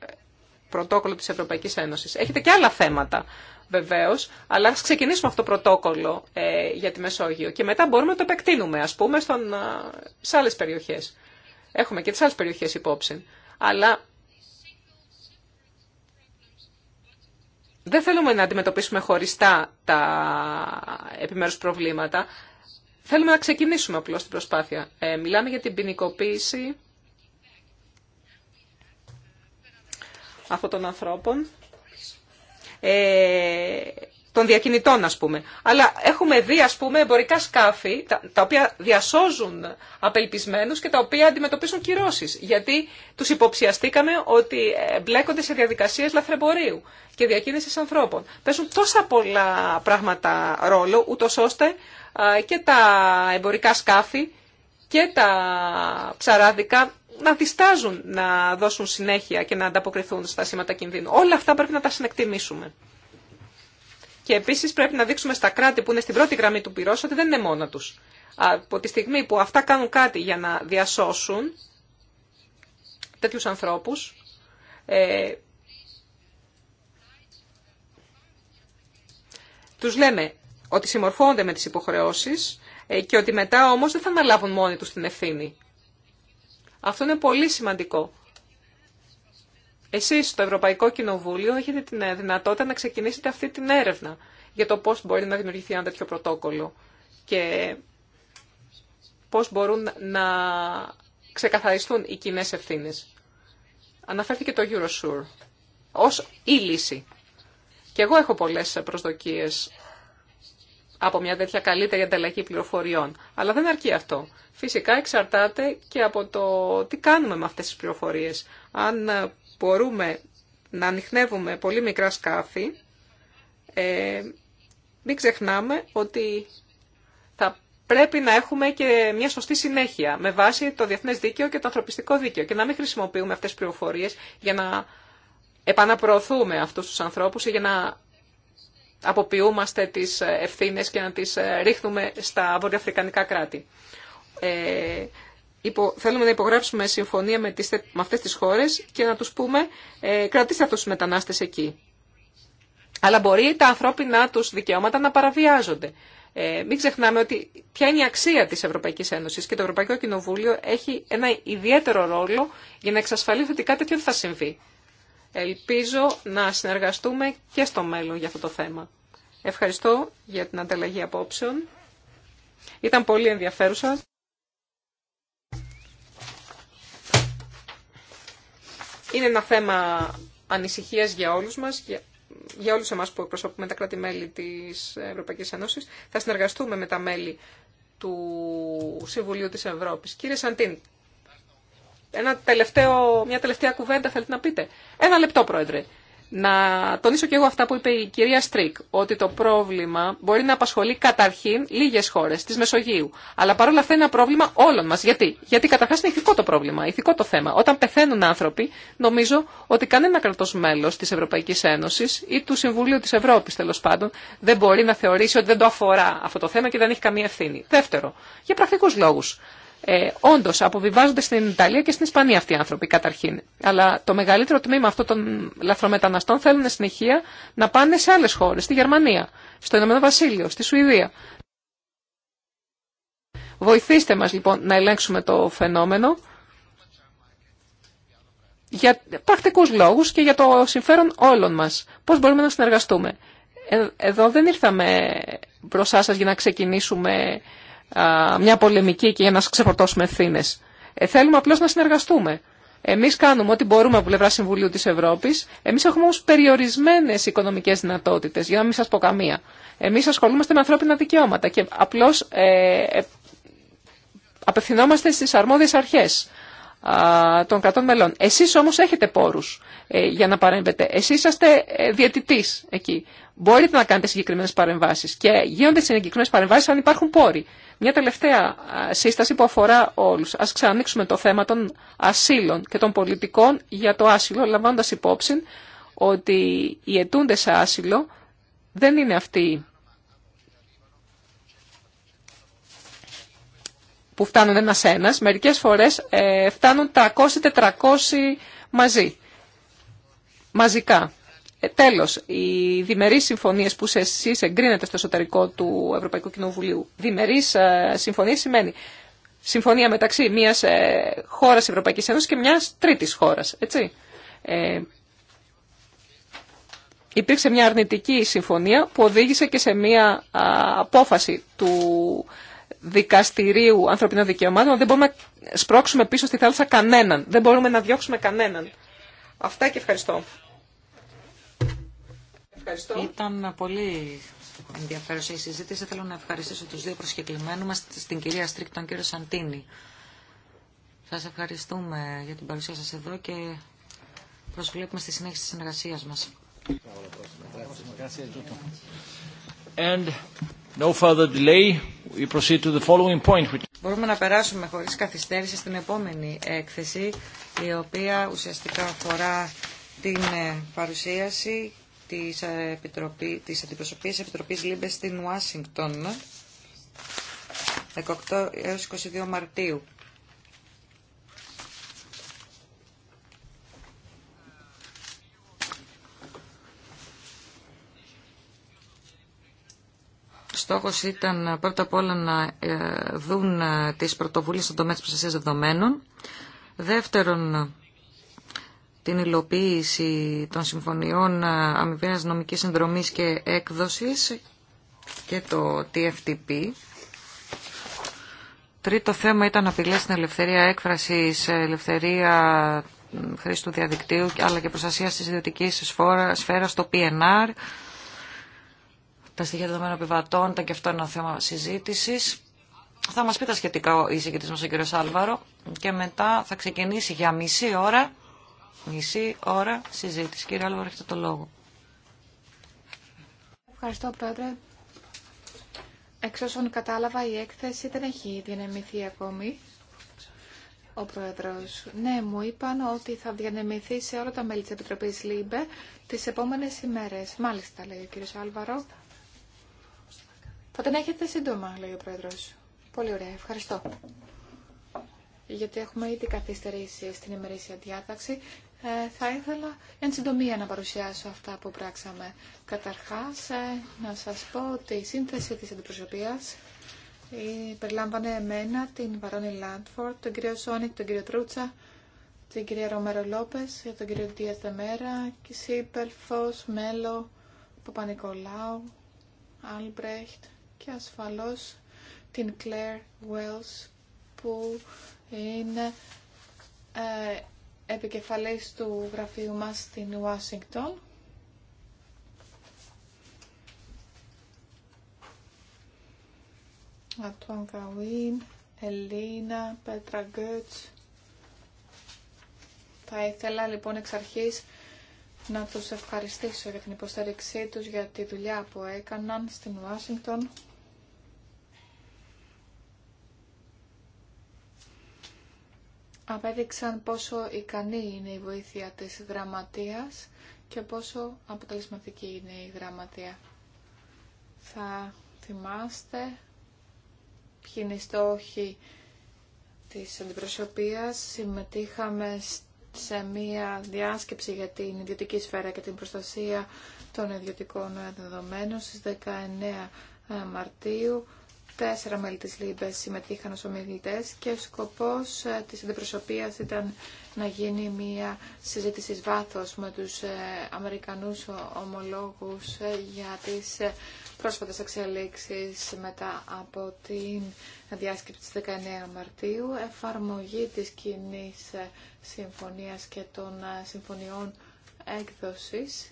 πρωτόκολλο της Ευρωπαϊκής Ένωσης. Έχετε και άλλα θέματα βεβαίω, αλλά ας ξεκινήσουμε αυτό το πρωτόκολλο ε, για τη Μεσόγειο και μετά μπορούμε να το επεκτείνουμε, ας πούμε, στον, σε άλλες περιοχές. Έχουμε και τις άλλες περιοχές υπόψη. Αλλά δεν θέλουμε να αντιμετωπίσουμε χωριστά τα επιμέρους προβλήματα. Θέλουμε να ξεκινήσουμε απλώς την προσπάθεια. Ε, μιλάμε για την ποινικοποίηση αυτών των ανθρώπων, ε, των διακινητών ας πούμε. Αλλά έχουμε δει ας πούμε εμπορικά σκάφη τα, οποία διασώζουν απελπισμένους και τα οποία αντιμετωπίζουν κυρώσεις. Γιατί τους υποψιαστήκαμε ότι ε, μπλέκονται σε διαδικασίες λαθρεμπορίου και διακίνησης ανθρώπων. Παίζουν τόσα πολλά πράγματα ρόλο ούτως ώστε και τα εμπορικά σκάφη και τα ψαράδικα να διστάζουν να δώσουν συνέχεια και να ανταποκριθούν στα σήματα κινδύνου. Όλα αυτά πρέπει να τα συνεκτιμήσουμε. Και επίση πρέπει να δείξουμε στα κράτη που είναι στην πρώτη γραμμή του πυρό ότι δεν είναι μόνα του. Από τη στιγμή που αυτά κάνουν κάτι για να διασώσουν τέτοιου ανθρώπου, ε, τους λέμε ότι συμμορφώνονται με τις υποχρεώσεις ε, και ότι μετά όμως δεν θα αναλάβουν μόνοι τους την ευθύνη. Αυτό είναι πολύ σημαντικό. Εσείς στο Ευρωπαϊκό Κοινοβούλιο έχετε την ε, δυνατότητα να ξεκινήσετε αυτή την έρευνα για το πώς μπορεί να δημιουργηθεί ένα τέτοιο πρωτόκολλο και πώς μπορούν να ξεκαθαριστούν οι κοινέ ευθύνε. Αναφέρθηκε το Eurosur ως η λύση. Και εγώ έχω πολλές προσδοκίες από μια τέτοια καλύτερη ανταλλαγή πληροφοριών. Αλλά δεν αρκεί αυτό. Φυσικά εξαρτάται και από το τι κάνουμε με αυτές τις πληροφορίες. Αν μπορούμε να ανοιχνεύουμε πολύ μικρά σκάφη, ε, μην ξεχνάμε ότι θα πρέπει να έχουμε και μια σωστή συνέχεια με βάση το διεθνές δίκαιο και το ανθρωπιστικό δίκαιο και να μην χρησιμοποιούμε αυτές τις πληροφορίες για να επαναπροωθούμε αυτούς τους ανθρώπους ή για να αποποιούμαστε τις ε, ευθύνες και να τις ε, ρίχνουμε στα βορειοαφρικανικά κράτη. Ε, θέλουμε να υπογράψουμε συμφωνία με, τις, με αυτές τις χώρες και να τους πούμε ε, κρατήστε αυτούς τους μετανάστες εκεί. Αλλά μπορεί τα ανθρώπινα τους δικαιώματα να παραβιάζονται. Ε, μην ξεχνάμε ότι ποια είναι η αξία της Ευρωπαϊκής Ένωσης και το Ευρωπαϊκό Κοινοβούλιο έχει ένα ιδιαίτερο ρόλο για να εξασφαλίσει ότι κάτι τέτοιο θα συμβεί. Ελπίζω να συνεργαστούμε και στο μέλλον για αυτό το θέμα. Ευχαριστώ για την ανταλλαγή απόψεων. Ήταν πολύ ενδιαφέρουσα. Είναι ένα θέμα ανησυχίας για όλους μας, για, για όλους εμάς που εκπροσωπούμε τα κράτη-μέλη της Ευρωπαϊκής Ένωσης. Θα συνεργαστούμε με τα μέλη του Συμβουλίου της Ευρώπης. Κύριε Σαντίν, ένα τελευταίο, μια τελευταία κουβέντα θέλετε να πείτε. Ένα λεπτό, Πρόεδρε. Να τονίσω και εγώ αυτά που είπε η κυρία Στρίκ, ότι το πρόβλημα μπορεί να απασχολεί καταρχήν λίγε χώρε τη Μεσογείου. Αλλά παρόλα αυτά είναι ένα πρόβλημα όλων μα. Γιατί, Γιατί καταρχά είναι ηθικό το πρόβλημα, ηθικό το θέμα. Όταν πεθαίνουν άνθρωποι, νομίζω ότι κανένα κρατό μέλο τη Ευρωπαϊκή Ένωση ή του Συμβουλίου τη Ευρώπη τέλο πάντων δεν μπορεί να θεωρήσει ότι δεν το αφορά αυτό το θέμα και δεν έχει καμία ευθύνη. Δεύτερο, για πρακτικού λόγου. Ε, Όντω, αποβιβάζονται στην Ιταλία και στην Ισπανία αυτοί οι άνθρωποι καταρχήν. Αλλά το μεγαλύτερο τμήμα αυτών των λαθρομεταναστών θέλουν συνεχεία να πάνε σε άλλε χώρε, στη Γερμανία, στο Ηνωμένο Βασίλειο, στη Σουηδία. Βοηθήστε μα λοιπόν να ελέγξουμε το φαινόμενο για πρακτικού λόγου και για το συμφέρον όλων μα. Πώ μπορούμε να συνεργαστούμε. Ε, εδώ δεν ήρθαμε μπροστά σα για να ξεκινήσουμε μια πολεμική και για να ξεφορτώσουμε ευθύνε. Ε, θέλουμε απλώ να συνεργαστούμε. Εμεί κάνουμε ό,τι μπορούμε από πλευρά Συμβουλίου τη Ευρώπη. Εμεί έχουμε όμω περιορισμένε οικονομικέ δυνατότητε, για να μην σα πω καμία. Εμεί ασχολούμαστε με ανθρώπινα δικαιώματα και απλώ ε, ε, απευθυνόμαστε στι αρμόδιε αρχέ των κρατών μελών. Εσεί όμω έχετε πόρου ε, για να παρέμβετε. Εσεί είσαστε διαιτητή εκεί. Μπορείτε να κάνετε συγκεκριμένε παρεμβάσει και γίνονται συγκεκριμένε παρεμβάσει αν υπάρχουν πόροι. Μια τελευταία σύσταση που αφορά όλου. Α ξανανοίξουμε το θέμα των ασύλων και των πολιτικών για το άσυλο, λαμβάνοντα υπόψη ότι οι αιτούντε σε άσυλο δεν είναι αυτοί που φτάνουν ένα-ένα. Μερικέ φορέ ε, φτάνουν 300-400 μαζί. Μαζικά. Ε, τέλος, οι διμερεί συμφωνίε που εσεί εγκρίνετε στο εσωτερικό του Ευρωπαϊκού Κοινοβουλίου, Διμερεί ε, συμφωνίε σημαίνει συμφωνία μεταξύ μιας ε, χώρας Ευρωπαϊκής Ένωσης και μιας τρίτης χώρας, έτσι. Ε, υπήρξε μια αρνητική συμφωνία που οδήγησε και σε μια απόφαση του δικαστηρίου ανθρωπινών δικαιωμάτων. Δεν μπορούμε να σπρώξουμε πίσω στη θάλασσα κανέναν. Δεν μπορούμε να διώξουμε κανέναν. Αυτά και ευχαριστώ. Ήταν πολύ ενδιαφέρουσα η συζήτηση. Θέλω να ευχαριστήσω τους δύο προσκεκλημένους μας, την κυρία Στρίκ, τον κύριο Σαντίνη. Σας ευχαριστούμε για την παρουσία σας εδώ και προσβλέπουμε στη συνέχιση της συνεργασίας μας. And no further delay, we proceed to the following point. Μπορούμε να περάσουμε χωρίς καθυστέρηση στην επόμενη έκθεση, η οποία ουσιαστικά αφορά την ε, παρουσίαση της, Επιτροπή, της Αντιπροσωπείας Επιτροπής Λίμπες στην Ουάσιγκτον 18 έως 22 Μαρτίου. στόχος ήταν πρώτα απ' όλα να ε, δουν ε, τις πρωτοβουλίες στον τομέα της προστασίας δεδομένων. Δεύτερον, την υλοποίηση των συμφωνιών ε, αμοιβαίας νομικής συνδρομής και έκδοσης και το TFTP. Τρίτο θέμα ήταν απειλές στην ελευθερία έκφρασης, ελευθερία χρήση του διαδικτύου αλλά και προστασία της ιδιωτικής σφαίρας στο PNR. Τα στοιχεία δεδομένων επιβατών ήταν και αυτό ένα θέμα συζήτησης. Θα μας πει τα σχετικά ο εισηγητής μας ο κ. Άλβαρο και μετά θα ξεκινήσει για μισή ώρα μισή ώρα συζήτηση. Κύριε Άλβαρο, έχετε το λόγο. Ευχαριστώ, Πρόεδρε. Εξ όσων κατάλαβα, η έκθεση δεν έχει διανεμηθεί ακόμη. Ο Πρόεδρος. Ναι, μου είπαν ότι θα διανεμηθεί σε όλα τα μέλη της Επιτροπής ΛΥΜΠΕ τις επόμενες ημέρες. Μάλιστα, λέει ο κύριος Άλβαρο. Θα την έχετε σύντομα, λέει ο Πρόεδρος. Πολύ ωραία, ευχαριστώ. Γιατί έχουμε ήδη καθυστερήσει στην ημερήσια διάταξη ε, θα ήθελα εν συντομία να παρουσιάσω αυτά που πράξαμε. Καταρχάς, ε, να σας πω ότι η σύνθεση της αντιπροσωπείας ε, περιλάμβανε εμένα, την Βαρόνι Λάντφορτ, τον κύριο Σόνικ, τον κύριο Τρούτσα, την κυρία Ρομέρο Λόπες, τον κύριο Δίας Δεμέρα, Κισίπερ, Μέλο, Παπα-Νικολάου, Άλμπρεχτ και ασφαλώς την Κλέρ Βέλς που είναι επικεφαλής του γραφείου μας στην Ουάσιγκτον. Ατουάν Καουίν, Ελίνα, Πέτρα Γκέτς. Θα ήθελα λοιπόν εξ αρχής να τους ευχαριστήσω για την υποστήριξή τους, για τη δουλειά που έκαναν στην Ουάσιγκτον. απέδειξαν πόσο ικανή είναι η βοήθεια της γραμματείας και πόσο αποτελεσματική είναι η γραμματεία. Θα θυμάστε ποιοι είναι οι στόχοι της αντιπροσωπείας. Συμμετείχαμε σε μία διάσκεψη για την ιδιωτική σφαίρα και την προστασία των ιδιωτικών δεδομένων στις 19 Μαρτίου. Τέσσερα μέλη της ΛΥΜΠΕ συμμετείχαν ως ομιλητές και ο σκοπός ε, της αντιπροσωπείας ήταν να γίνει μια συζήτηση βάθος με τους ε, Αμερικανούς ομολόγους ε, για τις πρόσφατες εξελίξεις μετά από την διάσκεψη της 19 Μαρτίου, εφαρμογή της κοινή συμφωνίας και των συμφωνιών έκδοσης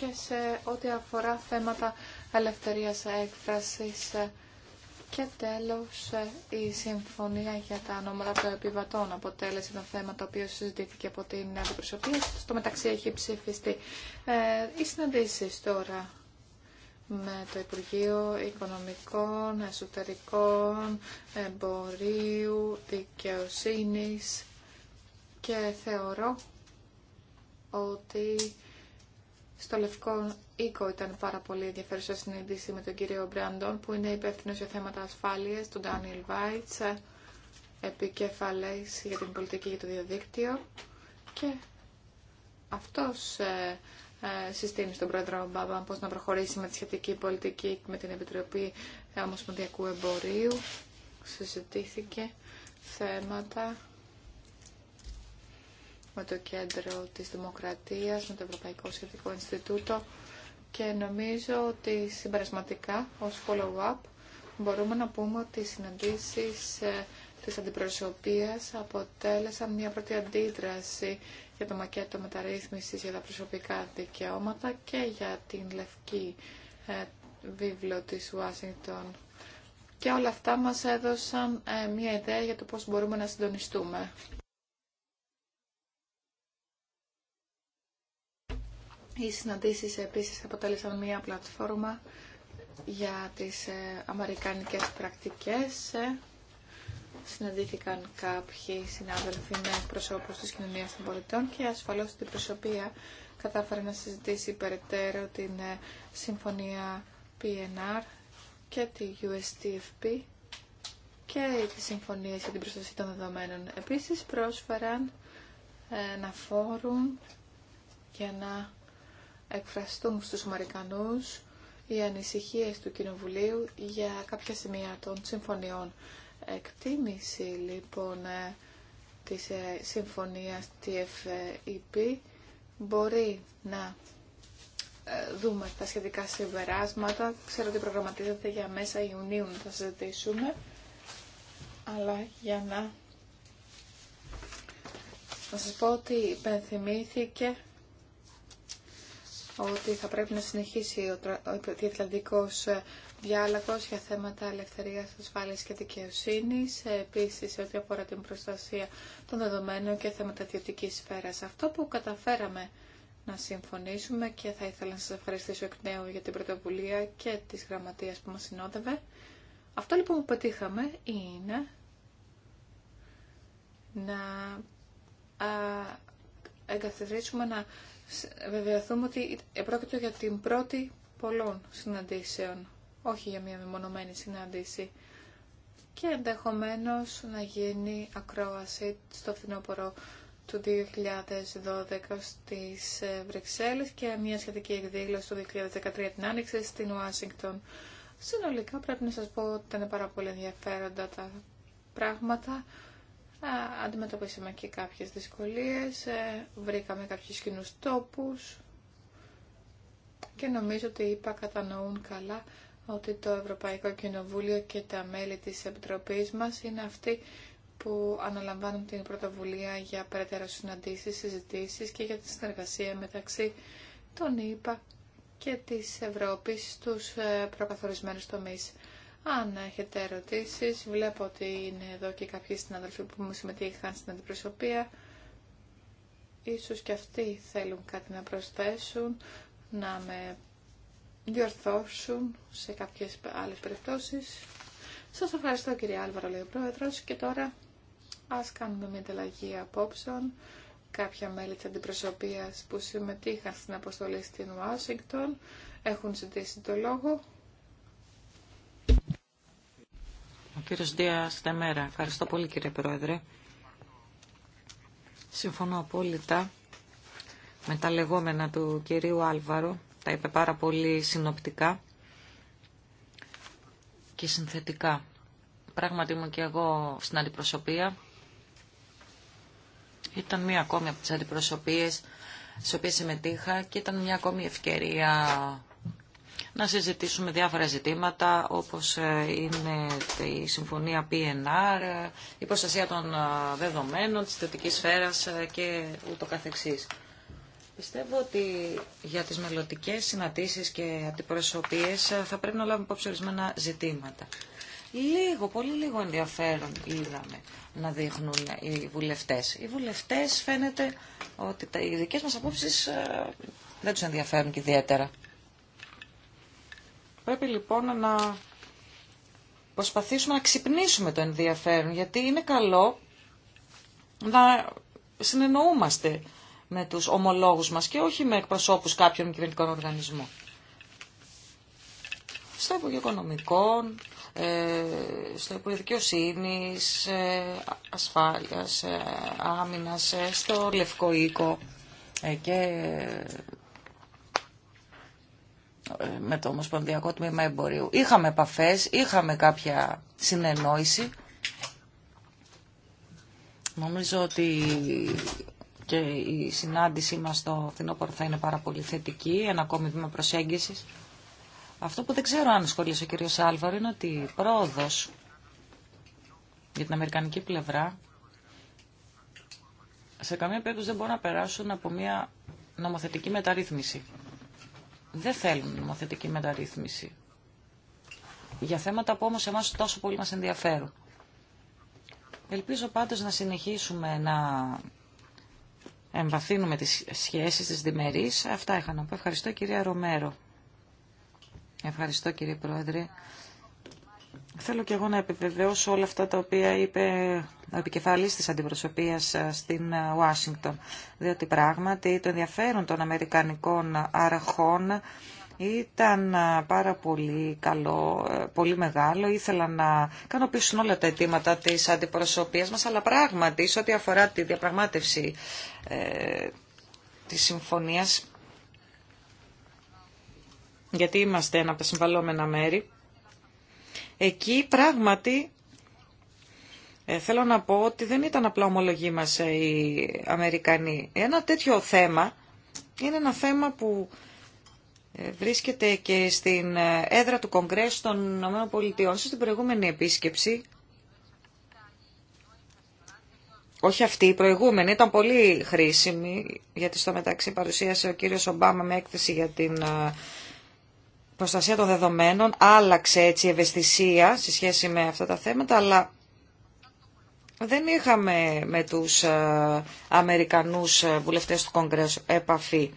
και σε ό,τι αφορά θέματα ελευθερίας έκφρασης και τέλος η συμφωνία για τα νόματα των επιβατών αποτέλεσε ένα θέμα το οποίο συζητήθηκε από την αντιπροσωπεία. Στο μεταξύ έχει ψηφιστεί ε, οι συναντήσεις τώρα με το Υπουργείο Οικονομικών, Εσωτερικών, Εμπορίου, Δικαιοσύνης και θεωρώ ότι στο Λευκό Οίκο ήταν πάρα πολύ ενδιαφέρουσα συνέντηση με τον κύριο Μπραντον, που είναι υπεύθυνο για θέματα ασφάλεια, τον Ντάνιελ Βάιτς, επικεφαλής για την πολιτική για το διαδίκτυο και αυτός ε, ε, συστήνει στον πρόεδρο Ομπάμπα πώς να προχωρήσει με τη σχετική πολιτική με την Επιτροπή Ομοσπονδιακού Εμπορίου. Συζητήθηκε θέματα με το Κέντρο της Δημοκρατίας, με το Ευρωπαϊκό Σχετικό Ινστιτούτο και νομίζω ότι συμπερασματικά ως follow-up μπορούμε να πούμε ότι οι συναντήσεις ε, της αντιπροσωπείας αποτέλεσαν μια πρώτη αντίδραση για το μακέτο μεταρρύθμισης για τα προσωπικά δικαιώματα και για την λευκή ε, βίβλο της Ουάσιγκτον. Και όλα αυτά μας έδωσαν ε, μια ιδέα για το πώς μπορούμε να συντονιστούμε. Οι συναντήσεις επίσης αποτέλεσαν μία πλατφόρμα για τις ε, αμερικανικές πρακτικές. Ε, συναντήθηκαν κάποιοι συνάδελφοι με προσώπους της κοινωνίας των πολιτών και ασφαλώς την προσωπία κατάφερε να συζητήσει περαιτέρω την ε, συμφωνία PNR και τη USTFP και τις συμφωνίες για την προστασία των δεδομένων. Επίσης πρόσφεραν να φόρουμ για να εκφραστούν στους Αμερικανούς οι ανησυχίες του Κοινοβουλίου για κάποια σημεία των συμφωνιών. Εκτίμηση λοιπόν ε, της ε, συμφωνίας TFEP μπορεί να ε, δούμε τα σχετικά συμπεράσματα. Ξέρω ότι προγραμματίζεται για μέσα Ιουνίου να τα συζητήσουμε, αλλά για να... Να σας πω ότι υπενθυμήθηκε ότι θα πρέπει να συνεχίσει ο διατλαντικός ε, διάλογος για θέματα ελευθερίας, ασφάλειας και δικαιοσύνης, ε, επίσης σε ό,τι αφορά την προστασία των δεδομένων και θέματα ιδιωτικής σφαίρας. Αυτό που καταφέραμε να συμφωνήσουμε και θα ήθελα να σας ευχαριστήσω εκ νέου για την πρωτοβουλία και της γραμματείας που μας συνόδευε. Αυτό λοιπόν που πετύχαμε είναι να εγκαθιδρύσουμε να βεβαιωθούμε ότι πρόκειται για την πρώτη πολλών συναντήσεων, όχι για μια μεμονωμένη συνάντηση και ενδεχομένως να γίνει ακρόαση στο φθινόπωρο του 2012 στις ε, Βρυξέλλες και μια σχετική εκδήλωση του 2013 την Άνοιξη στην Ουάσιγκτον. Συνολικά πρέπει να σας πω ότι ήταν πάρα πολύ ενδιαφέροντα τα πράγματα αντιμετωπίσαμε και κάποιες δυσκολίες, ε, βρήκαμε κάποιους κοινού τόπους και νομίζω ότι είπα κατανοούν καλά ότι το Ευρωπαϊκό Κοινοβούλιο και τα μέλη της Επιτροπής μας είναι αυτοί που αναλαμβάνουν την πρωτοβουλία για περαιτέρω συναντήσεις, συζητήσεις και για τη συνεργασία μεταξύ των ΙΠΑ και της Ευρώπης στους ε, προκαθορισμένους τομείς. Αν έχετε ερωτήσεις, βλέπω ότι είναι εδώ και κάποιοι συναδελφοί που μου συμμετείχαν στην αντιπροσωπεία. Ίσως και αυτοί θέλουν κάτι να προσθέσουν, να με διορθώσουν σε κάποιες άλλες περιπτώσεις. Σας ευχαριστώ κύριε Άλβαρο, λέει ο Πρόεδρος. Και τώρα ας κάνουμε μια ανταλλαγή απόψεων. Κάποια μέλη της αντιπροσωπείας που συμμετείχαν στην αποστολή στην Ουάσιγκτον έχουν ζητήσει το λόγο. Ο κύριος Δίας Ευχαριστώ πολύ κύριε Πρόεδρε. Συμφωνώ απόλυτα με τα λεγόμενα του κυρίου Άλβαρο. Τα είπε πάρα πολύ συνοπτικά και συνθετικά. Πράγματι μου και εγώ στην αντιπροσωπεία. Ήταν μία ακόμη από τις αντιπροσωπείες στις οποίες συμμετείχα και ήταν μία ακόμη ευκαιρία να συζητήσουμε διάφορα ζητήματα όπως ε, είναι η Συμφωνία PNR, η προστασία των ε, δεδομένων, της θετικής σφαίρας ε, και ούτω καθεξής. Πιστεύω ότι για τις μελλοντικέ συναντήσεις και αντιπροσωπείες θα πρέπει να λάβουμε υπόψη ορισμένα ζητήματα. Λίγο, πολύ λίγο ενδιαφέρον είδαμε να δείχνουν οι βουλευτές. Οι βουλευτές φαίνεται ότι οι δικές μας απόψεις δεν τους ενδιαφέρουν και ιδιαίτερα πρέπει λοιπόν να προσπαθήσουμε να ξυπνήσουμε το ενδιαφέρον, γιατί είναι καλό να συνεννοούμαστε με τους ομολόγους μας και όχι με εκπροσώπους κάποιων κυβερνητικών οργανισμών. Στο Υπουργείο Οικονομικών, ε, στο Υπουργείο Δικαιοσύνη, Ασφάλειας, Άμυνας, στο Λευκό Οίκο ε, και με το Ομοσπονδιακό Τμήμα Εμπορίου. Είχαμε επαφές, είχαμε κάποια συνεννόηση. Νομίζω ότι και η συνάντησή μας στο φθινόπωρο θα είναι πάρα πολύ θετική, ένα ακόμη βήμα προσέγγισης. Αυτό που δεν ξέρω αν σχολείς ο κύριος Άλβαρο είναι ότι η πρόοδος για την αμερικανική πλευρά σε καμία περίπτωση δεν μπορεί να περάσουν από μια νομοθετική μεταρρύθμιση δεν θέλουν νομοθετική μεταρρύθμιση. Για θέματα που όμως εμάς τόσο πολύ μας ενδιαφέρουν. Ελπίζω πάντως να συνεχίσουμε να εμβαθύνουμε τις σχέσεις της Δημερής. Αυτά είχα να πω. Ευχαριστώ κυρία Ρομέρο. Ευχαριστώ κύριε Πρόεδρε. Θέλω και εγώ να επιβεβαιώσω όλα αυτά τα οποία είπε ο επικεφαλής της αντιπροσωπείας ε, στην ε, Ουάσιγκτον. Διότι πράγματι το ενδιαφέρον των Αμερικανικών αρχών ήταν ε, πάρα πολύ καλό, πολύ μεγάλο. Ήθελα να πίσω όλα τα αιτήματα της αντιπροσωπείας μας, αλλά πράγματι σε ό,τι αφορά τη διαπραγμάτευση ε, της συμφωνίας, γιατί είμαστε ένα από τα συμβαλόμενα μέρη, Εκεί πράγματι ε, θέλω να πω ότι δεν ήταν απλά ομολογή μας ε, οι Αμερικανοί. Ένα τέτοιο θέμα είναι ένα θέμα που ε, βρίσκεται και στην ε, έδρα του Κογκρέσου των ΗΠΑ. Στην προηγούμενη επίσκεψη, όχι αυτή, η προηγούμενη ήταν πολύ χρήσιμη, γιατί στο μεταξύ παρουσίασε ο κύριος Ομπάμα με έκθεση για την προστασία των δεδομένων, άλλαξε έτσι η ευαισθησία σε σχέση με αυτά τα θέματα, αλλά δεν είχαμε με τους ε, Αμερικανούς ε, βουλευτές του Κογκρέσου επαφή.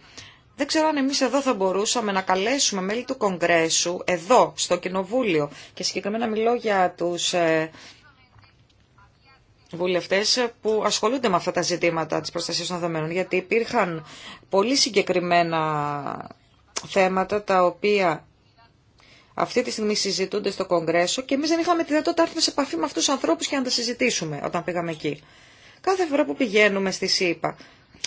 Δεν ξέρω αν εμείς εδώ θα μπορούσαμε να καλέσουμε μέλη του Κογκρέσου, εδώ, στο Κοινοβούλιο, και συγκεκριμένα μιλώ για τους ε, βουλευτές που ασχολούνται με αυτά τα ζητήματα της προστασίας των δεδομένων, γιατί υπήρχαν πολύ συγκεκριμένα θέματα τα οποία αυτή τη στιγμή συζητούνται στο Κογκρέσο και εμεί δεν είχαμε τη δυνατότητα να έρθουμε σε επαφή με αυτού του ανθρώπου και να τα συζητήσουμε όταν πήγαμε εκεί. Κάθε φορά που πηγαίνουμε στη ΣΥΠΑ,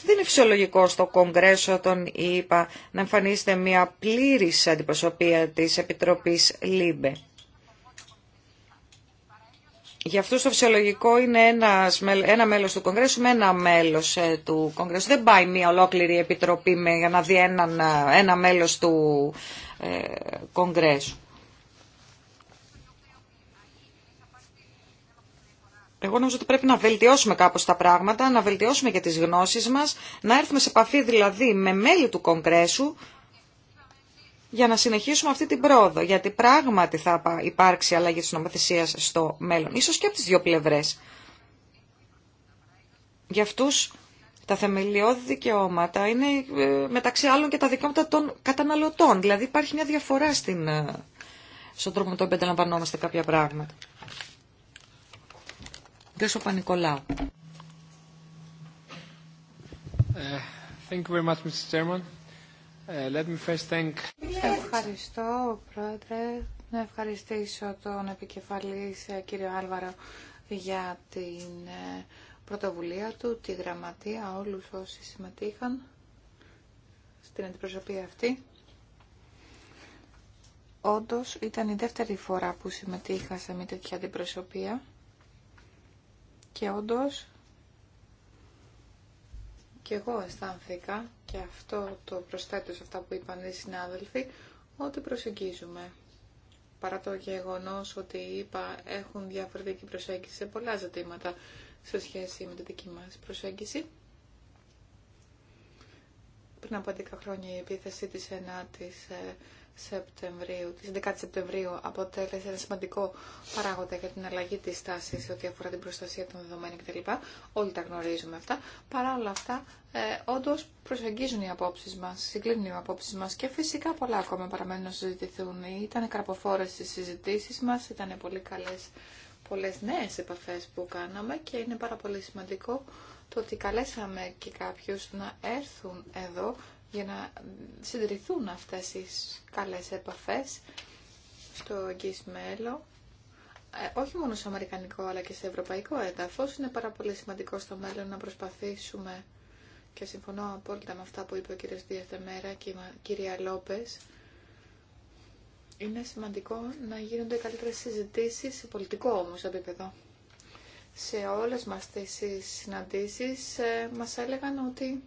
δεν είναι φυσιολογικό στο Κογκρέσο τον ΗΠΑ να εμφανίζεται μια πλήρης αντιπροσωπεία τη επιτροπή ΛΥΜΠΕ. Γι' αυτό το φυσιολογικό είναι ένας, ένα μέλο του Κογκρέσου με ένα μέλος ε, του Κογκρέσου. Δεν πάει μια ολόκληρη επιτροπή με, για να δει ε, ένα μέλο του ε, Κογκρέσου. Εγώ νομίζω ότι πρέπει να βελτιώσουμε κάπως τα πράγματα, να βελτιώσουμε και τι γνώσει μα, να έρθουμε σε επαφή δηλαδή με μέλη του Κογκρέσου για να συνεχίσουμε αυτή την πρόοδο, γιατί πράγματι θα υπάρξει αλλαγή τη νομοθεσία στο μέλλον, ίσως και από τι δύο πλευρέ. Για αυτού τα θεμελιώδη δικαιώματα είναι ε, μεταξύ άλλων και τα δικαιώματα των καταναλωτών, δηλαδή υπάρχει μια διαφορά στην, ε, στον τρόπο με τον οποίο κάποια πράγματα. Πανικολάου. Ε, ε, Ευχαριστώ, Πρόεδρε. Να ευχαριστήσω τον επικεφαλής ε, κύριο Άλβαρο για την πρωτοβουλία του, τη γραμματεία, όλους όσοι συμμετείχαν στην αντιπροσωπεία αυτή. Όντως ήταν η δεύτερη φορά που συμμετείχα σε μια τέτοια αντιπροσωπεία και όντω. και εγώ αισθάνθηκα και αυτό το προσθέτω σε αυτά που είπαν οι συνάδελφοι ότι προσεγγίζουμε. Παρά το γεγονός ότι είπα έχουν διαφορετική προσέγγιση σε πολλά ζητήματα σε σχέση με τη δική μας προσέγγιση. Πριν από 10 χρόνια η επίθεση της ΕΝΑ Σεπτεμβρίου, της 11 Σεπτεμβρίου αποτέλεσε ένα σημαντικό παράγοντα για την αλλαγή της στάσης ό,τι αφορά την προστασία των δεδομένων κτλ. Όλοι τα γνωρίζουμε αυτά. Παρά όλα αυτά, ε, όντως προσεγγίζουν οι απόψεις μας, συγκλίνουν οι απόψεις μας και φυσικά πολλά ακόμα παραμένουν να συζητηθούν. Ήταν καρποφόρες στις συζητήσεις μας, ήταν πολύ καλές πολλές νέες επαφές που κάναμε και είναι πάρα πολύ σημαντικό το ότι καλέσαμε και κάποιους να έρθουν εδώ για να συντηρηθούν αυτές οι καλές επαφές στο εγγύς μέλλον. Ε, όχι μόνο σε αμερικανικό αλλά και σε ευρωπαϊκό έδαφος. Είναι πάρα πολύ σημαντικό στο μέλλον να προσπαθήσουμε και συμφωνώ απόλυτα με αυτά που είπε ο κύριος Διαθεμέρα και η κυρία Λόπες. Είναι σημαντικό να γίνονται καλύτερες συζητήσεις σε πολιτικό όμως επίπεδο. Σε όλες μας τις συναντήσεις ε, μας έλεγαν ότι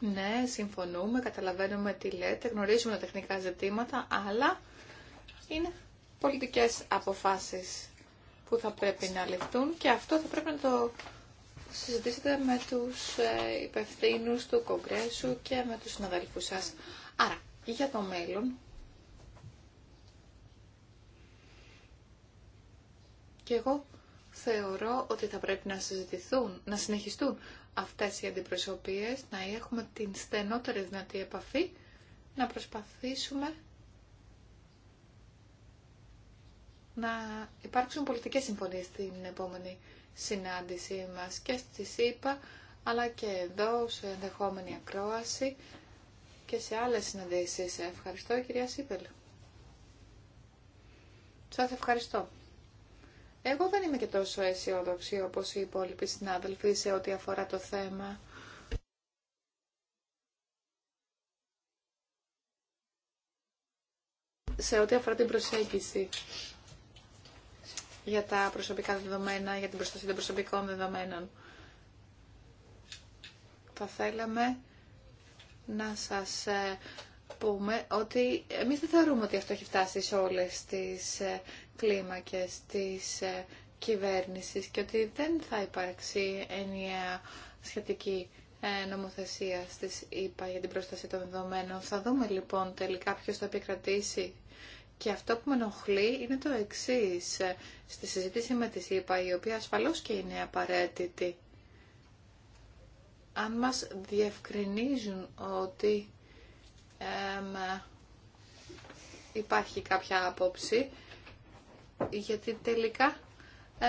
ναι, συμφωνούμε, καταλαβαίνουμε τι λέτε, γνωρίζουμε τα τεχνικά ζητήματα, αλλά είναι πολιτικές αποφάσεις που θα πρέπει να ληφθούν και αυτό θα πρέπει να το συζητήσετε με τους ε, υπευθύνους του Κογκρέσου και με τους συναδέλφους σας. Άρα, για το μέλλον, και εγώ θεωρώ ότι θα πρέπει να συζητηθούν, να συνεχιστούν αυτές οι αντιπροσωπείες, να έχουμε την στενότερη δυνατή επαφή, να προσπαθήσουμε να υπάρξουν πολιτικές συμφωνίες στην επόμενη συνάντησή μας και στη ΣΥΠΑ, αλλά και εδώ σε ενδεχόμενη ακρόαση και σε άλλες συναντήσεις. Ευχαριστώ κυρία Σίπελ. Σας ευχαριστώ. Εγώ δεν είμαι και τόσο αισιόδοξη όπως οι υπόλοιποι συνάδελφοι σε ό,τι αφορά το θέμα. Σε ό,τι αφορά την προσέγγιση για τα προσωπικά δεδομένα, για την προστασία των προσωπικών δεδομένων. Θα θέλαμε να σας ε, πούμε ότι εμείς δεν θεωρούμε ότι αυτό έχει φτάσει σε όλες τις ε, κλίμακες της ε, κυβέρνησης και ότι δεν θα υπάρξει ενιαία σχετική ε, νομοθεσία στις ΕΠΑ για την προστασία των δεδομένων. Θα δούμε λοιπόν τελικά ποιος θα επικρατήσει. Και αυτό που με ενοχλεί είναι το εξή στη συζήτηση με τη ΕΠΑ, η οποία ασφαλώς και είναι απαραίτητη. Αν μας διευκρινίζουν ότι ε, υπάρχει κάποια άποψη, γιατί τελικά ε,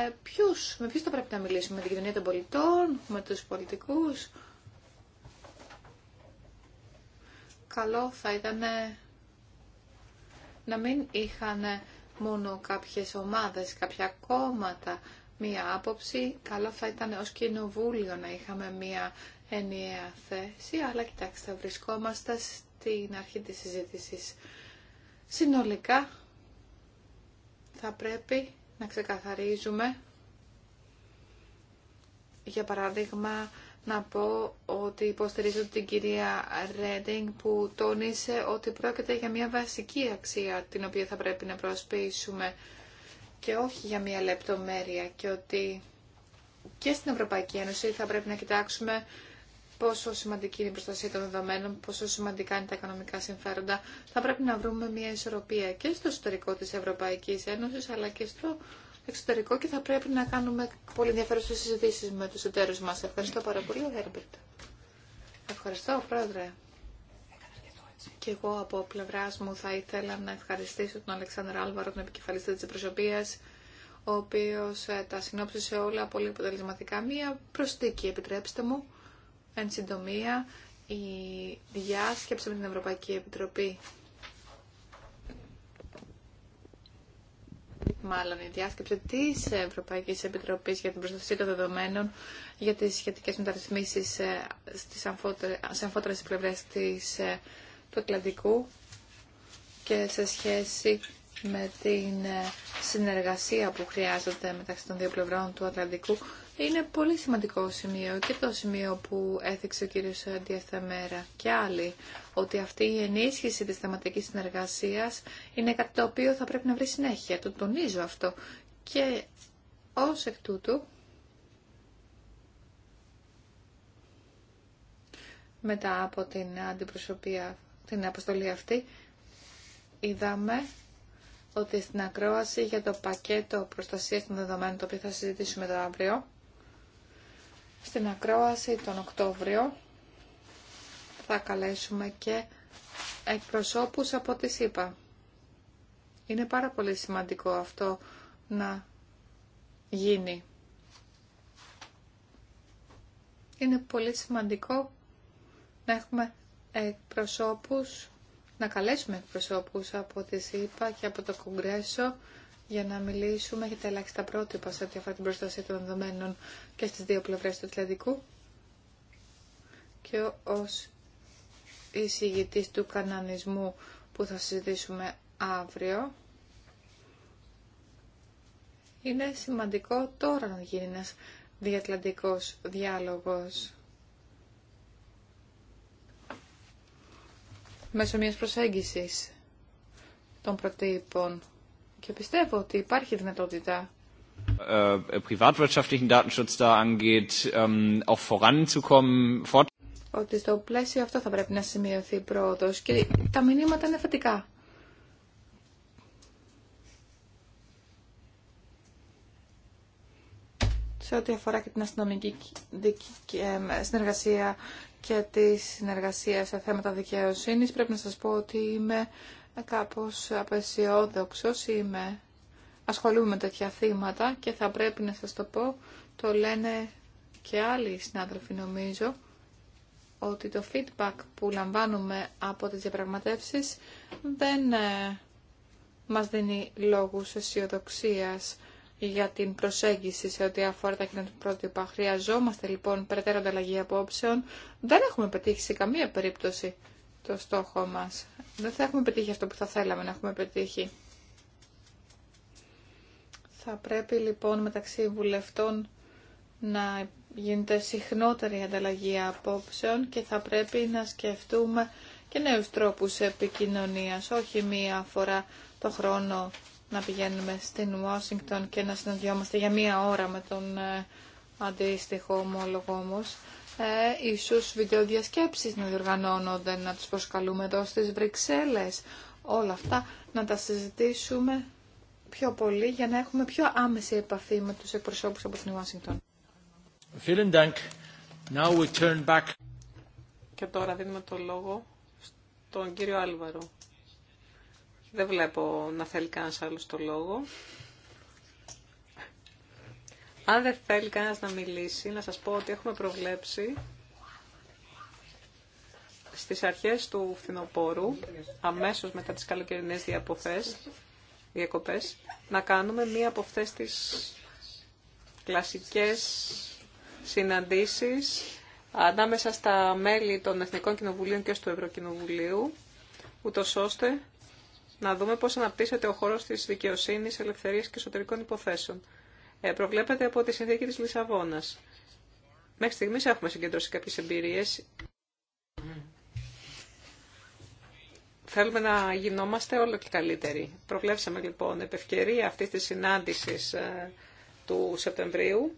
με ποιους θα πρέπει να μιλήσουμε, με την κοινωνία των πολιτών, με τους πολιτικούς. Καλό θα ήταν ε, να μην είχαν μόνο κάποιες ομάδες, κάποια κόμματα, μία άποψη. Καλό θα ήταν ως κοινοβούλιο να είχαμε μία ενιαία θέση, αλλά κοιτάξτε, βρισκόμαστε την αρχή της συζήτησης. Συνολικά θα πρέπει να ξεκαθαρίζουμε, για παράδειγμα, να πω ότι υποστηρίζω την κυρία Ρέντινγκ που τόνισε ότι πρόκειται για μια βασική αξία την οποία θα πρέπει να προσπίσουμε και όχι για μια λεπτομέρεια και ότι και στην Ευρωπαϊκή Ένωση θα πρέπει να κοιτάξουμε πόσο σημαντική είναι η προστασία των δεδομένων, πόσο σημαντικά είναι τα οικονομικά συμφέροντα, θα πρέπει να βρούμε μια ισορροπία και στο εσωτερικό της Ευρωπαϊκής Ένωσης, αλλά και στο εξωτερικό και θα πρέπει να κάνουμε πολύ ενδιαφέρουσες συζητήσει με τους εταίρους μας. Ευχαριστώ πάρα πολύ, Herbert. Ευχαριστώ, Πρόεδρε. Και εγώ από πλευρά μου θα ήθελα να ευχαριστήσω τον Αλεξάνδρα Άλβαρο, τον επικεφαλιστή της προσωπίας ο οποίο ε, τα συνόψισε όλα πολύ αποτελεσματικά. Μία προστίκη, επιτρέψτε μου, Εν συντομία, η διάσκεψη με την Ευρωπαϊκή Επιτροπή μάλλον η διάσκεψη της Ευρωπαϊκής Επιτροπής για την προστασία των δεδομένων για τις σχετικέ μεταρρυθμίσεις ε, σε αμφότερε πλευρές ε, του Ατλαντικού και σε σχέση με την ε, συνεργασία που χρειάζεται μεταξύ των δύο πλευρών του Ατλαντικού είναι πολύ σημαντικό σημείο και το σημείο που έθιξε ο κύριος Αντιευθεμέρα και άλλοι, ότι αυτή η ενίσχυση της θεματικής συνεργασίας είναι κάτι το οποίο θα πρέπει να βρει συνέχεια. Το τονίζω αυτό. Και ως εκ τούτου, μετά από την αντιπροσωπεία, την αποστολή αυτή, είδαμε ότι στην ακρόαση για το πακέτο προστασίας των δεδομένων, το οποίο θα συζητήσουμε το αύριο, στην ακρόαση τον Οκτώβριο θα καλέσουμε και εκπροσώπους από τη ΣΥΠΑ. Είναι πάρα πολύ σημαντικό αυτό να γίνει. Είναι πολύ σημαντικό να έχουμε εκπροσώπους, να καλέσουμε εκπροσώπους από τη ΣΥΠΑ και από το Κογκρέσο για να μιλήσουμε για τα ελάχιστα πρότυπα σε ό,τι την προστασία των δεδομένων και στις δύο πλευρές του Ατλαντικού και ως εισηγητής του κανανισμού που θα συζητήσουμε αύριο. Είναι σημαντικό τώρα να γίνει ένας διατλαντικός διάλογος. Μέσω μιας προσέγγισης των προτύπων και πιστεύω ότι υπάρχει δυνατότητα äh, da angeht, ähm, Ότι στο πλαίσιο αυτό θα πρέπει να σημειωθεί πρόοδο και τα μηνύματα είναι θετικά. Σε ό,τι αφορά και την αστυνομική συνεργασία και τη συνεργασία σε θέματα δικαιοσύνη, πρέπει να σα πω ότι είμαι κάπως απεσιόδοξος είμαι. Ασχολούμαι με τέτοια θύματα και θα πρέπει να σας το πω, το λένε και άλλοι συνάδελφοι νομίζω, ότι το feedback που λαμβάνουμε από τις διαπραγματεύσει δεν ε, μας δίνει λόγους αισιοδοξία για την προσέγγιση σε ό,τι αφορά τα κοινωνικά πρότυπα. Χρειαζόμαστε λοιπόν περαιτέρω ανταλλαγή απόψεων. Δεν έχουμε πετύχει σε καμία περίπτωση το στόχο μας. Δεν θα έχουμε πετύχει αυτό που θα θέλαμε να έχουμε πετύχει. Θα πρέπει λοιπόν μεταξύ βουλευτών να γίνεται συχνότερη ανταλλαγή απόψεων και θα πρέπει να σκεφτούμε και νέους τρόπους επικοινωνίας, όχι μία φορά το χρόνο να πηγαίνουμε στην Ουάσιγκτον και να συναντιόμαστε για μία ώρα με τον ε, αντίστοιχο ομόλογο μας ε, ίσως βιντεοδιασκέψεις να διοργανώνονται, να τους προσκαλούμε εδώ στις Βρυξέλλες. Όλα αυτά να τα συζητήσουμε πιο πολύ για να έχουμε πιο άμεση επαφή με τους εκπροσώπους από την Ουάσιγκτον. Και τώρα δίνουμε το λόγο στον κύριο Άλβαρο. Δεν βλέπω να θέλει κανένας άλλος το λόγο. Αν δεν θέλει κανένα να μιλήσει, να σας πω ότι έχουμε προβλέψει στις αρχές του φθινοπόρου, αμέσως μετά τις καλοκαιρινές διαποθές, διακοπές, να κάνουμε μία από αυτές τις κλασικές συναντήσεις ανάμεσα στα μέλη των Εθνικών Κοινοβουλίων και του Ευρωκοινοβουλίου, ούτω ώστε να δούμε πώς αναπτύσσεται ο χώρος της δικαιοσύνης, ελευθερίας και εσωτερικών υποθέσεων. Ε, προβλέπεται από τη συνθήκη της Λισαβόνας. Μέχρι στιγμής έχουμε συγκεντρώσει κάποιες εμπειρίες. Θέλουμε να γινόμαστε όλο και καλύτεροι. Προβλέψαμε λοιπόν επευκαιρία αυτή τη συνάντηση ε, του Σεπτεμβρίου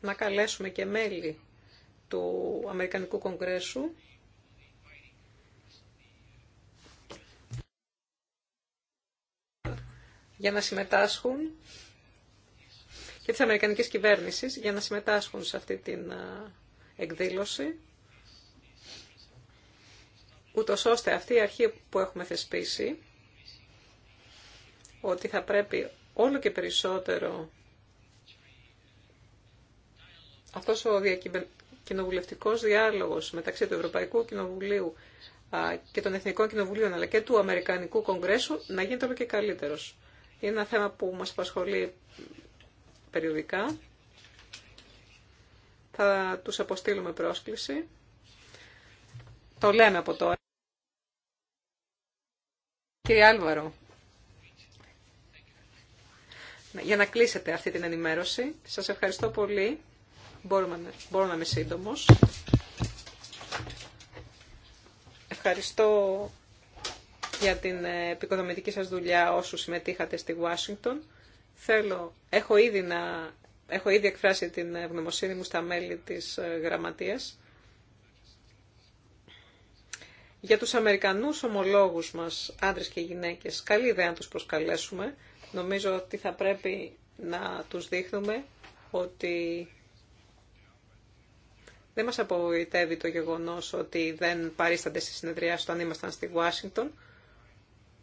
να καλέσουμε και μέλη του Αμερικανικού Κογκρέσου για να συμμετάσχουν και της Αμερικανικής Κυβέρνησης για να συμμετάσχουν σε αυτή την εκδήλωση, ούτως ώστε αυτή η αρχή που έχουμε θεσπίσει, ότι θα πρέπει όλο και περισσότερο αυτός ο κοινοβουλευτικός διάλογος μεταξύ του Ευρωπαϊκού Κοινοβουλίου και των Εθνικών Κοινοβουλίων αλλά και του Αμερικανικού Κογκρέσου να γίνεται όλο και καλύτερος. Είναι ένα θέμα που μας απασχολεί περιοδικά. Θα τους αποστείλουμε πρόσκληση. Το λέμε από τώρα. Κύριε Άλβαρο, για να κλείσετε αυτή την ενημέρωση, σας ευχαριστώ πολύ. Μπορούμε, μπορώ να είμαι σύντομος. Ευχαριστώ για την ε, επικοδομητική σας δουλειά όσους συμμετείχατε στη Washington. Θέλω, έχω ήδη, έχω ήδη εκφράσει την ε, ευγνωμοσύνη μου στα μέλη της ε, γραμματείας. Για τους Αμερικανούς ομολόγους μας, άντρες και γυναίκες, καλή ιδέα να τους προσκαλέσουμε. Νομίζω ότι θα πρέπει να τους δείχνουμε ότι δεν μας απογοητεύει το γεγονός ότι δεν παρίστανται στη συνεδρία όταν ήμασταν στη Ουάσιγκτον.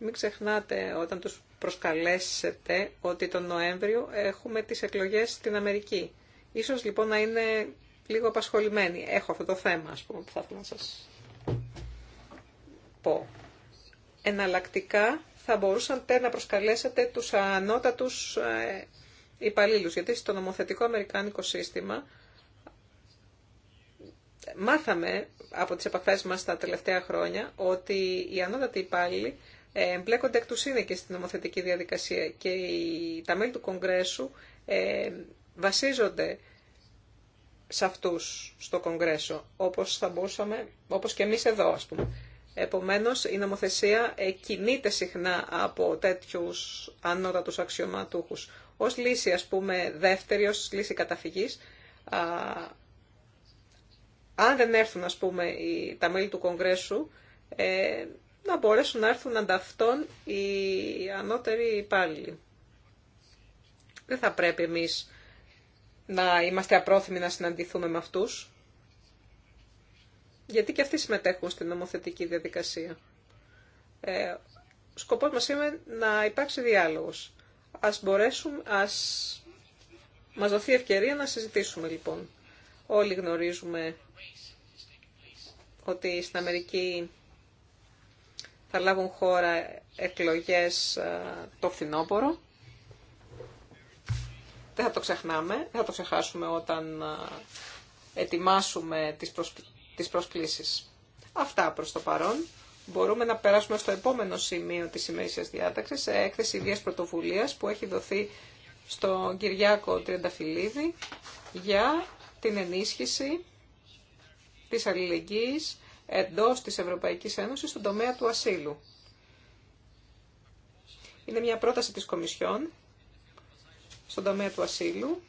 Μην ξεχνάτε όταν τους προσκαλέσετε ότι τον Νοέμβριο έχουμε τις εκλογές στην Αμερική. Ίσως λοιπόν να είναι λίγο απασχολημένοι. Έχω αυτό το θέμα ας που θα ήθελα να σας πω. Εναλλακτικά θα μπορούσατε να προσκαλέσετε τους ανώτατους ε, υπαλλήλου, γιατί στο νομοθετικό αμερικάνικο σύστημα μάθαμε από τις επαφές μας τα τελευταία χρόνια ότι οι ανώτατοι υπάλληλοι εμπλέκονται εκ του και στην νομοθετική διαδικασία και οι, τα μέλη του Κογκρέσου ε, βασίζονται σε αυτούς στο Κογκρέσο, όπως θα μπορούσαμε, όπως και εμείς εδώ ας πούμε. Επομένως, η νομοθεσία ε, κινείται συχνά από τέτοιους ανώτατους αξιωματούχους. Ως λύση, ας πούμε, δεύτερη, ως λύση καταφυγής, α, αν δεν έρθουν, ας πούμε, τα μέλη του Κογκρέσου, ε, να μπορέσουν να έρθουν ανταυτόν οι ανώτεροι υπάλληλοι. Δεν θα πρέπει εμείς να είμαστε απρόθυμοι να συναντηθούμε με αυτούς, γιατί και αυτοί συμμετέχουν στην νομοθετική διαδικασία. Ε, σκοπός μας είναι να υπάρξει διάλογος. Ας μπορέσουμε, ας μας δοθεί ευκαιρία να συζητήσουμε λοιπόν. Όλοι γνωρίζουμε ότι στην Αμερική θα λάβουν χώρα εκλογές ε, το φθινόπωρο. Δεν θα το ξεχνάμε, δεν θα το ξεχάσουμε όταν ε, ετοιμάσουμε τις, προσκλήσει. προσκλήσεις. Αυτά προς το παρόν. Μπορούμε να περάσουμε στο επόμενο σημείο της ημερήσιας διάταξης, σε έκθεση ιδίας πρωτοβουλίας που έχει δοθεί στον Κυριάκο Τριανταφυλλίδη για την ενίσχυση της αλληλεγγύης εντός της Ευρωπαϊκής Ένωσης στον τομέα του ασύλου. Είναι μια πρόταση της Κομισιόν στον τομέα του ασύλου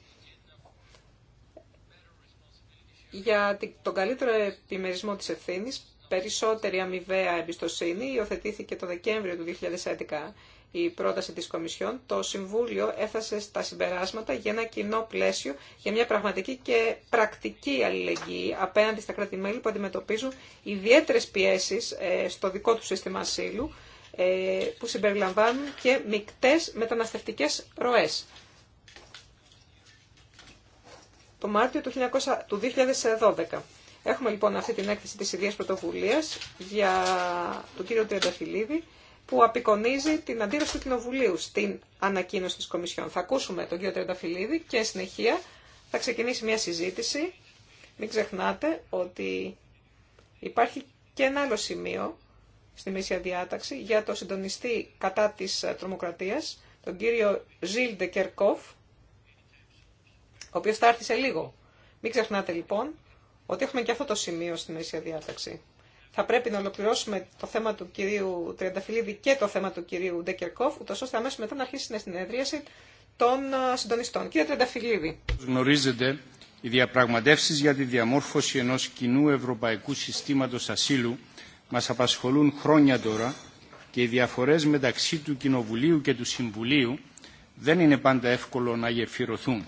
για τον καλύτερο επιμερισμό της ευθύνης, περισσότερη αμοιβαία εμπιστοσύνη, υιοθετήθηκε το Δεκέμβριο του 2011 η πρόταση της Κομισιόν, το Συμβούλιο έφτασε στα συμπεράσματα για ένα κοινό πλαίσιο για μια πραγματική και πρακτική αλληλεγγύη απέναντι στα κράτη-μέλη που αντιμετωπίζουν ιδιαίτερες πιέσεις ε, στο δικό του σύστημα ασύλου, ε, που συμπεριλαμβάνουν και μικτές μεταναστευτικές ροές. Το Μάρτιο του 2012. Έχουμε λοιπόν αυτή την έκθεση της ιδίας πρωτοβουλίας για τον κύριο Τριανταφυλλίδη που απεικονίζει την αντίδραση του Κοινοβουλίου στην ανακοίνωση της Κομισιόν. Θα ακούσουμε τον κύριο Τρενταφυλλίδη και συνεχεία θα ξεκινήσει μια συζήτηση. Μην ξεχνάτε ότι υπάρχει και ένα άλλο σημείο στη Μέσια Διάταξη για το συντονιστή κατά της τρομοκρατίας, τον κύριο Ζιλ Κερκόφ, ο οποίος θα έρθει σε λίγο. Μην ξεχνάτε λοιπόν ότι έχουμε και αυτό το σημείο στη Μέσια Διάταξη θα πρέπει να ολοκληρώσουμε το θέμα του κυρίου Τριανταφυλλίδη και το θέμα του κυρίου Ντεκερκόφ, ούτως ώστε αμέσω μετά να αρχίσει η συνεδρίαση των συντονιστών. Κύριε Τριανταφυλλίδη. Γνωρίζετε, οι διαπραγματεύσει για τη διαμόρφωση ενός κοινού ευρωπαϊκού συστήματος ασύλου μας απασχολούν χρόνια τώρα και οι διαφορές μεταξύ του Κοινοβουλίου και του Συμβουλίου δεν είναι πάντα εύκολο να γεφυρωθούν.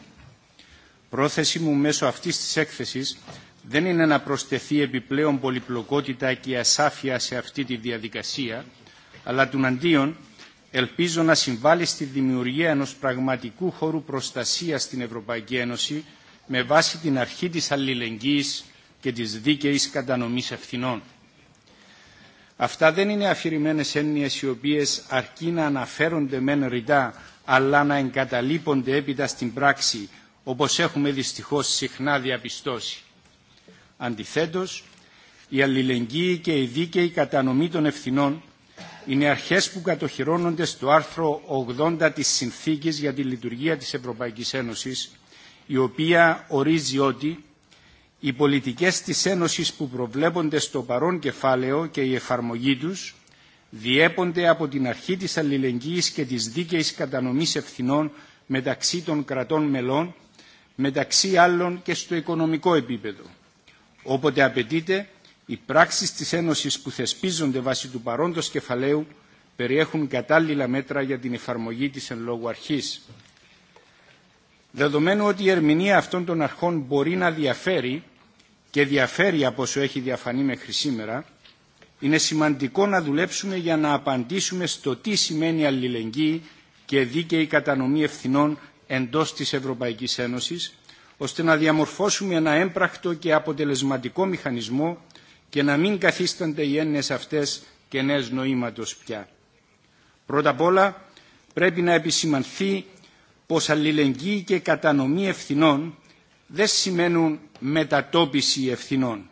Πρόθεση μου μέσω αυτής της έκθεσης δεν είναι να προσθεθεί επιπλέον πολυπλοκότητα και ασάφεια σε αυτή τη διαδικασία, αλλά του αντίον ελπίζω να συμβάλλει στη δημιουργία ενός πραγματικού χώρου προστασίας στην Ευρωπαϊκή Ένωση με βάση την αρχή της αλληλεγγύης και της δίκαιης κατανομής ευθυνών. Αυτά δεν είναι αφηρημένες έννοιες οι οποίες αρκεί να αναφέρονται μεν ρητά αλλά να εγκαταλείπονται έπειτα στην πράξη όπως έχουμε δυστυχώς συχνά διαπιστώσει. Αντιθέτως, η αλληλεγγύη και η δίκαιη κατανομή των ευθυνών είναι αρχές που κατοχυρώνονται στο άρθρο 80 της Συνθήκης για τη Λειτουργία της Ευρωπαϊκής Ένωσης, η οποία ορίζει ότι οι πολιτικές της Ένωσης που προβλέπονται στο παρόν κεφάλαιο και η εφαρμογή τους διέπονται από την αρχή της αλληλεγγύης και της δίκαιης κατανομής ευθυνών μεταξύ των κρατών μελών, μεταξύ άλλων και στο οικονομικό επίπεδο. Όποτε απαιτείται, οι πράξεις της Ένωσης που θεσπίζονται βάσει του παρόντος κεφαλαίου περιέχουν κατάλληλα μέτρα για την εφαρμογή της εν λόγω αρχής. Δεδομένου ότι η ερμηνεία αυτών των αρχών μπορεί να διαφέρει και διαφέρει από όσο έχει διαφανεί μέχρι σήμερα, είναι σημαντικό να δουλέψουμε για να απαντήσουμε στο τι σημαίνει αλληλεγγύη και δίκαιη κατανομή ευθυνών εντός της Ευρωπαϊκής Ένωσης, ώστε να διαμορφώσουμε ένα έμπρακτο και αποτελεσματικό μηχανισμό και να μην καθίστανται οι έννοιες αυτές κενές νοήματος πια. Πρώτα απ' όλα πρέπει να επισημανθεί πως αλληλεγγύη και κατανομή ευθυνών δεν σημαίνουν μετατόπιση ευθυνών.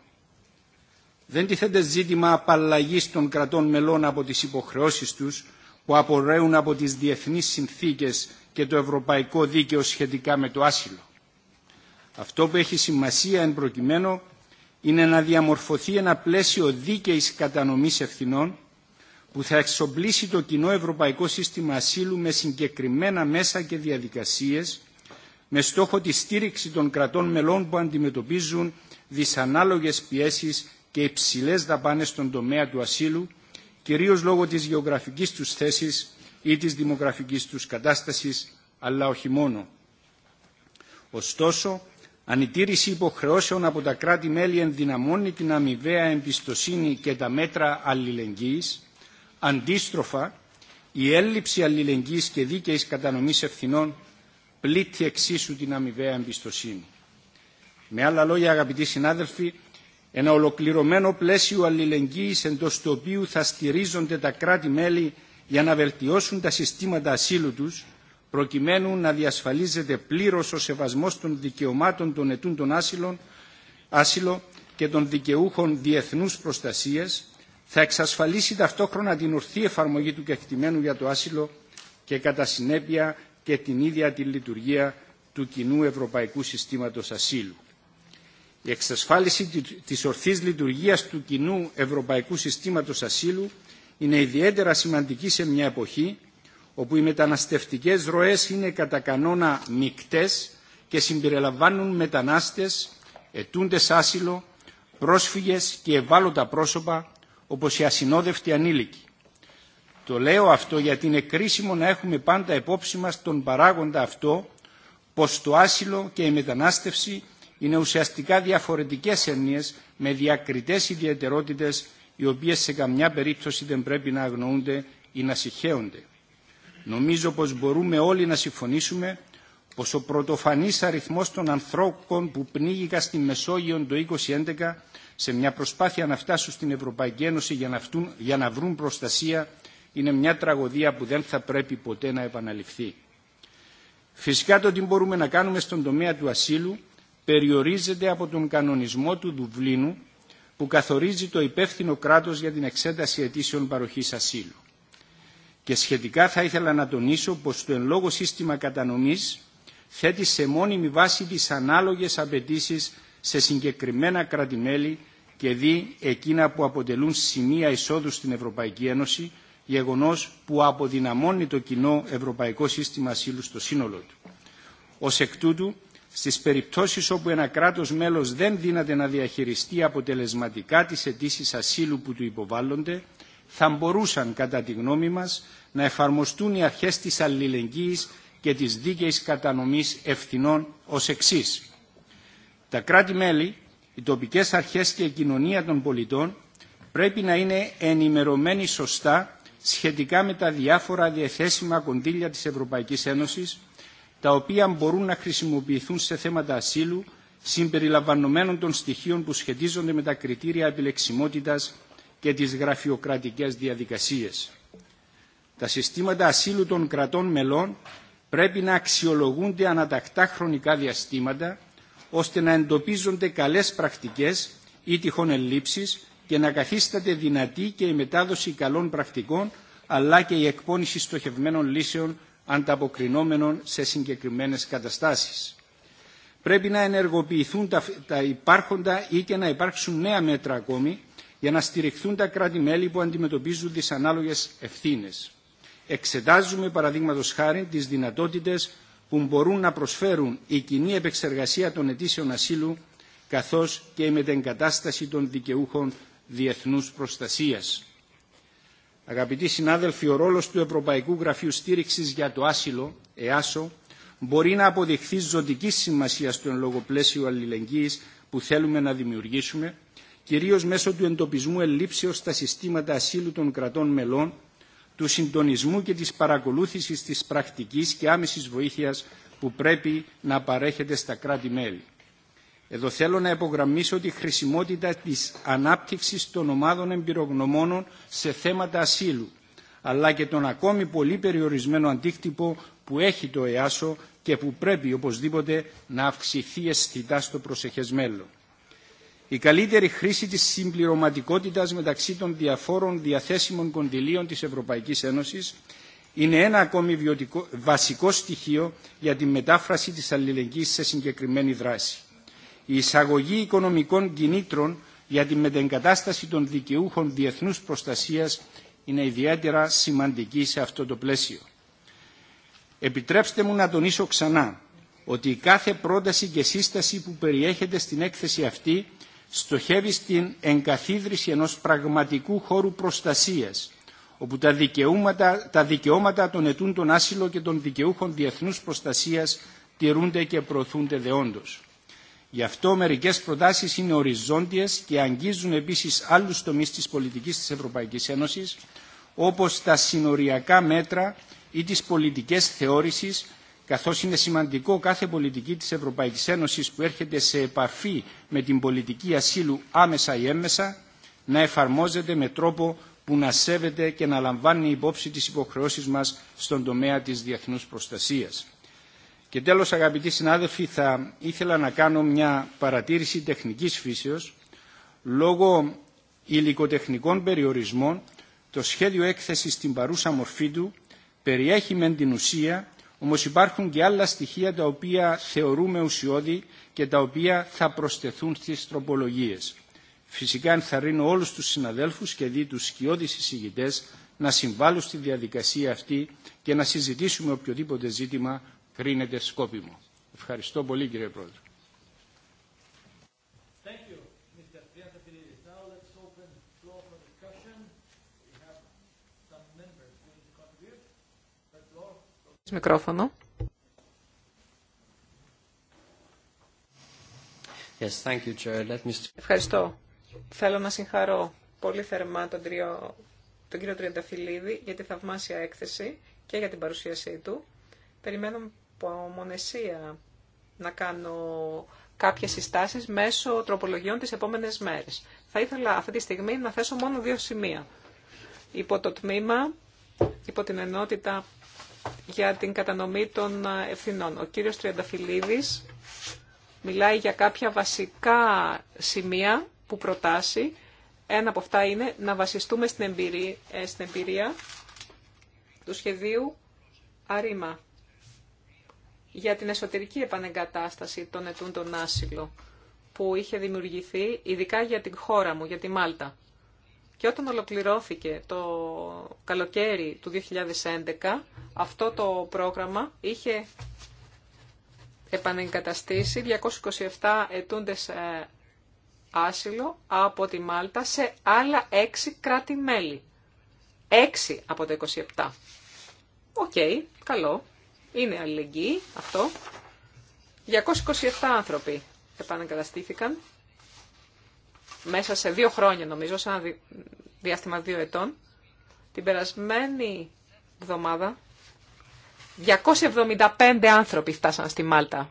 Δεν τίθεται ζήτημα απαλλαγή των κρατών μελών από τις υποχρεώσεις τους που απορρέουν από τις διεθνείς συνθήκες και το ευρωπαϊκό δίκαιο σχετικά με το άσυλο. Αυτό που έχει σημασία εν προκειμένου είναι να διαμορφωθεί ένα πλαίσιο δίκαιης κατανομής ευθυνών που θα εξοπλίσει το κοινό ευρωπαϊκό σύστημα ασύλου με συγκεκριμένα μέσα και διαδικασίες με στόχο τη στήριξη των κρατών μελών που αντιμετωπίζουν δυσανάλογες πιέσεις και υψηλές δαπάνες στον τομέα του ασύλου, κυρίως λόγω της γεωγραφικής τους θέσης ή της δημογραφικής τους κατάστασης, αλλά όχι μόνο. Ωστόσο, Ανητήρηση υποχρεώσεων από τα κράτη-μέλη ενδυναμώνει την αμοιβαία εμπιστοσύνη και τα μέτρα αλληλεγγύης. Αντίστροφα, η έλλειψη αλληλεγγύης και δίκαιης κατανομής ευθυνών πλήττει εξίσου την αμοιβαία εμπιστοσύνη. Με άλλα λόγια, αγαπητοί συνάδελφοι, ένα ολοκληρωμένο πλαίσιο αλληλεγγύης εντός του οποίου θα στηρίζονται τα κράτη-μέλη για να βελτιώσουν τα συστήματα ασύλου τους προκειμένου να διασφαλίζεται πλήρως ο σεβασμό των δικαιωμάτων των αιτούντων άσυλων, άσυλο και των δικαιούχων διεθνούς προστασίες, θα εξασφαλίσει ταυτόχρονα την ορθή εφαρμογή του κεκτημένου για το άσυλο και κατά συνέπεια και την ίδια τη λειτουργία του κοινού ευρωπαϊκού συστήματος ασύλου. Η εξασφάλιση της ορθής λειτουργίας του κοινού ευρωπαϊκού συστήματος ασύλου είναι ιδιαίτερα σημαντική σε μια εποχή όπου οι μεταναστευτικές ροές είναι κατά κανόνα μικτές και συμπεριλαμβάνουν μετανάστες, ετούντες άσυλο, πρόσφυγες και ευάλωτα πρόσωπα όπως οι ασυνόδευτοι ανήλικοι. Το λέω αυτό γιατί είναι κρίσιμο να έχουμε πάντα υπόψη μας τον παράγοντα αυτό πως το άσυλο και η μετανάστευση είναι ουσιαστικά διαφορετικές έννοιες με διακριτές ιδιαιτερότητες οι οποίες σε καμιά περίπτωση δεν πρέπει να αγνοούνται ή να συχαίονται. Νομίζω πως μπορούμε όλοι να συμφωνήσουμε πως ο πρωτοφανής αριθμός των ανθρώπων που πνίγηκαν στη Μεσόγειο το 2011 σε μια προσπάθεια να φτάσουν στην Ευρωπαϊκή Ένωση για να, για να βρουν προστασία είναι μια τραγωδία που δεν θα πρέπει ποτέ να επαναληφθεί. Φυσικά το τι μπορούμε να κάνουμε στον τομέα του ασύλου περιορίζεται από τον κανονισμό του Δουβλίνου που καθορίζει το υπεύθυνο κράτος για την εξέταση αιτήσεων παροχής ασύλου και σχετικά θα ήθελα να τονίσω πως το εν λόγω σύστημα κατανομής θέτει σε μόνιμη βάση τις ανάλογες απαιτήσει σε συγκεκριμένα κράτη-μέλη και δει εκείνα που αποτελούν σημεία εισόδου στην Ευρωπαϊκή Ένωση, γεγονός που αποδυναμώνει το κοινό ευρωπαϊκό σύστημα ασύλου στο σύνολο του. Ως εκ τούτου, στις περιπτώσεις όπου ένα κράτος μέλος δεν δύναται να διαχειριστεί αποτελεσματικά τις αιτήσει ασύλου που του υποβάλλονται, θα μπορούσαν κατά τη γνώμη μας να εφαρμοστούν οι αρχές της αλληλεγγύης και της δίκαιης κατανομής ευθυνών ως εξής. Τα κράτη-μέλη, οι τοπικές αρχές και η κοινωνία των πολιτών πρέπει να είναι ενημερωμένοι σωστά σχετικά με τα διάφορα διαθέσιμα κονδύλια της Ευρωπαϊκής Ένωσης, τα οποία μπορούν να χρησιμοποιηθούν σε θέματα ασύλου, συμπεριλαμβανομένων των στοιχείων που σχετίζονται με τα κριτήρια επιλεξιμότητας και τις γραφειοκρατικές διαδικασίες. Τα συστήματα ασύλου των κρατών μελών πρέπει να αξιολογούνται ανατακτά χρονικά διαστήματα, ώστε να εντοπίζονται καλές πρακτικές ή τυχόν ελλείψεις και να καθίσταται δυνατή και η μετάδοση καλών πρακτικών, αλλά και η εκπόνηση στοχευμένων λύσεων ανταποκρινόμενων σε συγκεκριμένες καταστάσεις. Πρέπει να ενεργοποιηθούν τα υπάρχοντα ή και να υπάρξουν νέα μέτρα ακόμη, για να στηριχθούν τα κράτη-μέλη που αντιμετωπίζουν ανάλογες ευθύνες. Εξετάζουμε, παραδείγματο χάρη, τις δυνατότητες που μπορούν να προσφέρουν η κοινή επεξεργασία των αιτήσεων ασύλου καθώς και η μετεγκατάσταση των δικαιούχων διεθνούς προστασίας. Αγαπητοί συνάδελφοι, ο ρόλος του Ευρωπαϊκού Γραφείου Στήριξης για το Άσυλο, ΕΑΣΟ, μπορεί να αποδειχθεί ζωτική σημασία στον λόγο που θέλουμε να δημιουργήσουμε κυρίως μέσω του εντοπισμού ελλείψεως στα συστήματα ασύλου των κρατών μελών, του συντονισμού και της παρακολούθησης της πρακτικής και άμεσης βοήθειας που πρέπει να παρέχεται στα κράτη-μέλη. Εδώ θέλω να υπογραμμίσω τη χρησιμότητα της ανάπτυξης των ομάδων εμπειρογνωμόνων σε θέματα ασύλου, αλλά και τον ακόμη πολύ περιορισμένο αντίκτυπο που έχει το ΕΑΣΟ και που πρέπει οπωσδήποτε να αυξηθεί αισθητά στο προσεχές μέλλον η καλύτερη χρήση της συμπληρωματικότητας μεταξύ των διαφόρων διαθέσιμων κοντιλίων της Ευρωπαϊκής Ένωσης είναι ένα ακόμη βιωτικό, βασικό στοιχείο για τη μετάφραση της αλληλεγγύης σε συγκεκριμένη δράση. Η εισαγωγή οικονομικών κινήτρων για τη μετεγκατάσταση των δικαιούχων διεθνούς προστασίας είναι ιδιαίτερα σημαντική σε αυτό το πλαίσιο. Επιτρέψτε μου να τονίσω ξανά ότι κάθε πρόταση και σύσταση που περιέχεται στην έκθεση αυτή στοχεύει στην εγκαθίδρυση ενός πραγματικού χώρου προστασίας, όπου τα δικαιώματα, τα δικαιώματα των ετούντων άσυλο και των δικαιούχων διεθνούς προστασίας τηρούνται και προωθούνται δεόντως. Γι' αυτό μερικές προτάσεις είναι οριζόντιες και αγγίζουν επίσης άλλους τομείς της πολιτικής της Ευρωπαϊκής Ένωσης, όπως τα συνοριακά μέτρα ή τις πολιτικές θεώρησεις καθώς είναι σημαντικό κάθε πολιτική της Ευρωπαϊκής Ένωσης που έρχεται σε επαφή με την πολιτική ασύλου άμεσα ή έμμεσα να εφαρμόζεται με τρόπο που να σέβεται και να λαμβάνει υπόψη τις υποχρεώσεις μας στον τομέα της διεθνούς προστασίας. Και τέλος αγαπητοί συνάδελφοι θα ήθελα να κάνω μια παρατήρηση τεχνικής φύσεως λόγω υλικοτεχνικών περιορισμών το σχέδιο έκθεσης στην παρούσα μορφή του περιέχει μεν την ουσία όμως υπάρχουν και άλλα στοιχεία τα οποία θεωρούμε ουσιώδη και τα οποία θα προσθεθούν στις τροπολογίες. Φυσικά ενθαρρύνω όλους τους συναδέλφους και δι' τους σκιώδεις εισηγητές να συμβάλλουν στη διαδικασία αυτή και να συζητήσουμε οποιοδήποτε ζήτημα κρίνεται σκόπιμο. Ευχαριστώ πολύ κύριε Πρόεδρε. Ευχαριστώ. Θέλω να συγχαρώ πολύ θερμά τον, τριο... κύριο Τριανταφυλλίδη για τη θαυμάσια έκθεση και για την παρουσίασή του. Περιμένω από μονεσία να κάνω κάποιες συστάσεις μέσω τροπολογιών τις επόμενες μέρες. Θα ήθελα αυτή τη στιγμή να θέσω μόνο δύο σημεία. Υπό το τμήμα, υπό την ενότητα για την κατανομή των ε, ευθυνών. Ο κύριος Τριανταφυλλίδης μιλάει για κάποια βασικά σημεία που προτάσει. Ένα από αυτά είναι να βασιστούμε στην εμπειρία, ε, στην εμπειρία του σχεδίου Αρίμα για την εσωτερική επανεγκατάσταση των ετούντων άσυλο που είχε δημιουργηθεί ειδικά για την χώρα μου, για τη Μάλτα. Και όταν ολοκληρώθηκε το καλοκαίρι του 2011, αυτό το πρόγραμμα είχε επανεγκαταστήσει 227 ετούντες ε, άσυλο από τη Μάλτα σε άλλα 6 κράτη-μέλη. 6 από τα 27. Οκ, καλό. Είναι αλληλεγγύη αυτό. 227 άνθρωποι επανεγκαταστήθηκαν μέσα σε δύο χρόνια νομίζω, σαν να διάστημα δύο ετών, την περασμένη εβδομάδα 275 άνθρωποι φτάσαν στη Μάλτα.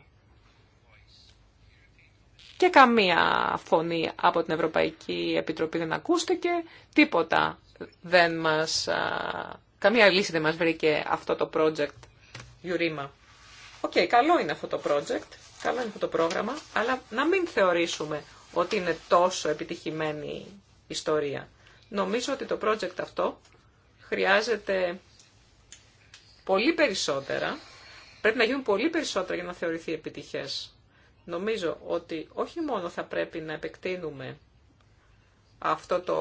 Και καμία φωνή από την Ευρωπαϊκή Επιτροπή δεν ακούστηκε, τίποτα δεν μας, καμία λύση δεν μας βρήκε αυτό το project Γιουρίμα. Οκ, okay, καλό είναι αυτό το project, καλό είναι αυτό το πρόγραμμα, αλλά να μην θεωρήσουμε ότι είναι τόσο επιτυχημένη ιστορία. Νομίζω ότι το project αυτό χρειάζεται πολύ περισσότερα, πρέπει να γίνουν πολύ περισσότερα για να θεωρηθεί επιτυχές. Νομίζω ότι όχι μόνο θα πρέπει να επεκτείνουμε αυτό το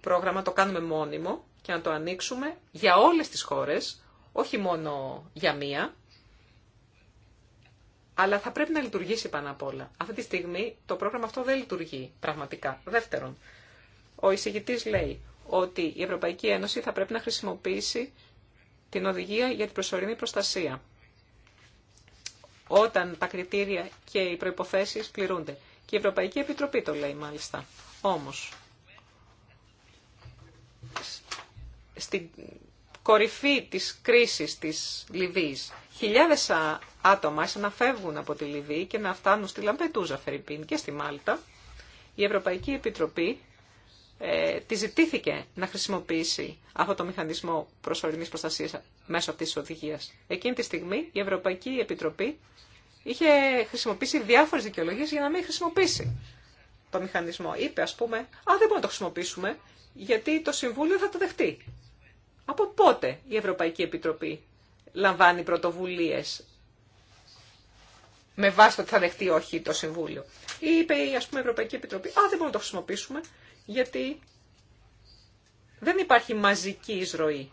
πρόγραμμα, το κάνουμε μόνιμο και να το ανοίξουμε για όλες τις χώρες, όχι μόνο για μία, αλλά θα πρέπει να λειτουργήσει πάνω απ' όλα. Αυτή τη στιγμή το πρόγραμμα αυτό δεν λειτουργεί πραγματικά. Δεύτερον, ο εισηγητής λέει ότι η Ευρωπαϊκή Ένωση θα πρέπει να χρησιμοποιήσει την οδηγία για την προσωρινή προστασία όταν τα κριτήρια και οι προϋποθέσεις πληρούνται. Και η Ευρωπαϊκή Επιτροπή το λέει μάλιστα. Όμως, στην κορυφή της κρίσης της Λιβύης, χιλιάδες άτομα άρχισαν να φεύγουν από τη Λιβύη και να φτάνουν στη Λαμπετούζα, Φερρυπίν και στη Μάλτα. Η Ευρωπαϊκή Επιτροπή ε, τη ζητήθηκε να χρησιμοποιήσει αυτό το μηχανισμό προσωρινής προστασίας μέσω αυτής της οδηγίας. Εκείνη τη στιγμή η Ευρωπαϊκή Επιτροπή είχε χρησιμοποιήσει διάφορες δικαιολογίες για να μην χρησιμοποιήσει το μηχανισμό. Είπε ας πούμε, α δεν μπορούμε να το χρησιμοποιήσουμε γιατί το Συμβούλιο θα το δεχτεί. Από πότε η Ευρωπαϊκή Επιτροπή λαμβάνει πρωτοβουλίες με βάση το ότι θα δεχτεί όχι το Συμβούλιο. Ή είπε ας πούμε, η Ευρωπαϊκή Επιτροπή, α δεν μπορούμε να το χρησιμοποιήσουμε γιατί δεν υπάρχει μαζική εισρωή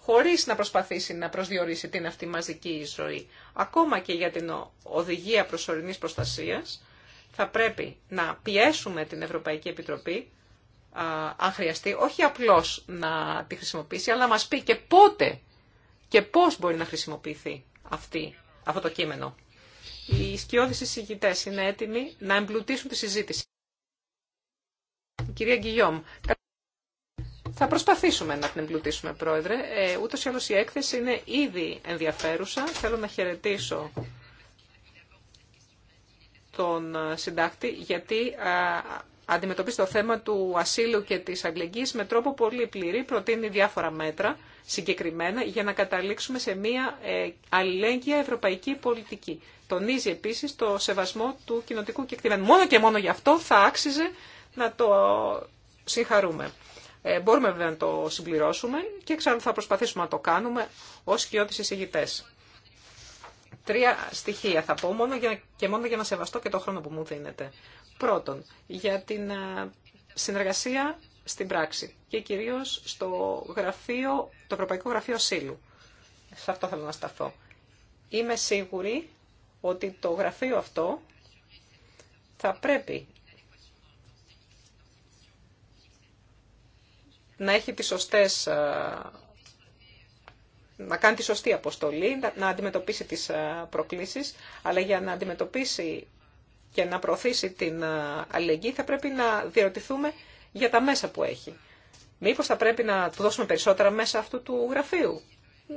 χωρίς να προσπαθήσει να προσδιορίσει την αυτή μαζική εισρωή. Ακόμα και για την οδηγία προσωρινής προστασίας θα πρέπει να πιέσουμε την Ευρωπαϊκή Επιτροπή αν χρειαστεί, όχι απλώς να τη χρησιμοποιήσει, αλλά να μας πει και πότε και πώς μπορεί να χρησιμοποιηθεί αυτή, αυτό το κείμενο. Οι σκιώδεις εισηγητές είναι έτοιμοι να εμπλουτίσουν τη συζήτηση. Κυρία Γκυγιόμ, θα προσπαθήσουμε να την εμπλουτίσουμε, Πρόεδρε. Ε, ούτως ή άλλως η έκθεση είναι ήδη ενδιαφέρουσα. Θέλω να χαιρετήσω τον ε, συντάκτη, γιατί ε, αντιμετωπίζει το θέμα του ασύλου και της αγγλικής με τρόπο πολύ πληρή, προτείνει διάφορα μέτρα συγκεκριμένα για να καταλήξουμε σε μια ε, αλληλέγγυα ευρωπαϊκή πολιτική. Τονίζει επίσης το σεβασμό του κοινοτικού κεκτημένου. Μόνο και μόνο γι' αυτό θα άξιζε να το συγχαρούμε. Ε, μπορούμε βέβαια να το συμπληρώσουμε και ξανά θα προσπαθήσουμε να το κάνουμε ως κοιότης εισηγητές. Τρία στοιχεία θα πω για, και μόνο για να σεβαστώ και το χρόνο που μου δίνεται. Πρώτον, για την ε, συνεργασία στην πράξη και κυρίως στο γραφείο, το Ευρωπαϊκό Γραφείο Σύλλου. Σε αυτό θέλω να σταθώ. Είμαι σίγουρη ότι το γραφείο αυτό θα πρέπει να έχει τις σωστές ε, να κάνει τη σωστή αποστολή, να αντιμετωπίσει τις ε, προκλήσεις, αλλά για να αντιμετωπίσει και να προωθήσει την ε, αλληλεγγύη θα πρέπει να διερωτηθούμε για τα μέσα που έχει. Μήπως θα πρέπει να του δώσουμε περισσότερα μέσα αυτού του γραφείου.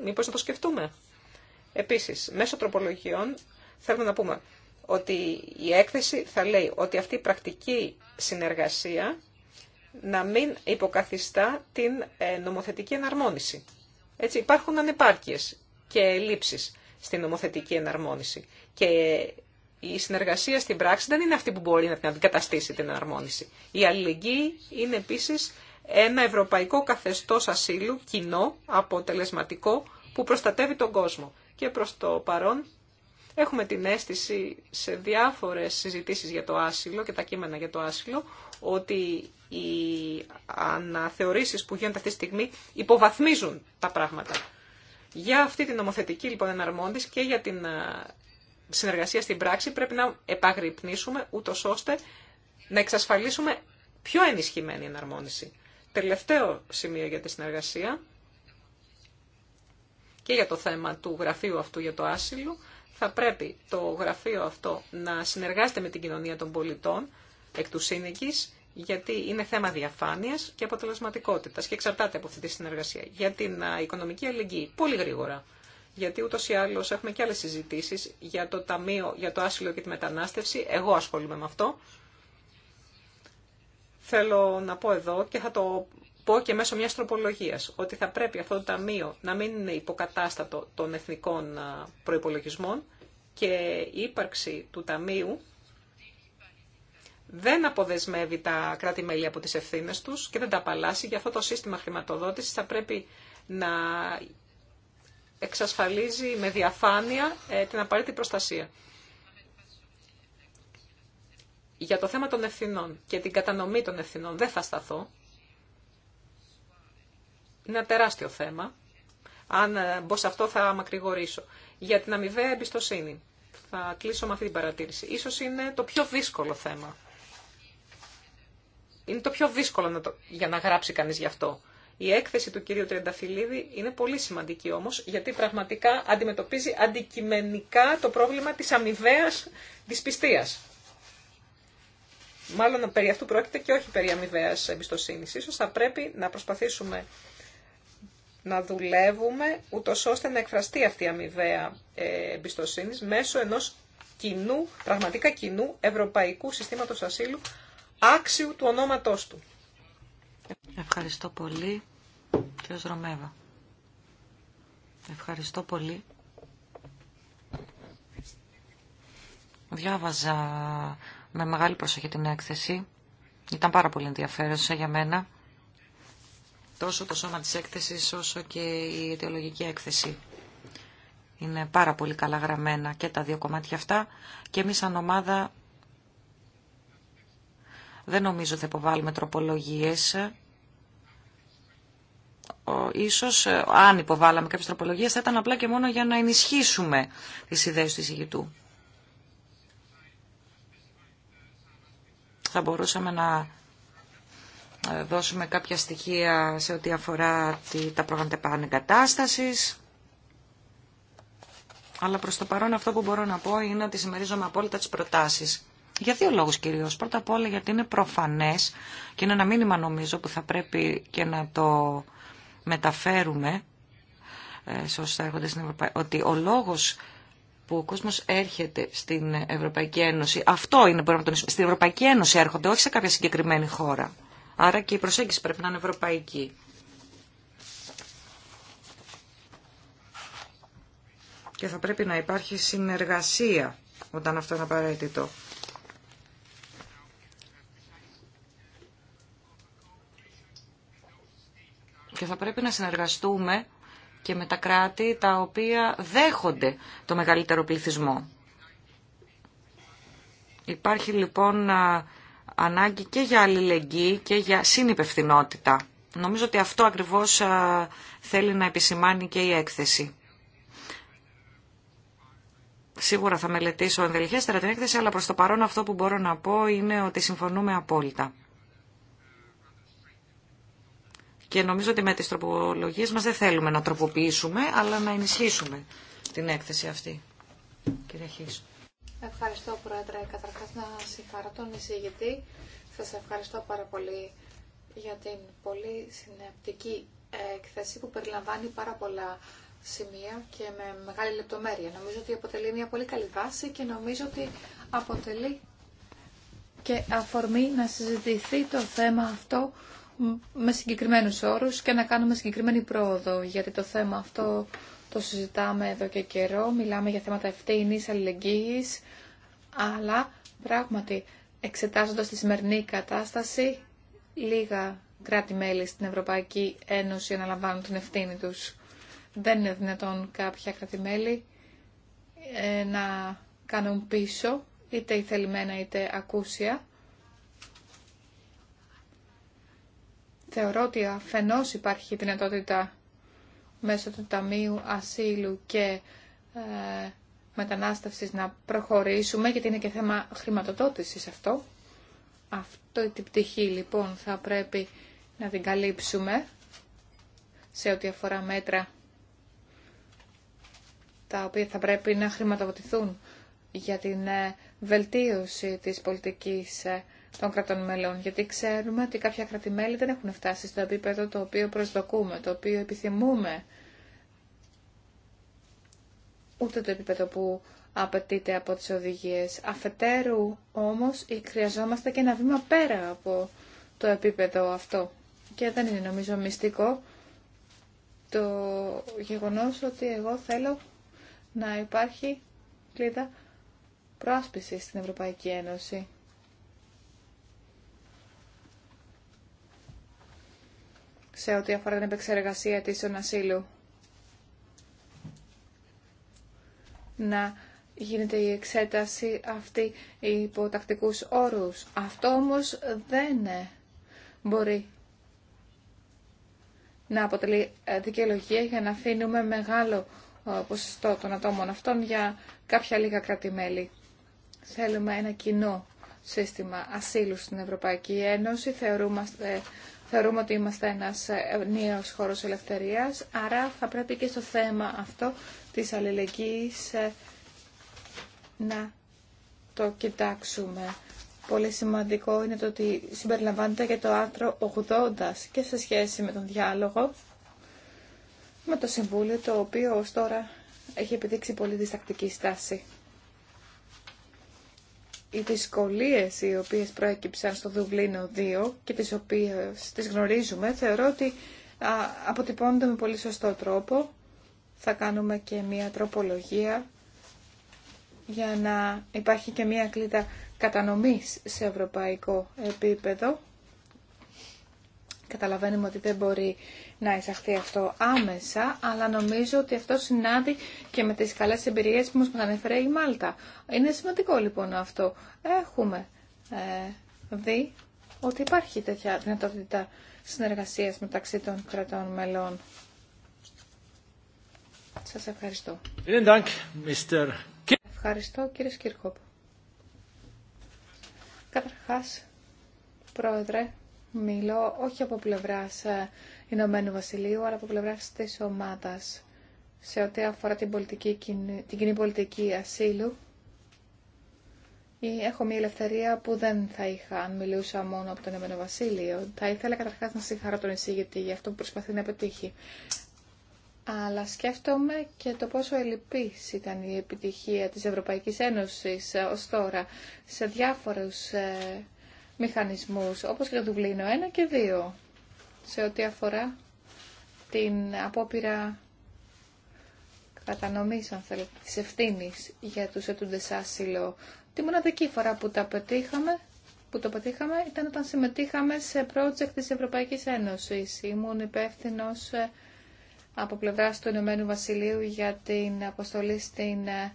Μήπως να το σκεφτούμε. Επίσης, μέσω τροπολογιών θέλουμε να πούμε ότι η έκθεση θα λέει ότι αυτή η πρακτική συνεργασία να μην υποκαθιστά την ε, νομοθετική εναρμόνιση. Έτσι, υπάρχουν ανεπάρκειες και λήψεις στην νομοθετική εναρμόνιση. Και η συνεργασία στην πράξη δεν είναι αυτή που μπορεί να την αντικαταστήσει την εναρμόνιση. Η αλληλεγγύη είναι επίσης ένα ευρωπαϊκό καθεστώς ασύλου κοινό, αποτελεσματικό, που προστατεύει τον κόσμο. Και προς το παρόν Έχουμε την αίσθηση σε διάφορες συζητήσεις για το άσυλο και τα κείμενα για το άσυλο ότι οι αναθεωρήσεις που γίνονται αυτή τη στιγμή υποβαθμίζουν τα πράγματα. Για αυτή την νομοθετική λοιπόν εναρμόντιση και για την ε, συνεργασία στην πράξη πρέπει να επαγρυπνήσουμε ούτω ώστε να εξασφαλίσουμε πιο ενισχυμένη εναρμόνιση. Τελευταίο σημείο για τη συνεργασία και για το θέμα του γραφείου αυτού για το άσυλο θα πρέπει το γραφείο αυτό να συνεργάζεται με την κοινωνία των πολιτών εκ του σύνοικης, γιατί είναι θέμα διαφάνειας και αποτελεσματικότητας και εξαρτάται από αυτή τη συνεργασία. Για την οικονομική αλληλεγγύη, πολύ γρήγορα. Γιατί ούτω ή άλλω έχουμε και άλλε συζητήσει για το Ταμείο, για το Άσυλο και τη Μετανάστευση. Εγώ ασχολούμαι με αυτό. Θέλω να πω εδώ και θα το πω και μέσω μιας τροπολογίας ότι θα πρέπει αυτό το ταμείο να μην είναι υποκατάστατο των εθνικών προϋπολογισμών και η ύπαρξη του ταμείου δεν αποδεσμεύει τα κράτη-μέλη από τις ευθύνες τους και δεν τα απαλλάσσει. Γι' αυτό το σύστημα χρηματοδότησης θα πρέπει να εξασφαλίζει με διαφάνεια ε, την απαραίτητη προστασία. Για το θέμα των ευθυνών και την κατανομή των ευθυνών δεν θα σταθώ. Είναι ένα τεράστιο θέμα. Αν ε, μπω σε αυτό θα μακρηγορήσω. Για την αμοιβαία εμπιστοσύνη. Θα κλείσω με αυτή την παρατήρηση. Ίσως είναι το πιο δύσκολο θέμα. Είναι το πιο δύσκολο να το... για να γράψει κανείς γι' αυτό. Η έκθεση του κυρίου Τριανταφυλλίδη είναι πολύ σημαντική όμως, γιατί πραγματικά αντιμετωπίζει αντικειμενικά το πρόβλημα της αμοιβαία δυσπιστίας. Μάλλον περί αυτού πρόκειται και όχι περί αμοιβαία εμπιστοσύνη. Ίσως θα πρέπει να προσπαθήσουμε να δουλεύουμε ούτω ώστε να εκφραστεί αυτή η αμοιβαία ε, εμπιστοσύνη μέσω ενό κοινού, πραγματικά κοινού ευρωπαϊκού συστήματος ασύλου άξιου του ονόματός του. Ευχαριστώ πολύ, κ. Ρωμέβα. Ευχαριστώ πολύ. Διάβαζα με μεγάλη προσοχή την έκθεση. Ήταν πάρα πολύ ενδιαφέρουσα για μένα τόσο το σώμα της έκθεσης όσο και η αιτιολογική έκθεση. Είναι πάρα πολύ καλά γραμμένα και τα δύο κομμάτια αυτά και εμείς σαν ομάδα δεν νομίζω θα υποβάλουμε τροπολογίες. Ίσως ε, αν υποβάλαμε κάποιες τροπολογίες θα ήταν απλά και μόνο για να ενισχύσουμε τις ιδέες του εισηγητού. Θα μπορούσαμε να δώσουμε κάποια στοιχεία σε ό,τι αφορά τα πρόγραμματα επανεγκατάστασης. Αλλά προς το παρόν αυτό που μπορώ να πω είναι ότι συμμερίζομαι απόλυτα τις προτάσεις. Για δύο λόγους κυρίως. Πρώτα απ' όλα γιατί είναι προφανές και είναι ένα μήνυμα νομίζω που θα πρέπει και να το μεταφέρουμε ε, σε όσους έρχονται στην Ευρωπαϊκή, ότι ο λόγος που ο κόσμος έρχεται στην Ευρωπαϊκή Ένωση, αυτό είναι που μπορούμε να τον Στην Ευρωπαϊκή Ένωση έρχονται, όχι σε κάποια συγκεκριμένη χώρα. Άρα και η προσέγγιση πρέπει να είναι ευρωπαϊκή. Και θα πρέπει να υπάρχει συνεργασία όταν αυτό είναι απαραίτητο. Και θα πρέπει να συνεργαστούμε και με τα κράτη τα οποία δέχονται το μεγαλύτερο πληθυσμό. Υπάρχει λοιπόν ανάγκη και για αλληλεγγύη και για συνυπευθυνότητα. Νομίζω ότι αυτό ακριβώς θέλει να επισημάνει και η έκθεση. Σίγουρα θα μελετήσω ενδελιχέστερα την έκθεση, αλλά προς το παρόν αυτό που μπορώ να πω είναι ότι συμφωνούμε απόλυτα. Και νομίζω ότι με τις τροπολογίες μας δεν θέλουμε να τροποποιήσουμε, αλλά να ενισχύσουμε την έκθεση αυτή. Κύριε Χίσου. Ευχαριστώ, Πρόεδρε. Καταρχάς, να συγχαρώ τον εισηγητή. Σας ευχαριστώ πάρα πολύ για την πολύ συνεπτική εκθέση που περιλαμβάνει πάρα πολλά σημεία και με μεγάλη λεπτομέρεια. Νομίζω ότι αποτελεί μια πολύ καλή βάση και νομίζω ότι αποτελεί και αφορμή να συζητηθεί το θέμα αυτό με συγκεκριμένους όρους και να κάνουμε συγκεκριμένη πρόοδο, γιατί το θέμα αυτό το συζητάμε εδώ και καιρό, μιλάμε για θέματα ευθύνης, αλληλεγγύης, αλλά πράγματι εξετάζοντας τη σημερινή κατάσταση, λίγα κράτη-μέλη στην Ευρωπαϊκή Ένωση αναλαμβάνουν την ευθύνη τους. Δεν είναι δυνατόν κάποια κράτη-μέλη ε, να κάνουν πίσω, είτε ηθελημένα είτε ακούσια. Θεωρώ ότι αφενός υπάρχει η δυνατότητα μέσω του Ταμείου Ασύλου και ε, Μετανάστευσης να προχωρήσουμε, γιατί είναι και θέμα χρηματοδότησης αυτό. Αυτό την πτυχή λοιπόν θα πρέπει να την καλύψουμε σε ό,τι αφορά μέτρα τα οποία θα πρέπει να χρηματοδοτηθούν για την ε, βελτίωση της πολιτικής ε, των κρατών μελών, γιατί ξέρουμε ότι κάποια κρατημέλη δεν έχουν φτάσει στο επίπεδο το οποίο προσδοκούμε, το οποίο επιθυμούμε, ούτε το επίπεδο που απαιτείται από τις οδηγίες. Αφετέρου όμως χρειαζόμαστε και ένα βήμα πέρα από το επίπεδο αυτό. Και δεν είναι νομίζω μυστικό το γεγονός ότι εγώ θέλω να υπάρχει κλίδα πρόσπιση στην Ευρωπαϊκή Ένωση. σε ό,τι αφορά την επεξεργασία αιτήσεων ασύλου. Να γίνεται η εξέταση αυτή υπό τακτικούς όρους. Αυτό όμως δεν μπορεί να αποτελεί δικαιολογία για να αφήνουμε μεγάλο ε, ποσοστό των ατόμων αυτών για κάποια λίγα κράτη-μέλη. Θέλουμε ένα κοινό σύστημα ασύλου στην Ευρωπαϊκή Ένωση. Θεωρούμαστε Θεωρούμε ότι είμαστε ένας νέος χώρος ελευθερίας, άρα θα πρέπει και στο θέμα αυτό της αλληλεγγύης ε, να το κοιτάξουμε. Πολύ σημαντικό είναι το ότι συμπεριλαμβάνεται και το άρθρο 80 και σε σχέση με τον διάλογο με το Συμβούλιο, το οποίο ως τώρα έχει επιδείξει πολύ διστακτική στάση οι δυσκολίες οι οποίες προέκυψαν στο Δουβλίνο 2 και τις οποίες τις γνωρίζουμε, θεωρώ ότι αποτυπώνονται με πολύ σωστό τρόπο. Θα κάνουμε και μία τροπολογία για να υπάρχει και μία κλίτα κατανομής σε ευρωπαϊκό επίπεδο. Καταλαβαίνουμε ότι δεν μπορεί να εισαχθεί αυτό άμεσα, αλλά νομίζω ότι αυτό συνάδει και με τις καλές εμπειρίες που μας ανέφερε η Μάλτα. Είναι σημαντικό λοιπόν αυτό. Έχουμε ε, δει ότι υπάρχει τέτοια δυνατότητα συνεργασίας μεταξύ των κρατών μελών. Σας ευχαριστώ. Ευχαριστώ κύριε Σκύρκοπ. Καταρχάς, Πρόεδρε, Μιλώ όχι από πλευράς ε, Ηνωμένου Βασιλείου, αλλά από πλευράς της ομάδας σε ό,τι αφορά την, πολιτική, την κοινή πολιτική ασύλου. Έχω μια ελευθερία που δεν θα είχα αν μιλούσα μόνο από τον Ηνωμένο Βασίλειο. Θα ήθελα καταρχάς να συγχαρώ τον εισήγητη για αυτό που προσπαθεί να πετύχει. Αλλά σκέφτομαι και το πόσο ελλειπή ήταν η επιτυχία της Ευρωπαϊκής Ένωσης ε, ως τώρα σε διάφορους ε, μηχανισμούς, όπως και το Δουβλίνο 1 και 2, σε ό,τι αφορά την απόπειρα κατανομής, αν θέλετε, της ευθύνης για τους ετούντες άσυλο. Τη μοναδική φορά που, τα πετύχαμε, που το πετύχαμε ήταν όταν συμμετείχαμε σε project της Ευρωπαϊκής Ένωσης. Ήμουν υπεύθυνο ε, από πλευράς του Ηνωμένου Βασιλείου για την αποστολή στην ε,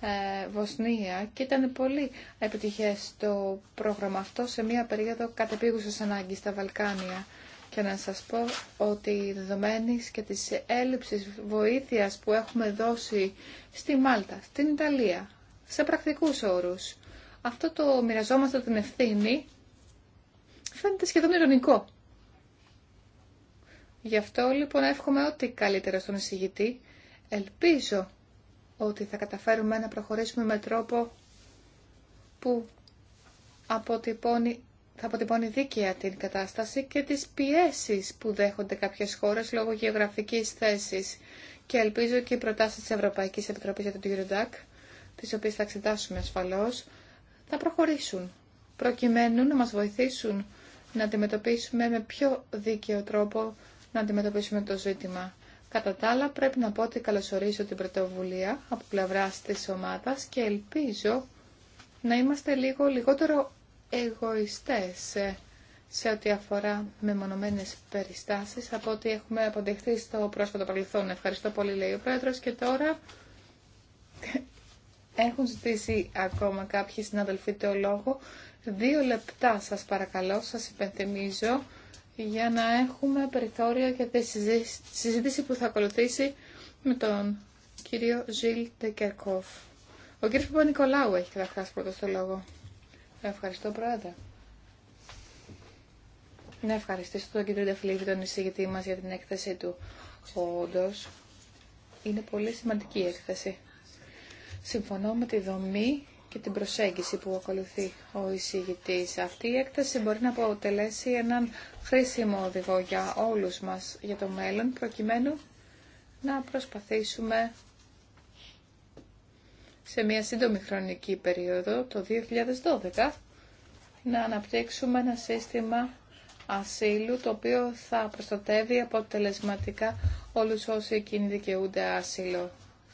ε, Βοσνία και ήταν πολύ επιτυχές το πρόγραμμα αυτό σε μια περίοδο κατεπίγουσας ανάγκη στα Βαλκάνια. Και να σας πω ότι δεδομένη και της έλλειψης βοήθειας που έχουμε δώσει στη Μάλτα, στην Ιταλία, σε πρακτικούς όρους, αυτό το μοιραζόμαστε την ευθύνη φαίνεται σχεδόν ειρωνικό Γι' αυτό λοιπόν εύχομαι ό,τι καλύτερο στον εισηγητή. Ελπίζω ότι θα καταφέρουμε να προχωρήσουμε με τρόπο που αποτυπώνει, θα αποτυπώνει δίκαια την κατάσταση και τις πιέσεις που δέχονται κάποιες χώρες λόγω γεωγραφικής θέσης. Και ελπίζω και οι προτάσεις της Ευρωπαϊκής Επιτροπής για το Eurodac, τις οποίες θα εξετάσουμε ασφαλώς, θα προχωρήσουν προκειμένου να μας βοηθήσουν να αντιμετωπίσουμε με πιο δίκαιο τρόπο να αντιμετωπίσουμε το ζήτημα. Κατά τα άλλα, πρέπει να πω ότι καλωσορίζω την πρωτοβουλία από πλευρά τη ομάδα και ελπίζω να είμαστε λίγο λιγότερο εγωιστές σε ό,τι αφορά μεμονωμένες περιστάσεις από ό,τι έχουμε αποδεχθεί στο πρόσφατο παρελθόν. Ευχαριστώ πολύ, λέει ο Πρόεδρος. Και τώρα έχουν ζητήσει ακόμα κάποιοι συναδελφοί το λόγο. Δύο λεπτά σας παρακαλώ, σας υπενθυμίζω για να έχουμε περιθώρια για τη συζήτηση που θα ακολουθήσει με τον κύριο Ζιλ Τεκερκόφ. Ο κύριος Παπα-Νικολάου έχει καταρχάς πρώτο το λόγο. Ευχαριστώ πρόεδρε. Να ευχαριστήσω τον κύριο Ντεφλίβη, τον εισηγητή μας για την έκθεσή του. Όντω, είναι πολύ σημαντική η έκθεση. Συμφωνώ με τη δομή και την προσέγγιση που ακολουθεί ο εισηγητής. Αυτή η έκταση μπορεί να αποτελέσει έναν χρήσιμο οδηγό για όλους μας για το μέλλον, προκειμένου να προσπαθήσουμε σε μια σύντομη χρονική περίοδο, το 2012, να αναπτύξουμε ένα σύστημα ασύλου, το οποίο θα προστατεύει αποτελεσματικά όλους όσοι εκείνοι δικαιούνται άσυλο.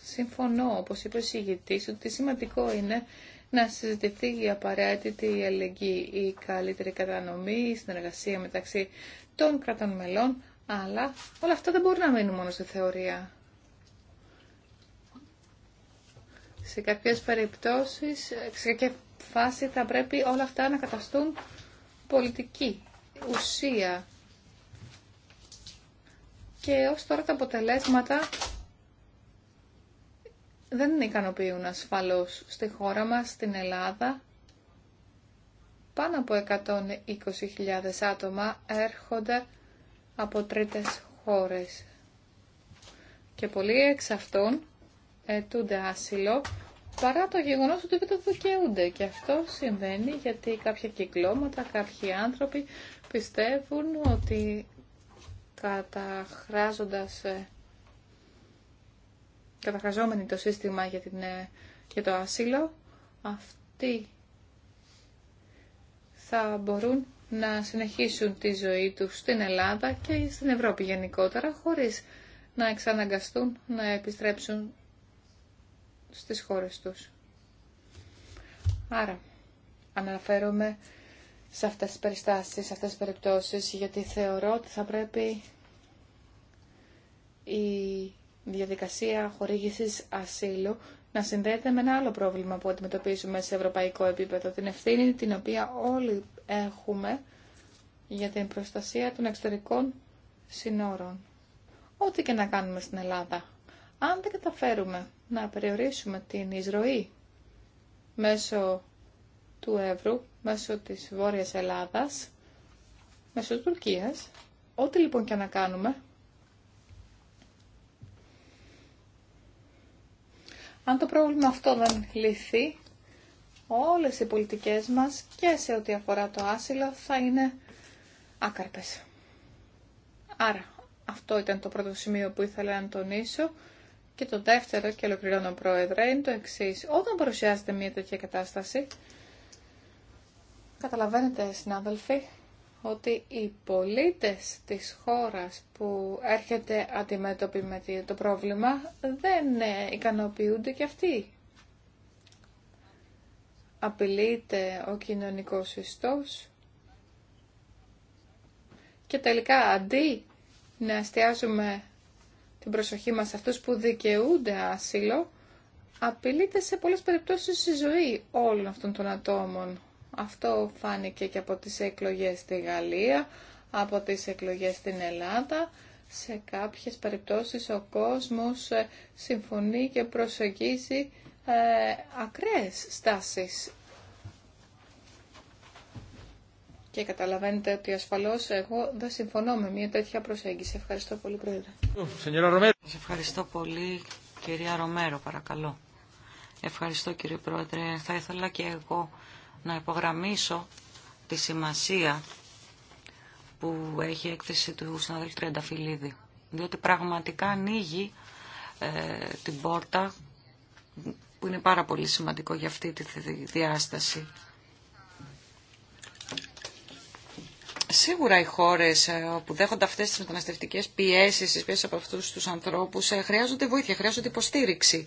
Συμφωνώ, όπως είπε ο συγητής, ότι σημαντικό είναι να συζητηθεί η απαραίτητη αλληλεγγύη, η καλύτερη κατανομή, η συνεργασία μεταξύ των κρατών μελών, αλλά όλα αυτά δεν μπορούν να μείνουν μόνο σε θεωρία. Σε κάποιες περιπτώσεις, σε κάποια φάση θα πρέπει όλα αυτά να καταστούν πολιτική, ουσία. Και ως τώρα τα αποτελέσματα δεν ικανοποιούν ασφαλώς στη χώρα μας, στην Ελλάδα. Πάνω από 120.000 άτομα έρχονται από τρίτες χώρες. Και πολλοί εξ αυτών ετούνται άσυλο παρά το γεγονός ότι δεν το δικαιούνται. Και αυτό συμβαίνει γιατί κάποια κυκλώματα, κάποιοι άνθρωποι πιστεύουν ότι καταχράζοντας ε, καταχαζόμενοι το σύστημα για, την, ε, το άσυλο, αυτοί θα μπορούν να συνεχίσουν τη ζωή τους στην Ελλάδα και στην Ευρώπη γενικότερα, χωρίς να εξαναγκαστούν να επιστρέψουν στις χώρες τους. Άρα, αναφέρομαι σε αυτές τις περιστάσεις, σε αυτές τις περιπτώσεις, γιατί θεωρώ ότι θα πρέπει η διαδικασία χορήγησης ασύλου να συνδέεται με ένα άλλο πρόβλημα που αντιμετωπίζουμε σε ευρωπαϊκό επίπεδο, την ευθύνη την οποία όλοι έχουμε για την προστασία των εξωτερικών συνόρων. Ό,τι και να κάνουμε στην Ελλάδα. Αν δεν καταφέρουμε να περιορίσουμε την εισρωή μέσω του Εύρου, μέσω της Βόρειας Ελλάδας, μέσω Τουρκίας, ό,τι λοιπόν και να κάνουμε, Αν το πρόβλημα αυτό δεν λυθεί, όλες οι πολιτικές μας και σε ό,τι αφορά το άσυλο θα είναι άκαρπες. Άρα, αυτό ήταν το πρώτο σημείο που ήθελα να τονίσω. Και το δεύτερο, και ολοκληρώνω πρόεδρε, είναι το εξή. Όταν παρουσιάζεται μια τέτοια κατάσταση, καταλαβαίνετε συνάδελφοι ότι οι πολίτες της χώρας που έρχεται αντιμέτωποι με το πρόβλημα δεν ε, ικανοποιούνται και αυτοί. Απειλείται ο κοινωνικός ιστός και τελικά αντί να εστιάζουμε την προσοχή μας σε αυτούς που δικαιούνται άσυλο, απειλείται σε πολλές περιπτώσεις η ζωή όλων αυτών των ατόμων. Αυτό φάνηκε και από τις εκλογές στη Γαλλία, από τις εκλογές στην Ελλάδα. Σε κάποιες περιπτώσεις ο κόσμος ε, συμφωνεί και προσεγγίζει ε, ακραίες στάσεις. Και καταλαβαίνετε ότι ασφαλώς εγώ δεν συμφωνώ με μια τέτοια προσέγγιση. Ευχαριστώ πολύ, Πρόεδρε. Σε ευχαριστώ πολύ, κυρία Ρομέρο, παρακαλώ. Ευχαριστώ, κύριε Πρόεδρε. Θα ήθελα και εγώ να υπογραμμίσω τη σημασία που έχει η έκθεση του συναδέλφου Τριανταφυλλίδη. Διότι πραγματικά ανοίγει ε, την πόρτα που είναι πάρα πολύ σημαντικό για αυτή τη διάσταση. Σίγουρα οι χώρε ε, που δέχονται αυτέ τι μεταναστευτικέ πιέσει, τι πιέσει από αυτού του ανθρώπου, ε, χρειάζονται βοήθεια, χρειάζονται υποστήριξη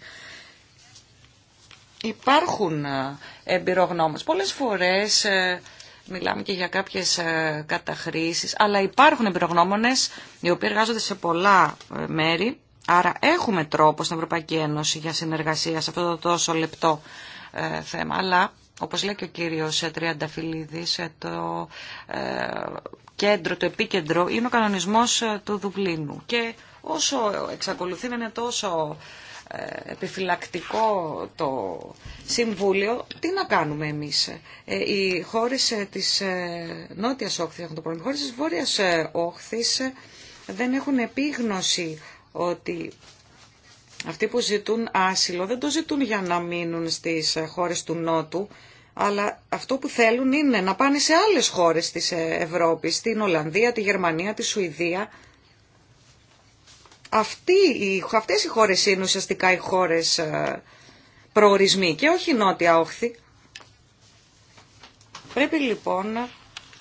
υπάρχουν ε, εμπειρογνώμες. Πολλές φορές ε, μιλάμε και για κάποιες ε, καταχρήσεις, αλλά υπάρχουν εμπειρογνώμονες οι οποίοι εργάζονται σε πολλά μέρη, άρα έχουμε τρόπο στην Ευρωπαϊκή Ένωση για συνεργασία σε αυτό το τόσο λεπτό θέμα. Αλλά, όπως λέει και ο κύριος Τριανταφυλλίδης, το κέντρο, το επίκεντρο είναι ο κανονισμός του Δουβλίνου. Και όσο εξακολουθεί να είναι τόσο ε, επιφυλακτικό το Συμβούλιο, τι να κάνουμε εμείς. Ε, οι χώρες ε, της νότιας όχθης έχουν το πρόβλημα. Οι χώρες της βόρειας όχθης δεν έχουν επίγνωση ότι αυτοί που ζητούν άσυλο δεν το ζητούν για να μείνουν στις χώρες του Νότου, αλλά αυτό που θέλουν είναι να πάνε σε άλλες χώρες της Ευρώπης, στην Ολλανδία, τη Γερμανία, τη Σουηδία, αυτοί, αυτές οι χώρες είναι ουσιαστικά οι χώρες ε, προορισμοί και όχι νότια όχθη. Πρέπει λοιπόν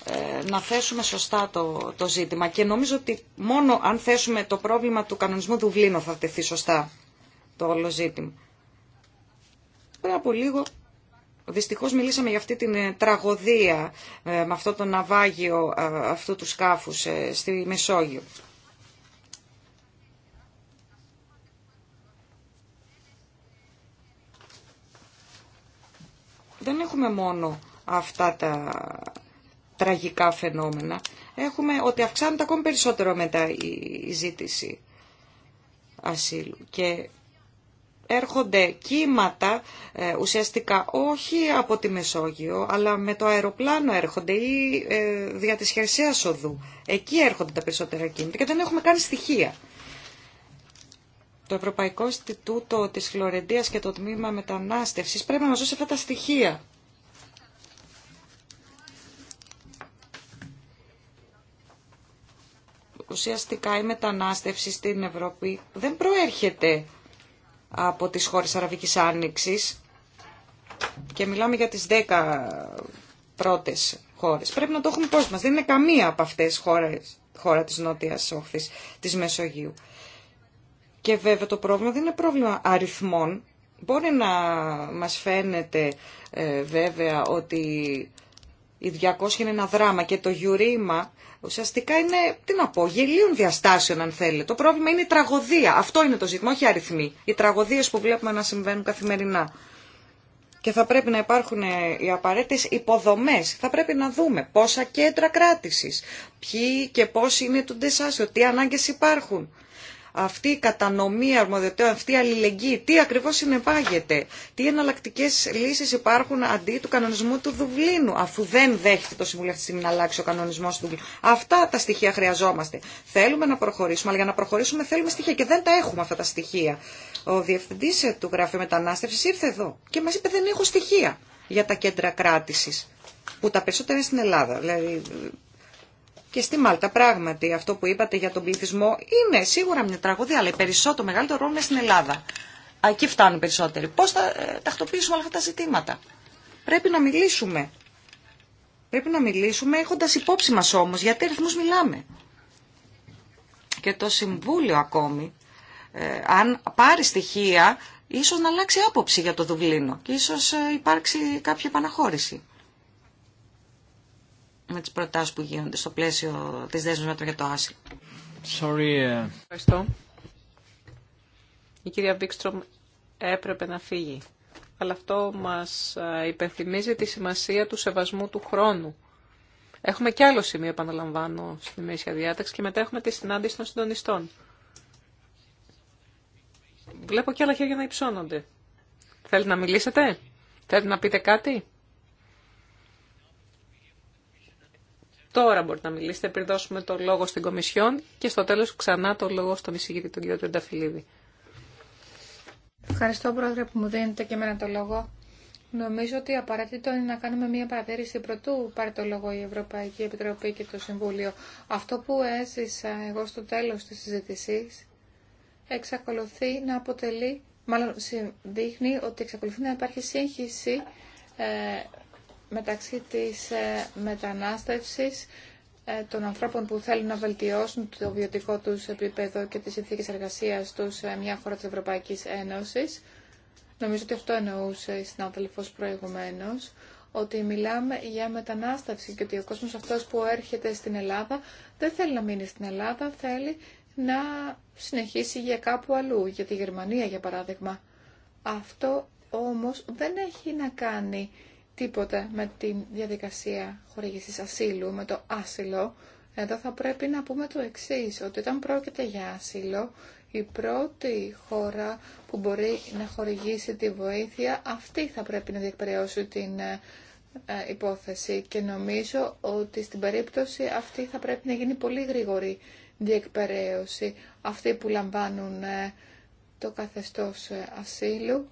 ε, να θέσουμε σωστά το, το ζήτημα και νομίζω ότι μόνο αν θέσουμε το πρόβλημα του κανονισμού Δουβλίνου θα τεθεί σωστά το όλο ζήτημα. Πριν από λίγο δυστυχώς μιλήσαμε για αυτή την ε, τραγωδία με αυτό το ναυάγιο αυτού του σκάφους στη Μεσόγειο. δεν έχουμε μόνο αυτά τα τραγικά φαινόμενα. Έχουμε ότι αυξάνεται ακόμη περισσότερο μετά η ζήτηση ασύλου. Και έρχονται κύματα ε, ουσιαστικά όχι από τη Μεσόγειο, αλλά με το αεροπλάνο έρχονται ή ε, δια της Χερσαίας Οδού. Εκεί έρχονται τα περισσότερα κύματα και δεν έχουμε καν στοιχεία το Ευρωπαϊκό Ινστιτούτο της Φλωρεντίας και το Τμήμα Μετανάστευσης πρέπει να μας δώσει αυτά τα στοιχεία. Ουσιαστικά η μετανάστευση στην Ευρώπη δεν προέρχεται από τις χώρες Αραβικής Άνοιξης και μιλάμε για τις 10 πρώτες χώρες. Πρέπει να το έχουμε υπόψη μας. Δεν είναι καμία από αυτές χώρες, χώρα της Νότιας Όχθης της Μεσογείου. Και βέβαια το πρόβλημα δεν είναι πρόβλημα αριθμών. Μπορεί να μας φαίνεται ε, βέβαια ότι η 200 είναι ένα δράμα και το γιουρίμα ουσιαστικά είναι, τι να πω, γελίων διαστάσεων αν θέλετε. Το πρόβλημα είναι η τραγωδία. Αυτό είναι το ζήτημα, όχι αριθμοί. Οι τραγωδίες που βλέπουμε να συμβαίνουν καθημερινά. Και θα πρέπει να υπάρχουν ε, οι απαραίτητες υποδομές. Θα πρέπει να δούμε πόσα κέντρα κράτησης, ποιοι και πόσοι είναι του ντεσάσιο, τι ανάγκες υπάρχουν αυτή η κατανομή αρμοδιοτήτων, αυτή η αλληλεγγύη, τι ακριβώς συνεπάγεται, τι εναλλακτικέ λύσεις υπάρχουν αντί του κανονισμού του Δουβλίνου, αφού δεν δέχεται το Συμβούλιο αυτή τη στιγμή να αλλάξει ο κανονισμός του Δουβλίνου. Αυτά τα στοιχεία χρειαζόμαστε. Θέλουμε να προχωρήσουμε, αλλά για να προχωρήσουμε θέλουμε στοιχεία και δεν τα έχουμε αυτά τα στοιχεία. Ο διευθυντής του Γραφείου Μετανάστευσης ήρθε εδώ και μας είπε δεν έχω στοιχεία για τα κέντρα κράτηση που τα περισσότερα είναι στην Ελλάδα. Δηλαδή και στη Μάλτα πράγματι αυτό που είπατε για τον πληθυσμό είναι σίγουρα μια τραγωδία, αλλά περισσότερο μεγαλύτερο ρόλο είναι στην Ελλάδα. Εκεί φτάνουν περισσότεροι. Πώς θα ε, τακτοποιήσουμε όλα αυτά τα ζητήματα. Πρέπει να μιλήσουμε. Πρέπει να μιλήσουμε έχοντας υπόψη μας όμως γιατί αριθμούς μιλάμε. Και το Συμβούλιο ακόμη, ε, αν πάρει στοιχεία, ίσως να αλλάξει άποψη για το Δουβλίνο και ίσως ε, υπάρξει κάποια επαναχώρηση με τις προτάσεις που γίνονται στο πλαίσιο της δέσμης μέτρων για το άσυλο. Sorry. Ε. Ευχαριστώ. Η κυρία Βίξτρομ έπρεπε να φύγει. Αλλά αυτό μας ε, υπενθυμίζει τη σημασία του σεβασμού του χρόνου. Έχουμε και άλλο σημείο, επαναλαμβάνω, στη ημερήσια διάταξη και μετά έχουμε τη συνάντηση των συντονιστών. Βλέπω και άλλα χέρια να υψώνονται. Θέλετε να μιλήσετε? Θέλετε να πείτε κάτι? Τώρα μπορείτε να μιλήσετε πριν δώσουμε το λόγο στην Κομισιόν και στο τέλος ξανά το λόγο στον εισηγητή τον κύριο Τενταφυλίδη. Ευχαριστώ πρόεδρε που μου δίνετε και εμένα το λόγο. Νομίζω ότι απαραίτητο είναι να κάνουμε μια παρατήρηση πρωτού πάρει το λόγο η Ευρωπαϊκή Επιτροπή και το Συμβούλιο. Αυτό που έζησα εγώ στο τέλος της συζήτησης εξακολουθεί να αποτελεί, μάλλον δείχνει ότι εξακολουθεί να υπάρχει σύγχυση ε, μεταξύ της ε, μετανάστευσης ε, των ανθρώπων που θέλουν να βελτιώσουν το βιωτικό τους επίπεδο και τις συνθήκες εργασίας τους σε μια χώρα της Ευρωπαϊκής Ένωσης. Νομίζω ότι αυτό εννοούσε η συνάδελφος προηγουμένως, ότι μιλάμε για μετανάστευση και ότι ο κόσμος αυτός που έρχεται στην Ελλάδα δεν θέλει να μείνει στην Ελλάδα, θέλει να συνεχίσει για κάπου αλλού, για τη Γερμανία για παράδειγμα. Αυτό όμως δεν έχει να κάνει τίποτε με τη διαδικασία χορήγησης ασύλου, με το άσυλο. Εδώ θα πρέπει να πούμε το εξής, ότι όταν πρόκειται για άσυλο, η πρώτη χώρα που μπορεί να χορηγήσει τη βοήθεια, αυτή θα πρέπει να διεκπαιρεώσει την ε, ε, υπόθεση και νομίζω ότι στην περίπτωση αυτή θα πρέπει να γίνει πολύ γρήγορη διεκπαιρέωση. Αυτοί που λαμβάνουν ε, το καθεστώς ασύλου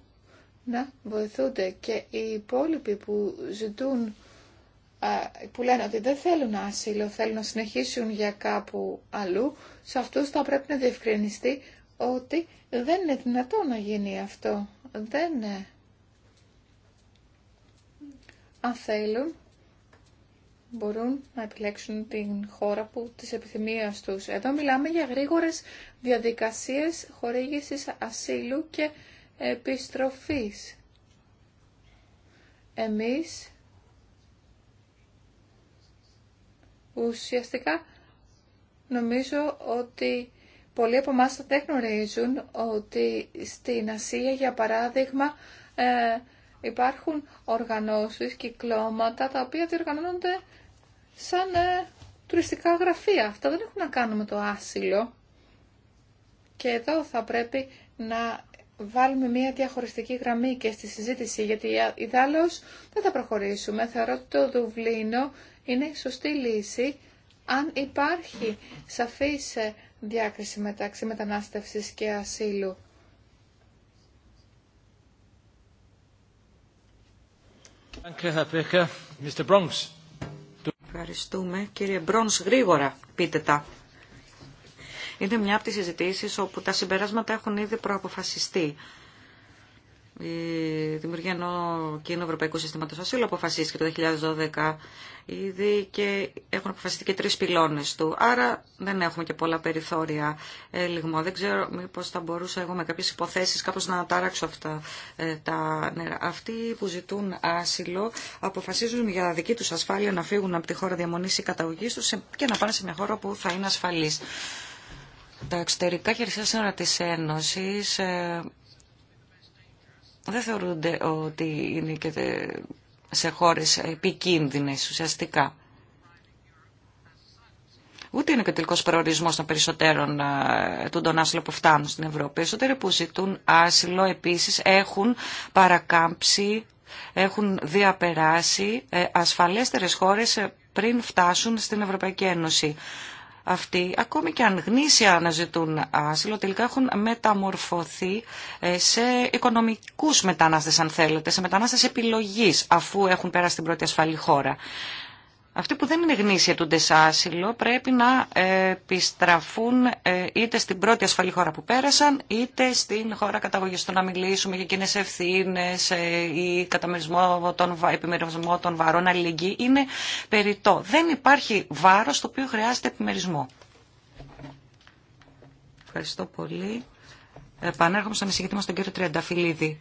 να βοηθούνται και οι υπόλοιποι που ζητούν, που λένε ότι δεν θέλουν άσυλο, θέλουν να συνεχίσουν για κάπου αλλού, σε αυτούς θα πρέπει να διευκρινιστεί ότι δεν είναι δυνατό να γίνει αυτό. Δεν είναι. Αν θέλουν, μπορούν να επιλέξουν την χώρα που της επιθυμίας τους. Εδώ μιλάμε για γρήγορες διαδικασίες χορήγησης ασύλου και επιστροφής. Εμείς ουσιαστικά νομίζω ότι πολλοί από εμάς δεν γνωρίζουν ότι στην Ασία για παράδειγμα ε, υπάρχουν οργανώσεις, κυκλώματα τα οποία διοργανώνονται σαν ε, τουριστικά γραφεία. Αυτά δεν έχουν να κάνουν με το άσυλο. Και εδώ θα πρέπει να βάλουμε μια διαχωριστική γραμμή και στη συζήτηση, γιατί ιδάλλως δεν θα προχωρήσουμε. Θεωρώ ότι το Δουβλίνο είναι η σωστή λύση αν υπάρχει σαφής ε, διάκριση μεταξύ μετανάστευσης και ασύλου. Ευχαριστούμε. Κύριε Μπρόνς, γρήγορα πείτε τα είναι μια από τις συζητήσεις όπου τα συμπεράσματα έχουν ήδη προαποφασιστεί. Η δημιουργία ενό κοινού Ευρωπαϊκού Συστήματο Ασύλου αποφασίστηκε το 2012 ήδη και έχουν αποφασιστεί και τρει πυλώνε του. Άρα δεν έχουμε και πολλά περιθώρια ελιγμό. Δεν ξέρω μήπω θα μπορούσα εγώ με κάποιε υποθέσει κάπω να τάραξω αυτά ε, τα νερά. Αυτοί που ζητούν άσυλο αποφασίζουν για δική του ασφάλεια να φύγουν από τη χώρα διαμονή ή καταγωγή του και να πάνε σε μια χώρα που θα είναι ασφαλή τα εξωτερικά χερσαία σύνορα της Ένωσης ε, δεν θεωρούνται ότι είναι και ε, σε χώρες επικίνδυνες ουσιαστικά. Ούτε είναι και ο τελικό προορισμό των περισσότερων ε, των άσυλο που φτάνουν στην Ευρώπη. Περισσότεροι που ζητούν άσυλο επίσης έχουν παρακάμψει, έχουν διαπεράσει ασφαλέστερες χώρες πριν φτάσουν στην Ευρωπαϊκή Ένωση αυτοί, ακόμη και αν γνήσια αναζητούν άσυλο, τελικά έχουν μεταμορφωθεί ε, σε οικονομικούς μετανάστες, αν θέλετε, σε μετανάστες επιλογής, αφού έχουν πέρασει την πρώτη ασφαλή χώρα. Αυτοί που δεν είναι γνήσια του ντεσάσυλο πρέπει να ε, επιστραφούν ε, είτε στην πρώτη ασφαλή χώρα που πέρασαν, είτε στην χώρα καταγωγής. του να μιλήσουμε για κοινέ ευθύνε ε, ή καταμερισμό των, επιμερισμό των βαρών αλληλεγγύη είναι περιττό. Δεν υπάρχει βάρος το οποίο χρειάζεται επιμερισμό. Ευχαριστώ πολύ. Επανέρχομαι στον εισηγητή μας τον κύριο Τριανταφυλλίδη.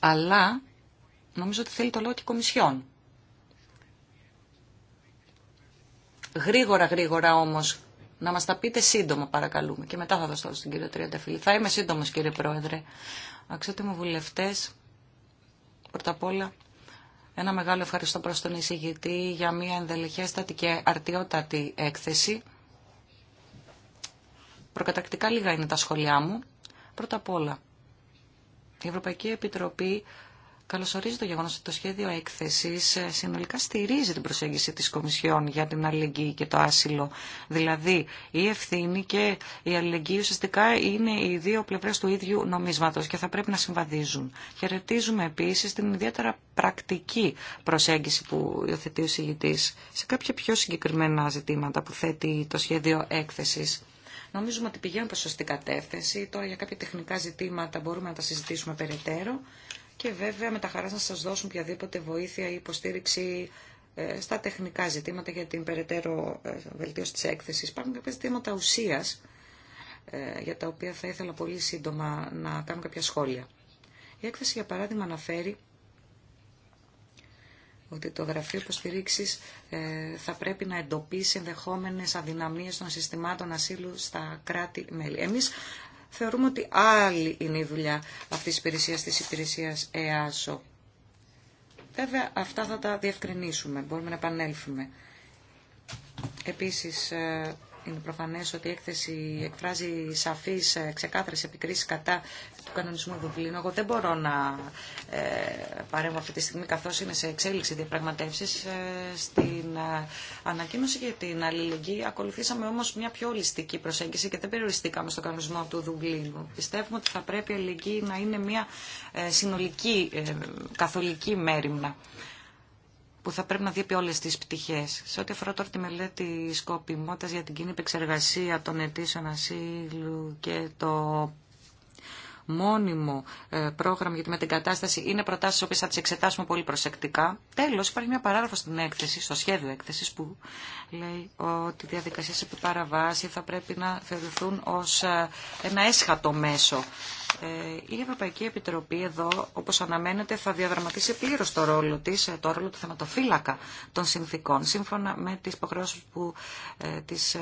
Αλλά νομίζω ότι θέλει το λόγο και Κομισιόν. Γρήγορα, γρήγορα όμως, να μας τα πείτε σύντομα παρακαλούμε. Και μετά θα δώσω στην κύριο Τριανταφυλλη. Θα είμαι σύντομος κύριε Πρόεδρε. Αξιότιμοι βουλευτές, πρώτα απ' όλα ένα μεγάλο ευχαριστώ προς τον εισηγητή για μια ενδελεχέστατη και αρτιότατη έκθεση. Προκατακτικά λίγα είναι τα σχόλιά μου. Πρώτα απ' όλα, η Ευρωπαϊκή Επιτροπή Καλωσορίζει το γεγονός ότι το σχέδιο έκθεσης ε, συνολικά στηρίζει την προσέγγιση της Κομισιόν για την αλληλεγγύη και το άσυλο. Δηλαδή, η ευθύνη και η αλληλεγγύη ουσιαστικά είναι οι δύο πλευρές του ίδιου νομίσματος και θα πρέπει να συμβαδίζουν. Χαιρετίζουμε επίσης την ιδιαίτερα πρακτική προσέγγιση που υιοθετεί ο συγητής σε κάποια πιο συγκεκριμένα ζητήματα που θέτει το σχέδιο έκθεσης. Νομίζουμε ότι πηγαίνουν προς σωστή κατεύθυνση. Τώρα για κάποια τεχνικά ζητήματα μπορούμε να τα συζητήσουμε περαιτέρω και βέβαια με τα χαρά να σας δώσουν οποιαδήποτε βοήθεια ή υποστήριξη ε, στα τεχνικά ζητήματα για την περαιτέρω ε, βελτίωση της έκθεσης. Υπάρχουν κάποια ζητήματα ουσίας ε, για τα οποία θα ήθελα πολύ σύντομα να κάνω κάποια σχόλια. Η έκθεση για παράδειγμα αναφέρει ότι το Γραφείο Υποστηρίξη θα πρέπει να εντοπίσει ενδεχόμενε αδυναμίε των συστημάτων ασύλου στα κράτη-μέλη θεωρούμε ότι άλλη είναι η δουλειά αυτής της υπηρεσίας της υπηρεσίας ΕΑΣΟ. Βέβαια αυτά θα τα διευκρινίσουμε, μπορούμε να επανέλθουμε. Επίσης ε, είναι προφανέ ότι η έκθεση εκφράζει σαφής ε, ξεκάθαρε επικρίσει κατά του κανονισμού Δουβλίνου. Εγώ δεν μπορώ να ε, παρέμβω αυτή τη στιγμή, καθώ είναι σε εξέλιξη διαπραγματεύσει ε, στην ε, ανακοίνωση για την αλληλεγγύη. Ακολουθήσαμε όμω μια πιο ολιστική προσέγγιση και δεν περιοριστήκαμε στον κανονισμό του Δουβλίνου. Πιστεύουμε ότι θα πρέπει η αλληλεγγύη να είναι μια ε, συνολική ε, καθολική μέρημνα που θα πρέπει να διέπει όλες τις πτυχές. Σε ό,τι αφορά τώρα τη μελέτη σκοπιμότητας για την κοινή επεξεργασία των αιτήσεων ασύλου και το μόνιμο ε, πρόγραμμα για τη μετεγκατάσταση είναι προτάσει που θα τι εξετάσουμε πολύ προσεκτικά. Τέλο, υπάρχει μια παράγραφο στην έκθεση, στο σχέδιο έκθεση, που λέει ότι οι διαδικασίε επί παραβάση θα πρέπει να θεωρηθούν ω ε, ένα έσχατο μέσο. Ε, η Ευρωπαϊκή Επιτροπή εδώ, όπω αναμένεται, θα διαδραματίσει πλήρω το ρόλο τη, το ρόλο του θεματοφύλακα των συνθήκων, σύμφωνα με τι υποχρεώσει που τις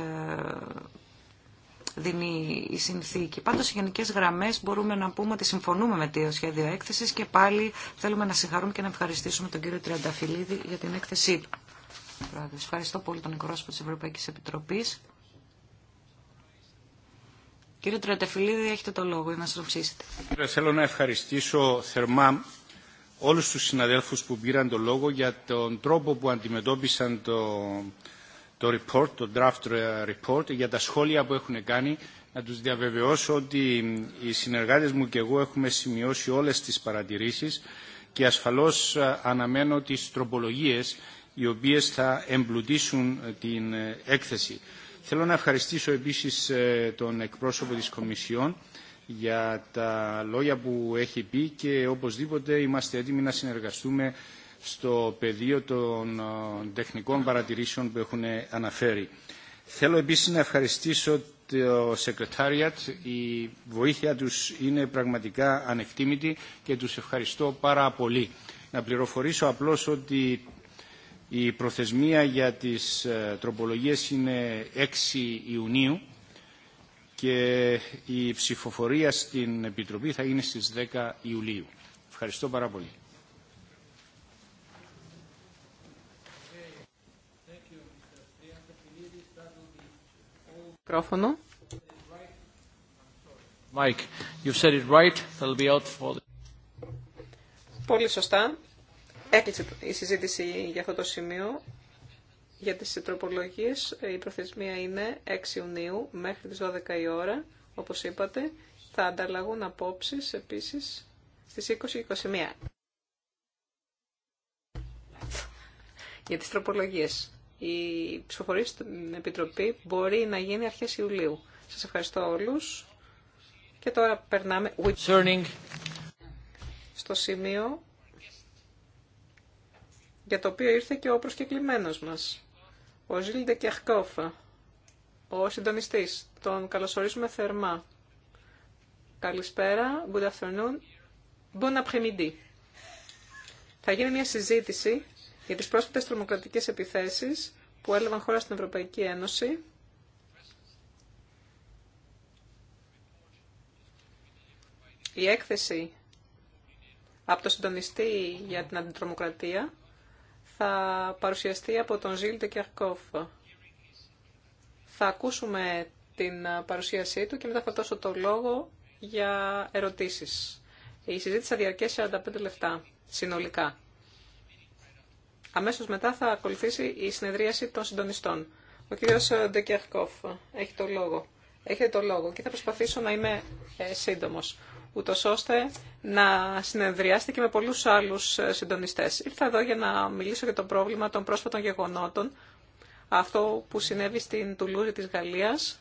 δίνει η συνθήκη. Πάντω, οι γενικέ γραμμέ μπορούμε να πούμε ότι συμφωνούμε με το σχέδιο έκθεση και πάλι θέλουμε να συγχαρούμε και να ευχαριστήσουμε τον κύριο Τριανταφυλλίδη για την έκθεσή του. Ευχαριστώ πολύ τον εκπρόσωπο τη Ευρωπαϊκή Επιτροπή. Κύριε Τριανταφυλλίδη, έχετε το λόγο για να σας ρωτήσετε. Θέλω να ευχαριστήσω θερμά όλους τους συναδέλφους που πήραν το λόγο για τον τρόπο που αντιμετώπισαν το το report, το draft report για τα σχόλια που έχουν κάνει. Να τους διαβεβαιώσω ότι οι συνεργάτες μου και εγώ έχουμε σημειώσει όλες τις παρατηρήσεις και ασφαλώς ε, αναμένω τις τροπολογίες οι οποίες θα εμπλουτίσουν ε, την ε, έκθεση. Θέλω να ευχαριστήσω επίσης τον εκπρόσωπο της Κομισιόν για τα λόγια που έχει πει και οπωσδήποτε είμαστε έτοιμοι να συνεργαστούμε στο πεδίο των ε, τεχνικών παρατηρήσεων που έχουν αναφέρει. Θέλω επίσης να ευχαριστήσω το Secretariat. Η βοήθεια τους είναι πραγματικά ανεκτήμητη και τους ευχαριστώ πάρα πολύ. Να πληροφορήσω απλώς ότι η προθεσμία για τις ε, τροπολογίες είναι 6 Ιουνίου και η ψηφοφορία στην Επιτροπή θα είναι στις 10 Ιουλίου. Ευχαριστώ πάρα πολύ. Μικρόφωνο. Mike, said it right. be out for Πολύ σωστά. Έκλεισε η συζήτηση για αυτό το σημείο. Για τις τροπολογίες η προθεσμία είναι 6 Ιουνίου μέχρι τις 12 η ώρα, όπως είπατε. Θα ανταλλαγούν απόψεις επίσης στις 20 και 21. Για τις τροπολογίες. Η ψηφοφορία στην Επιτροπή μπορεί να γίνει αρχές Ιουλίου. Σας ευχαριστώ όλους. Και τώρα περνάμε στο σημείο για το οποίο ήρθε και ο προσκεκλημένος μας, ο Ζίλντε Κεχκόφα, ο συντονιστής. Τον καλωσορίζουμε θερμά. Καλησπέρα, good afternoon, bon après-midi. Θα γίνει μια συζήτηση για τις πρόσφατες τρομοκρατικές επιθέσεις που έλαβαν χώρα στην Ευρωπαϊκή Ένωση. Η έκθεση από το συντονιστή για την αντιτρομοκρατία θα παρουσιαστεί από τον Ζήλ Τεκερκόφ. Θα ακούσουμε την παρουσίασή του και μετά θα δώσω το λόγο για ερωτήσεις. Η συζήτηση θα διαρκέσει 45 λεπτά συνολικά. Αμέσως μετά θα ακολουθήσει η συνεδρίαση των συντονιστών. Ο κύριος ε, Ντεκερκόφ έχει το λόγο. Έχετε το λόγο και θα προσπαθήσω να είμαι ε, σύντομος, ώστε να συνεδριάστε και με πολλούς άλλους ε, συντονιστές. Ήρθα εδώ για να μιλήσω για το πρόβλημα των πρόσφατων γεγονότων, αυτό που συνέβη στην Τουλούζη της Γαλλίας,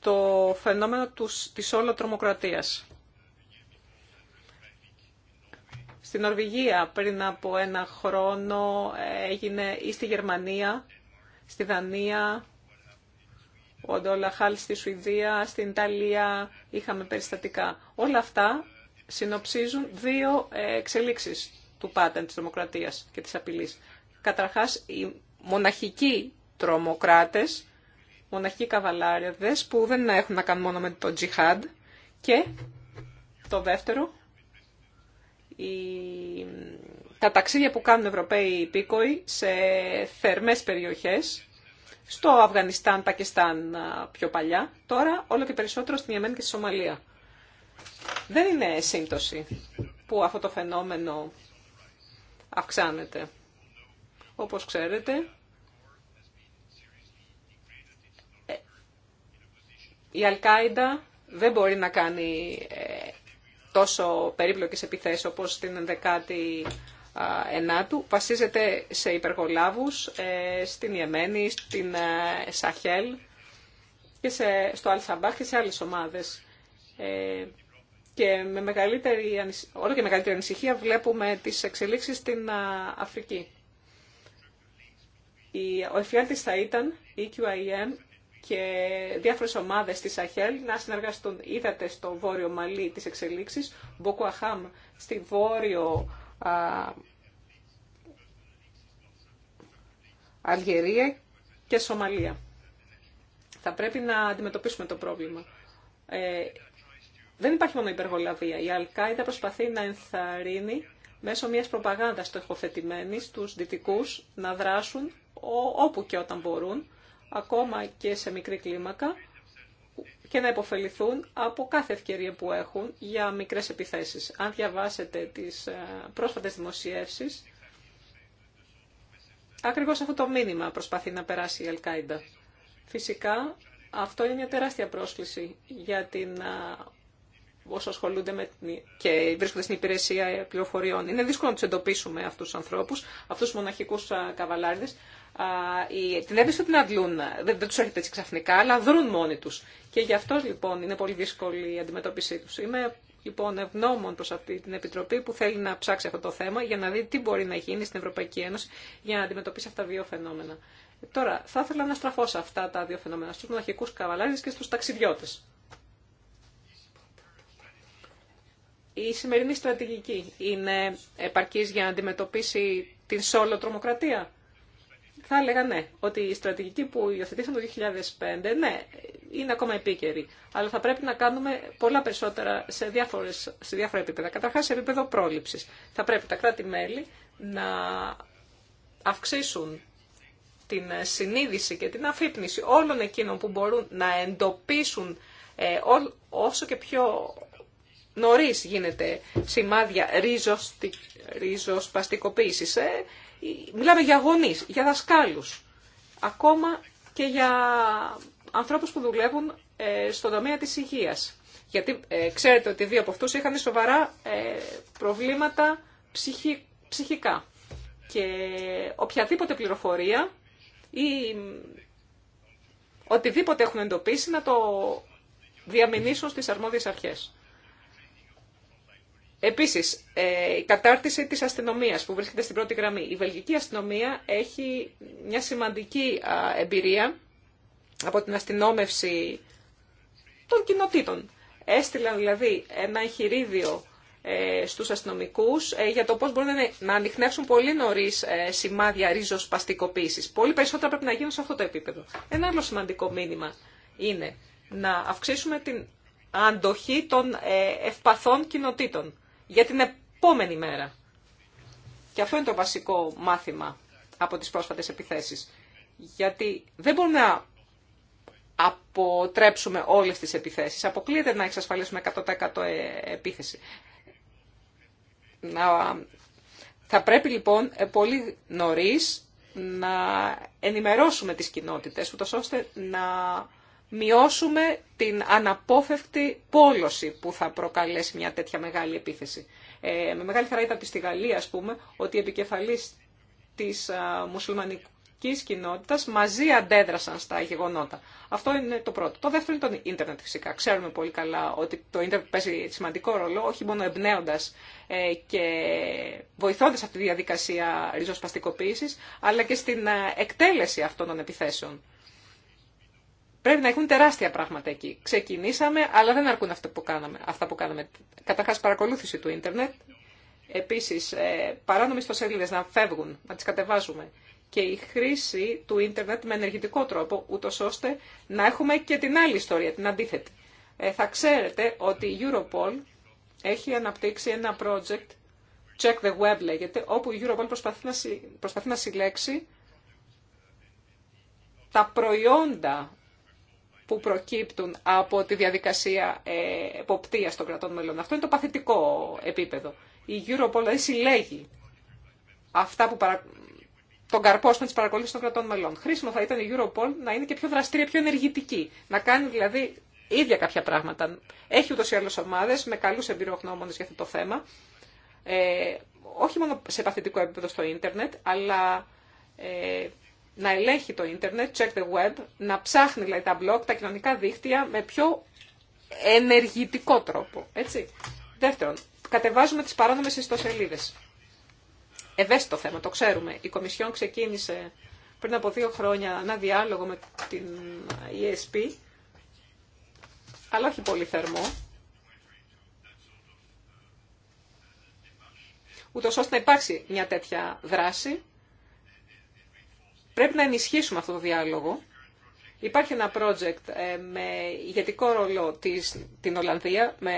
το φαινόμενο του, της όλο τρομοκρατίας. Στη Νορβηγία πριν από ένα χρόνο έγινε ή στη Γερμανία, στη Δανία, ο Ντόλαχαλ στη Σουηδία, στην Ιταλία είχαμε περιστατικά. Όλα αυτά συνοψίζουν δύο εξελίξεις του πάτεν της δημοκρατίας και της απειλής. Καταρχάς, οι μοναχικοί τρομοκράτες, μοναχικοί καβαλάριδες που δεν έχουν να κάνουν μόνο με το τζιχάντ και το δεύτερο, τα ταξίδια που κάνουν Ευρωπαίοι υπήκοοι σε θερμές περιοχές, στο Αφγανιστάν, Πακιστάν πιο παλιά, τώρα όλο και περισσότερο στην Ιεμένη και στη Σομαλία. Δεν είναι σύμπτωση που αυτό το φαινόμενο αυξάνεται. Όπως ξέρετε, ε, η Αλκάιντα δεν μπορεί να κάνει ε, τόσο περίπλοκες επιθέσεις όπως την 19 η Ενάτου, βασίζεται σε υπεργολάβους ε, στην Ιεμένη, στην ε, Σαχέλ και σε, στο Αλσαμπάχ και σε άλλες ομάδες. Ε, και με μεγαλύτερη, όλο και μεγαλύτερη ανησυχία βλέπουμε τις εξελίξεις στην Αφρική. Ο εφιάλτης θα ήταν η QIM και διάφορε ομάδες στη Σαχέλ να συνεργαστούν. Είδατε στο βόρειο Μαλί της εξελίξεις, Μποκουαχάμ στη βόρειο Αλγερία και Σομαλία. Θα πρέπει να αντιμετωπίσουμε το πρόβλημα. Ε, δεν υπάρχει μόνο υπεργολαβία. Η Αλκάιδα προσπαθεί να ενθαρρύνει μέσω μιας προπαγάνδας τοχοθετημένης τους δυτικούς να δράσουν όπου και όταν μπορούν ακόμα και σε μικρή κλίμακα και να υποφεληθούν από κάθε ευκαιρία που έχουν για μικρές επιθέσεις. Αν διαβάσετε τις ε, πρόσφατες δημοσιεύσεις, ακριβώς αυτό το μήνυμα προσπαθεί να περάσει η Αλκάιντα. Φυσικά, αυτό είναι μια τεράστια πρόσκληση για την ε, όσο ασχολούνται με, και βρίσκονται στην υπηρεσία πληροφοριών. Είναι δύσκολο να του εντοπίσουμε αυτούς τους ανθρώπους, αυτούς τους μοναχικούς ε, καβαλάριδε, την έβριση την αντλούν. Δεν, δεν τους έρχεται έτσι ξαφνικά, αλλά δρούν μόνοι τους. Και γι' αυτό λοιπόν είναι πολύ δύσκολη η αντιμετώπιση τους. Είμαι λοιπόν ευγνώμων προς αυτή την Επιτροπή που θέλει να ψάξει αυτό το θέμα για να δει τι μπορεί να γίνει στην Ευρωπαϊκή Ένωση για να αντιμετωπίσει αυτά τα δύο φαινόμενα. Τώρα, θα ήθελα να στραφώ σε αυτά τα δύο φαινόμενα, στους μοναχικούς καβαλάδε και στους ταξιδιώτες. Η σημερινή στρατηγική είναι επαρκής για να αντιμετωπίσει την σόλο τρομοκρατία θα έλεγα ναι, ότι η στρατηγική που υιοθετήσαμε το 2005, ναι, είναι ακόμα επίκαιρη. Αλλά θα πρέπει να κάνουμε πολλά περισσότερα σε, διάφορες, σε διάφορα επίπεδα. Καταρχά σε επίπεδο πρόληψη. Θα πρέπει τα κράτη-μέλη να αυξήσουν την συνείδηση και την αφύπνιση όλων εκείνων που μπορούν να εντοπίσουν ε, όσο και πιο νωρί γίνεται σημάδια ρίζος, παστικοποίησης, ε, Μιλάμε για γονείς, για δασκάλου, ακόμα και για ανθρώπους που δουλεύουν ε, στον τομέα της υγείας. Γιατί ε, ξέρετε ότι δύο από αυτού είχαν σοβαρά ε, προβλήματα ψυχικά. Και οποιαδήποτε πληροφορία ή οτιδήποτε έχουν εντοπίσει να το διαμηνήσουν στις αρμόδιες αρχές. Επίσης, ε, η κατάρτιση τη αστυνομία που βρίσκεται στην πρώτη γραμμή. Η βελγική αστυνομία έχει μια σημαντική εμπειρία από την αστυνόμευση των κοινοτήτων. Έστειλαν δηλαδή ένα εγχειρίδιο ε, στους αστυνομικούς ε, για το πώς μπορούν να ανοιχνεύσουν πολύ νωρί σημάδια ρίζοσπαστικοποίησης. Πολύ περισσότερα πρέπει να γίνουν σε αυτό το επίπεδο. Ένα άλλο σημαντικό μήνυμα είναι να αυξήσουμε την αντοχή των ευπαθών κοινοτήτων για την επόμενη μέρα. Και αυτό είναι το βασικό μάθημα από τις πρόσφατες επιθέσεις. Γιατί δεν μπορούμε να αποτρέψουμε όλες τις επιθέσεις. Αποκλείεται να εξασφαλίσουμε 100% ε, επίθεση. Να... Θα πρέπει λοιπόν ε, πολύ νωρίς να ενημερώσουμε τις κοινότητες, ούτως ώστε να μειώσουμε την αναπόφευκτη πόλωση που θα προκαλέσει μια τέτοια μεγάλη επίθεση. Ε, με μεγάλη χαρά ήταν στη Γαλλία, ας πούμε, ότι οι επικεφαλής της α, μουσουλμανικής κοινότητας μαζί αντέδρασαν στα γεγονότα. Αυτό είναι το πρώτο. Το δεύτερο είναι το ίντερνετ φυσικά. Ξέρουμε πολύ καλά ότι το ίντερνετ παίζει σημαντικό ρόλο, όχι μόνο εμπνέοντα ε, και βοηθώντας αυτή τη διαδικασία ριζοσπαστικοποίησης, αλλά και στην ε, εκτέλεση αυτών των επιθέσεων. Πρέπει να έχουν τεράστια πράγματα εκεί. Ξεκινήσαμε, αλλά δεν αρκούν αυτά που κάναμε. Αυτά που κάναμε. Καταρχάς παρακολούθηση του ίντερνετ, επίσης ε, στο σελίδες να φεύγουν, να τις κατεβάζουμε και η χρήση του ίντερνετ με ενεργητικό τρόπο, ούτω ώστε να έχουμε και την άλλη ιστορία, την αντίθετη. Ε, θα ξέρετε ότι η Europol έχει αναπτύξει ένα project, Check the Web λέγεται, όπου η Europol προσπαθεί να, προσπαθεί να συλλέξει τα προϊόντα που προκύπτουν από τη διαδικασία ε, εποπτεία των κρατών μελών. Αυτό είναι το παθητικό επίπεδο. Η Europol δηλαδή συλλέγει αυτά που τον καρπόστον της παρακολούθησης των κρατών μελών. Χρήσιμο θα ήταν η Europol να είναι και πιο δραστήρια, πιο ενεργητική. Να κάνει δηλαδή ίδια κάποια πράγματα. Έχει ούτως ή άλλως ομάδες με καλούς εμπειρογνώμονες για αυτό το θέμα. Ε, όχι μόνο σε παθητικό επίπεδο στο ίντερνετ, αλλά ε, να ελέγχει το ίντερνετ, check the web, να ψάχνει τα blog, τα κοινωνικά δίκτυα με πιο ενεργητικό τρόπο. Έτσι. Δεύτερον, κατεβάζουμε τις παράνομες ιστοσελίδες. Ευαίσθητο θέμα, το ξέρουμε. Η Κομισιόν ξεκίνησε πριν από δύο χρόνια ένα διάλογο με την ESP, αλλά όχι πολύ θερμό. Ούτως ώστε να υπάρξει μια τέτοια δράση Πρέπει να ενισχύσουμε αυτό το διάλογο. Υπάρχει ένα project ε, με ηγετικό ρόλο της, την Ολλανδία με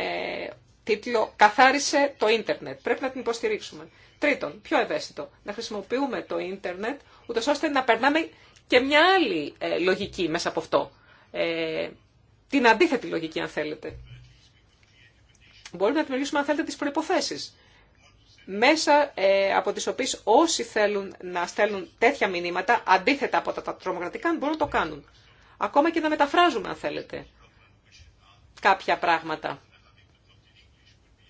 τίτλο «Καθάρισε το ίντερνετ». Πρέπει να την υποστηρίξουμε. Τρίτον, πιο ευαίσθητο, να χρησιμοποιούμε το ίντερνετ ούτω ώστε να περνάμε και μια άλλη ε, λογική μέσα από αυτό. Ε, την αντίθετη λογική, αν θέλετε. Μπορούμε να δημιουργήσουμε, αν θέλετε, τις προϋποθέσεις μέσα ε, από τις οποίες όσοι θέλουν να στέλνουν τέτοια μηνύματα, αντίθετα από τα τρομοκρατικά, μπορούν να το κάνουν. Ακόμα και να μεταφράζουμε, αν θέλετε, κάποια πράγματα.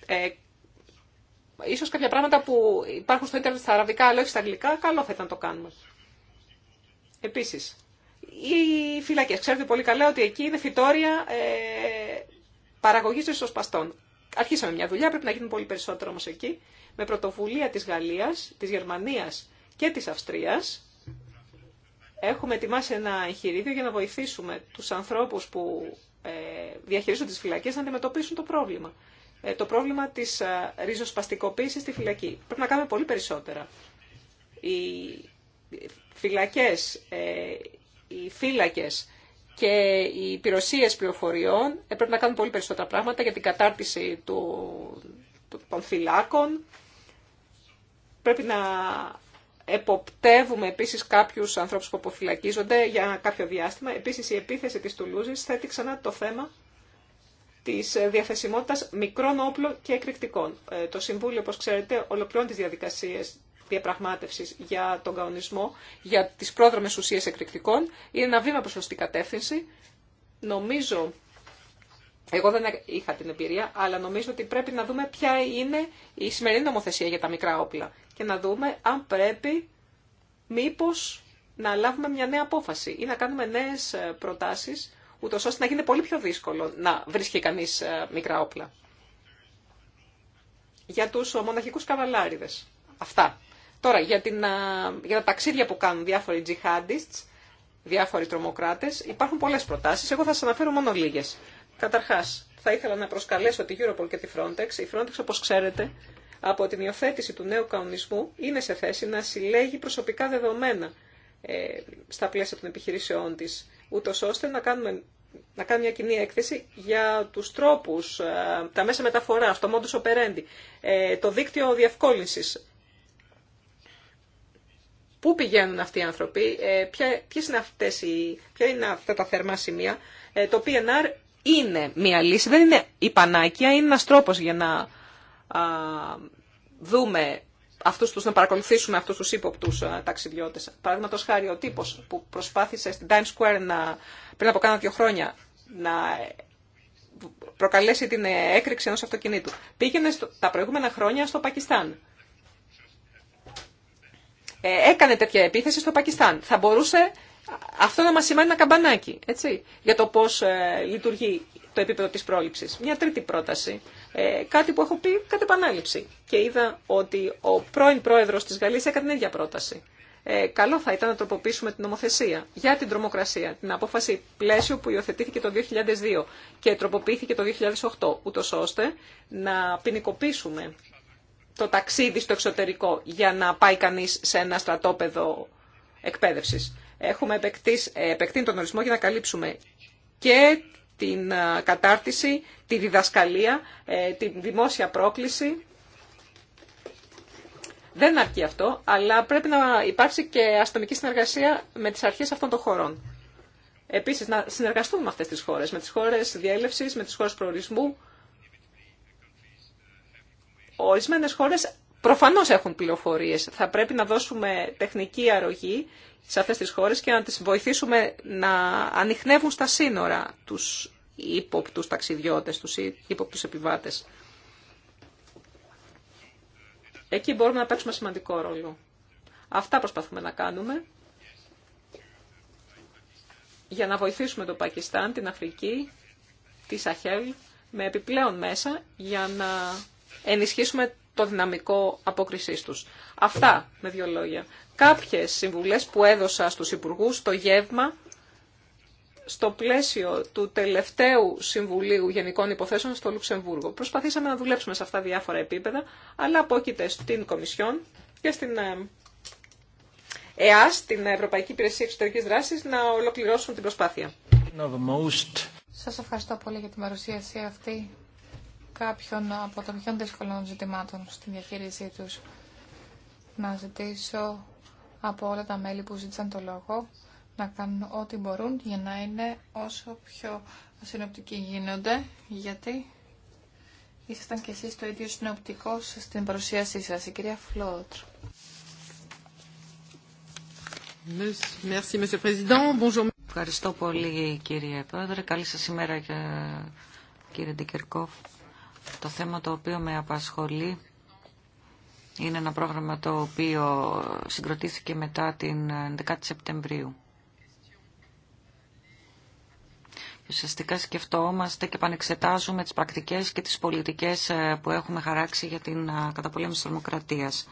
Ε, ίσως κάποια πράγματα που υπάρχουν στο ίντερνετ στα αραβικά, αλλά όχι στα αγγλικά, καλό θα ήταν να το κάνουμε. Επίσης, οι φυλακές. Ξέρετε πολύ καλά ότι εκεί είναι φυτόρια ε, παραγωγής ριζοσπαστών. Αρχίσαμε μια δουλειά, πρέπει να γίνουν πολύ περισσότερο όμως εκεί με πρωτοβουλία της Γαλλίας, της Γερμανίας και της Αυστρίας. Έχουμε ετοιμάσει ένα εγχειρίδιο για να βοηθήσουμε τους ανθρώπους που ε, διαχειρίζονται τις φυλακές να αντιμετωπίσουν το πρόβλημα. Ε, το πρόβλημα της ε, ριζοσπαστικοποίησης στη φυλακή. Πρέπει να κάνουμε πολύ περισσότερα. Οι φυλακές, ε, οι φύλακες και οι υπηρεσίε πληροφοριών πρέπει να κάνουν πολύ περισσότερα πράγματα για την κατάρτιση του, των φυλάκων, Πρέπει να εποπτεύουμε επίσης κάποιους ανθρώπους που αποφυλακίζονται για κάποιο διάστημα. Επίσης η επίθεση της Τουλούζης θέτει ξανά το θέμα της διαθεσιμότητας μικρών όπλων και εκρηκτικών. Ε, το Συμβούλιο, όπως ξέρετε, ολοκληρώνει τις διαδικασίες διαπραγμάτευσης για τον καονισμό, για τις πρόδρομες ουσίες εκρηκτικών. Είναι ένα βήμα προς την κατεύθυνση. Νομίζω εγώ δεν είχα την εμπειρία, αλλά νομίζω ότι πρέπει να δούμε ποια είναι η σημερινή νομοθεσία για τα μικρά όπλα και να δούμε αν πρέπει μήπως να λάβουμε μια νέα απόφαση ή να κάνουμε νέες ε, προτάσεις, ούτως ώστε να γίνει πολύ πιο δύσκολο να βρίσκει κανείς ε, μικρά όπλα. Για τους μοναχικούς καβαλάριδες. Αυτά. Τώρα, για, την, ε, για τα ταξίδια που κάνουν διάφοροι τζιχάντιστς, διάφοροι τρομοκράτες, υπάρχουν πολλές προτάσεις. Εγώ θα σας αναφέρω μόνο λίγες. Καταρχά, θα ήθελα να προσκαλέσω τη Europol και τη Frontex. Η Frontex, όπω ξέρετε, από την υιοθέτηση του νέου κανονισμού είναι σε θέση να συλλέγει προσωπικά δεδομένα ε, στα πλαίσια των επιχειρήσεών τη. ούτως ώστε να κάνουμε να κάνει μια κοινή έκθεση για τους τρόπους, ε, τα μέσα μεταφορά, το modus operandi, ε, το δίκτυο διευκόλυνσης. Πού πηγαίνουν αυτοί οι άνθρωποι, ε, ποια, ποιες είναι ποια είναι αυτά τα θερμά σημεία. Το PNR είναι μία λύση, δεν είναι η πανάκια, είναι ένας τρόπος για να α, δούμε αυτούς τους, να παρακολουθήσουμε αυτούς τους ύποπτους ταξιδιώτες. Παραδείγματος χάρη ο τύπος που προσπάθησε στην Times Square να, πριν από κάνα δύο χρόνια να προκαλέσει την έκρηξη ενός αυτοκινήτου. Πήγαινε στο, τα προηγούμενα χρόνια στο Πακιστάν. Ε, έκανε τέτοια επίθεση στο Πακιστάν. Θα μπορούσε αυτό να μα σημαίνει ένα καμπανάκι, έτσι, για το πώ ε, λειτουργεί το επίπεδο τη πρόληψη. Μια τρίτη πρόταση, ε, κάτι που έχω πει κατ' επανάληψη και είδα ότι ο πρώην πρόεδρο τη Γαλλία έκανε την ίδια πρόταση. Ε, καλό θα ήταν να τροποποιήσουμε την νομοθεσία για την τρομοκρασία, την απόφαση πλαίσιο που υιοθετήθηκε το 2002 και τροποποιήθηκε το 2008, ούτω ώστε να ποινικοποιήσουμε το ταξίδι στο εξωτερικό για να πάει κανεί σε ένα στρατόπεδο εκπαίδευση έχουμε ε, επεκτείνει τον ορισμό για να καλύψουμε και την ε, κατάρτιση, τη διδασκαλία, ε, την δημόσια πρόκληση. Δεν αρκεί αυτό, αλλά πρέπει να υπάρξει και αστομική συνεργασία με τις αρχές αυτών των χωρών. Επίσης, να συνεργαστούμε με αυτές τις χώρες, με τις χώρες διέλευσης, με τις χώρες προορισμού. Ορισμένες χώρες Προφανώς έχουν πληροφορίες. Θα πρέπει να δώσουμε τεχνική αρρωγή σε αυτές τις χώρες και να τις βοηθήσουμε να ανοιχνεύουν στα σύνορα τους ύποπτους ταξιδιώτες, τους ύποπτους επιβάτες. Εκεί μπορούμε να παίξουμε σημαντικό ρόλο. Αυτά προσπαθούμε να κάνουμε για να βοηθήσουμε το Πακιστάν, την Αφρική, τη Σαχέλ με επιπλέον μέσα για να ενισχύσουμε το δυναμικό απόκρισή τους. Αυτά με δύο λόγια. Κάποιες συμβουλές που έδωσα στους Υπουργού στο γεύμα στο πλαίσιο του τελευταίου Συμβουλίου Γενικών Υποθέσεων στο Λουξεμβούργο. Προσπαθήσαμε να δουλέψουμε σε αυτά διάφορα επίπεδα, αλλά απόκειται στην Κομισιόν και στην ε, ΕΑΣ, την Ευρωπαϊκή Υπηρεσία Εξωτερικής Δράσης, να ολοκληρώσουν την προσπάθεια. Σα ευχαριστώ πολύ για την παρουσίαση αυτή κάποιον από των πιο δύσκολων ζητημάτων στη διαχείρισή τους. Να ζητήσω από όλα τα μέλη που ζήτησαν το λόγο να κάνουν ό,τι μπορούν για να είναι όσο πιο συνοπτικοί γίνονται, γιατί ήσασταν και εσείς το ίδιο συνοπτικό στην παρουσίασή σας, η κυρία Φλότρ. Ευχαριστώ πολύ κύριε Πρόεδρε. Καλή σας ημέρα ε, κύριε Ντικερκόφ. Το θέμα το οποίο με απασχολεί είναι ένα πρόγραμμα το οποίο συγκροτήθηκε μετά την 11η Σεπτεμβρίου. Ουσιαστικά σκεφτόμαστε και πανεξετάζουμε τις πρακτικές και τις πολιτικές ε, που έχουμε χαράξει για την ε, καταπολέμηση της δημοκρατίας.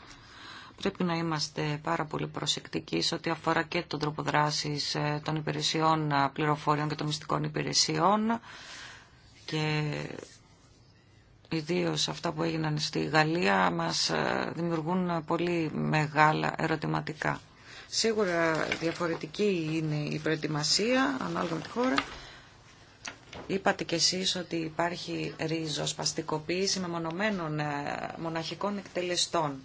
Πρέπει να είμαστε πάρα πολύ προσεκτικοί σε ό,τι αφορά και τον τρόπο δράση ε, των υπηρεσιών πληροφοριών και των μυστικών υπηρεσιών και Ιδίω αυτά που έγιναν στη Γαλλία, μας ε, δημιουργούν πολύ μεγάλα ερωτηματικά. Σίγουρα διαφορετική είναι η προετοιμασία ανάλογα με τη χώρα. Είπατε κι εσείς ότι υπάρχει ρίζος παστικοποίηση με ε, μοναχικών εκτελεστών.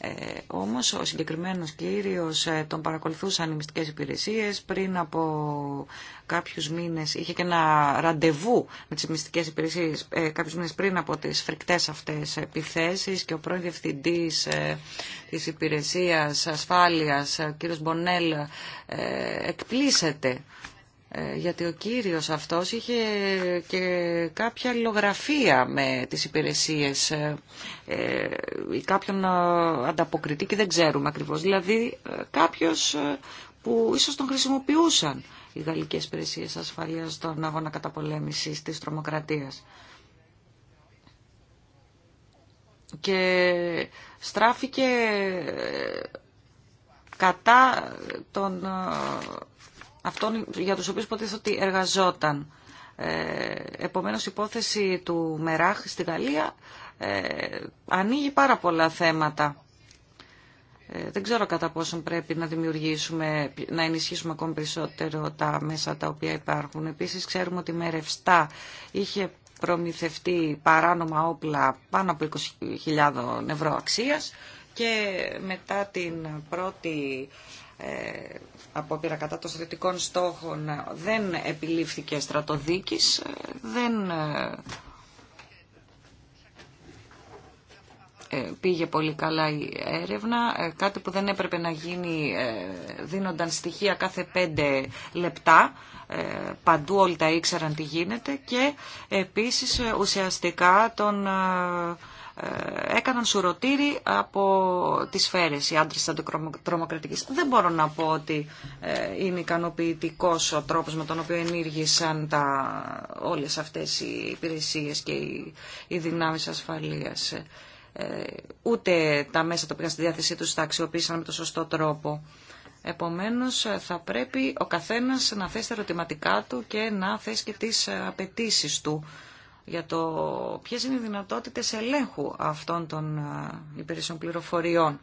Ε, όμως ο συγκεκριμένος κύριος ε, τον παρακολουθούσαν οι μυστικές υπηρεσίες. Πριν από κάποιους μήνες είχε και ένα ραντεβού με τις μυστικές υπηρεσίες ε, κάποιους μήνες πριν από τις φρικτές αυτές επιθέσεις και ο πρώην διευθυντής ε, της υπηρεσίας ασφάλειας, ο κύριος Μπονέλ, εκπλήσεται ε, γιατί ο κύριος αυτός είχε και κάποια αλληλογραφία με τις υπηρεσίες ε, ε, ή κάποιον ανταποκριτή και δεν ξέρουμε ακριβώς. Δηλαδή κάποιος που ίσως τον χρησιμοποιούσαν οι γαλλικές υπηρεσίες ασφαλείας στον αγώνα καταπολέμησης της τρομοκρατίας. Και στράφηκε κατά τον αυτών για τους οποίους υποτίθεται ότι εργαζόταν. Ε, επομένως η υπόθεση του Μεράχ στη Γαλλία ε, ανοίγει πάρα πολλά θέματα. Ε, δεν ξέρω κατά πόσον πρέπει να δημιουργήσουμε, να ενισχύσουμε ακόμη περισσότερο τα μέσα τα οποία υπάρχουν. Επίσης ξέρουμε ότι με ρευστά είχε προμηθευτεί παράνομα όπλα πάνω από 20.000 ευρώ αξίας και μετά την πρώτη ε, από κατά των στρατικών στόχων δεν επιλήφθηκε στρατοδίκης, ε, δεν ε, πήγε πολύ καλά η έρευνα, κάτι που δεν έπρεπε να γίνει δίνονταν στοιχεία κάθε πέντε λεπτά, παντού όλοι τα ήξεραν τι γίνεται και επίσης ουσιαστικά τον ε, έκαναν σουρωτήρι από τις σφαίρες οι άντρες της αντιτρομοκρατικής. Δεν μπορώ να πω ότι ε, είναι ικανοποιητικό ο τρόπος με τον οποίο ενήργησαν τα, όλες αυτές οι υπηρεσίες και οι, οι δυνάμεις ασφαλείας. Ε, ούτε τα μέσα που πήγαν στη διάθεσή τους τα αξιοποίησαν με τον σωστό τρόπο. Επομένως θα πρέπει ο καθένας να θέσει τα ερωτηματικά του και να θέσει και τις απαιτήσει του για το ποιες είναι οι δυνατότητες ελέγχου αυτών των υπηρεσιών πληροφοριών.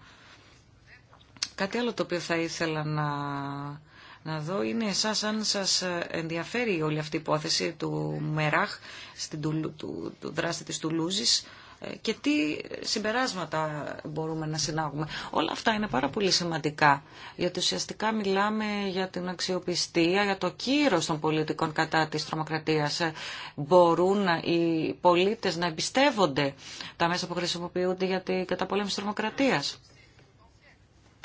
Κάτι άλλο το οποίο θα ήθελα να, να δω είναι εσάς αν σας ενδιαφέρει όλη αυτή η υπόθεση του ΜΕΡΑΧ, του, του, του δράστη της Τουλούζης, ε, και τι συμπεράσματα μπορούμε να συνάγουμε. Όλα αυτά είναι πάρα πολύ σημαντικά, γιατί ουσιαστικά μιλάμε για την αξιοπιστία, για το κύρος των πολιτικών κατά της τρομοκρατίας. Ε, μπορούν οι πολίτες να εμπιστεύονται τα μέσα που χρησιμοποιούνται για την καταπολέμηση της τρομοκρατίας.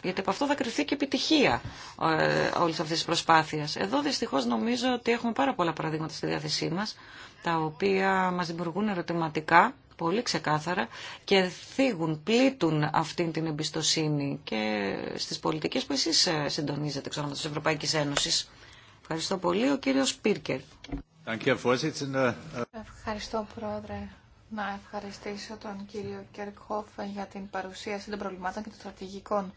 Γιατί από αυτό θα κρυφθεί και επιτυχία ε, όλη αυτή τη προσπάθεια. Εδώ δυστυχώ νομίζω ότι έχουμε πάρα πολλά παραδείγματα στη διάθεσή μα, τα οποία μα δημιουργούν ερωτηματικά πολύ ξεκάθαρα και θίγουν, πλήττουν αυτήν την εμπιστοσύνη και στις πολιτικές που εσείς ε, συντονίζετε εξ της Ευρωπαϊκής Ένωσης. Ευχαριστώ πολύ. Ο κύριος Πίρκερ. Ευχαριστώ, Πρόεδρε. Να ευχαριστήσω τον κύριο Κέρκχοφ για την παρουσίαση των προβλημάτων και των στρατηγικών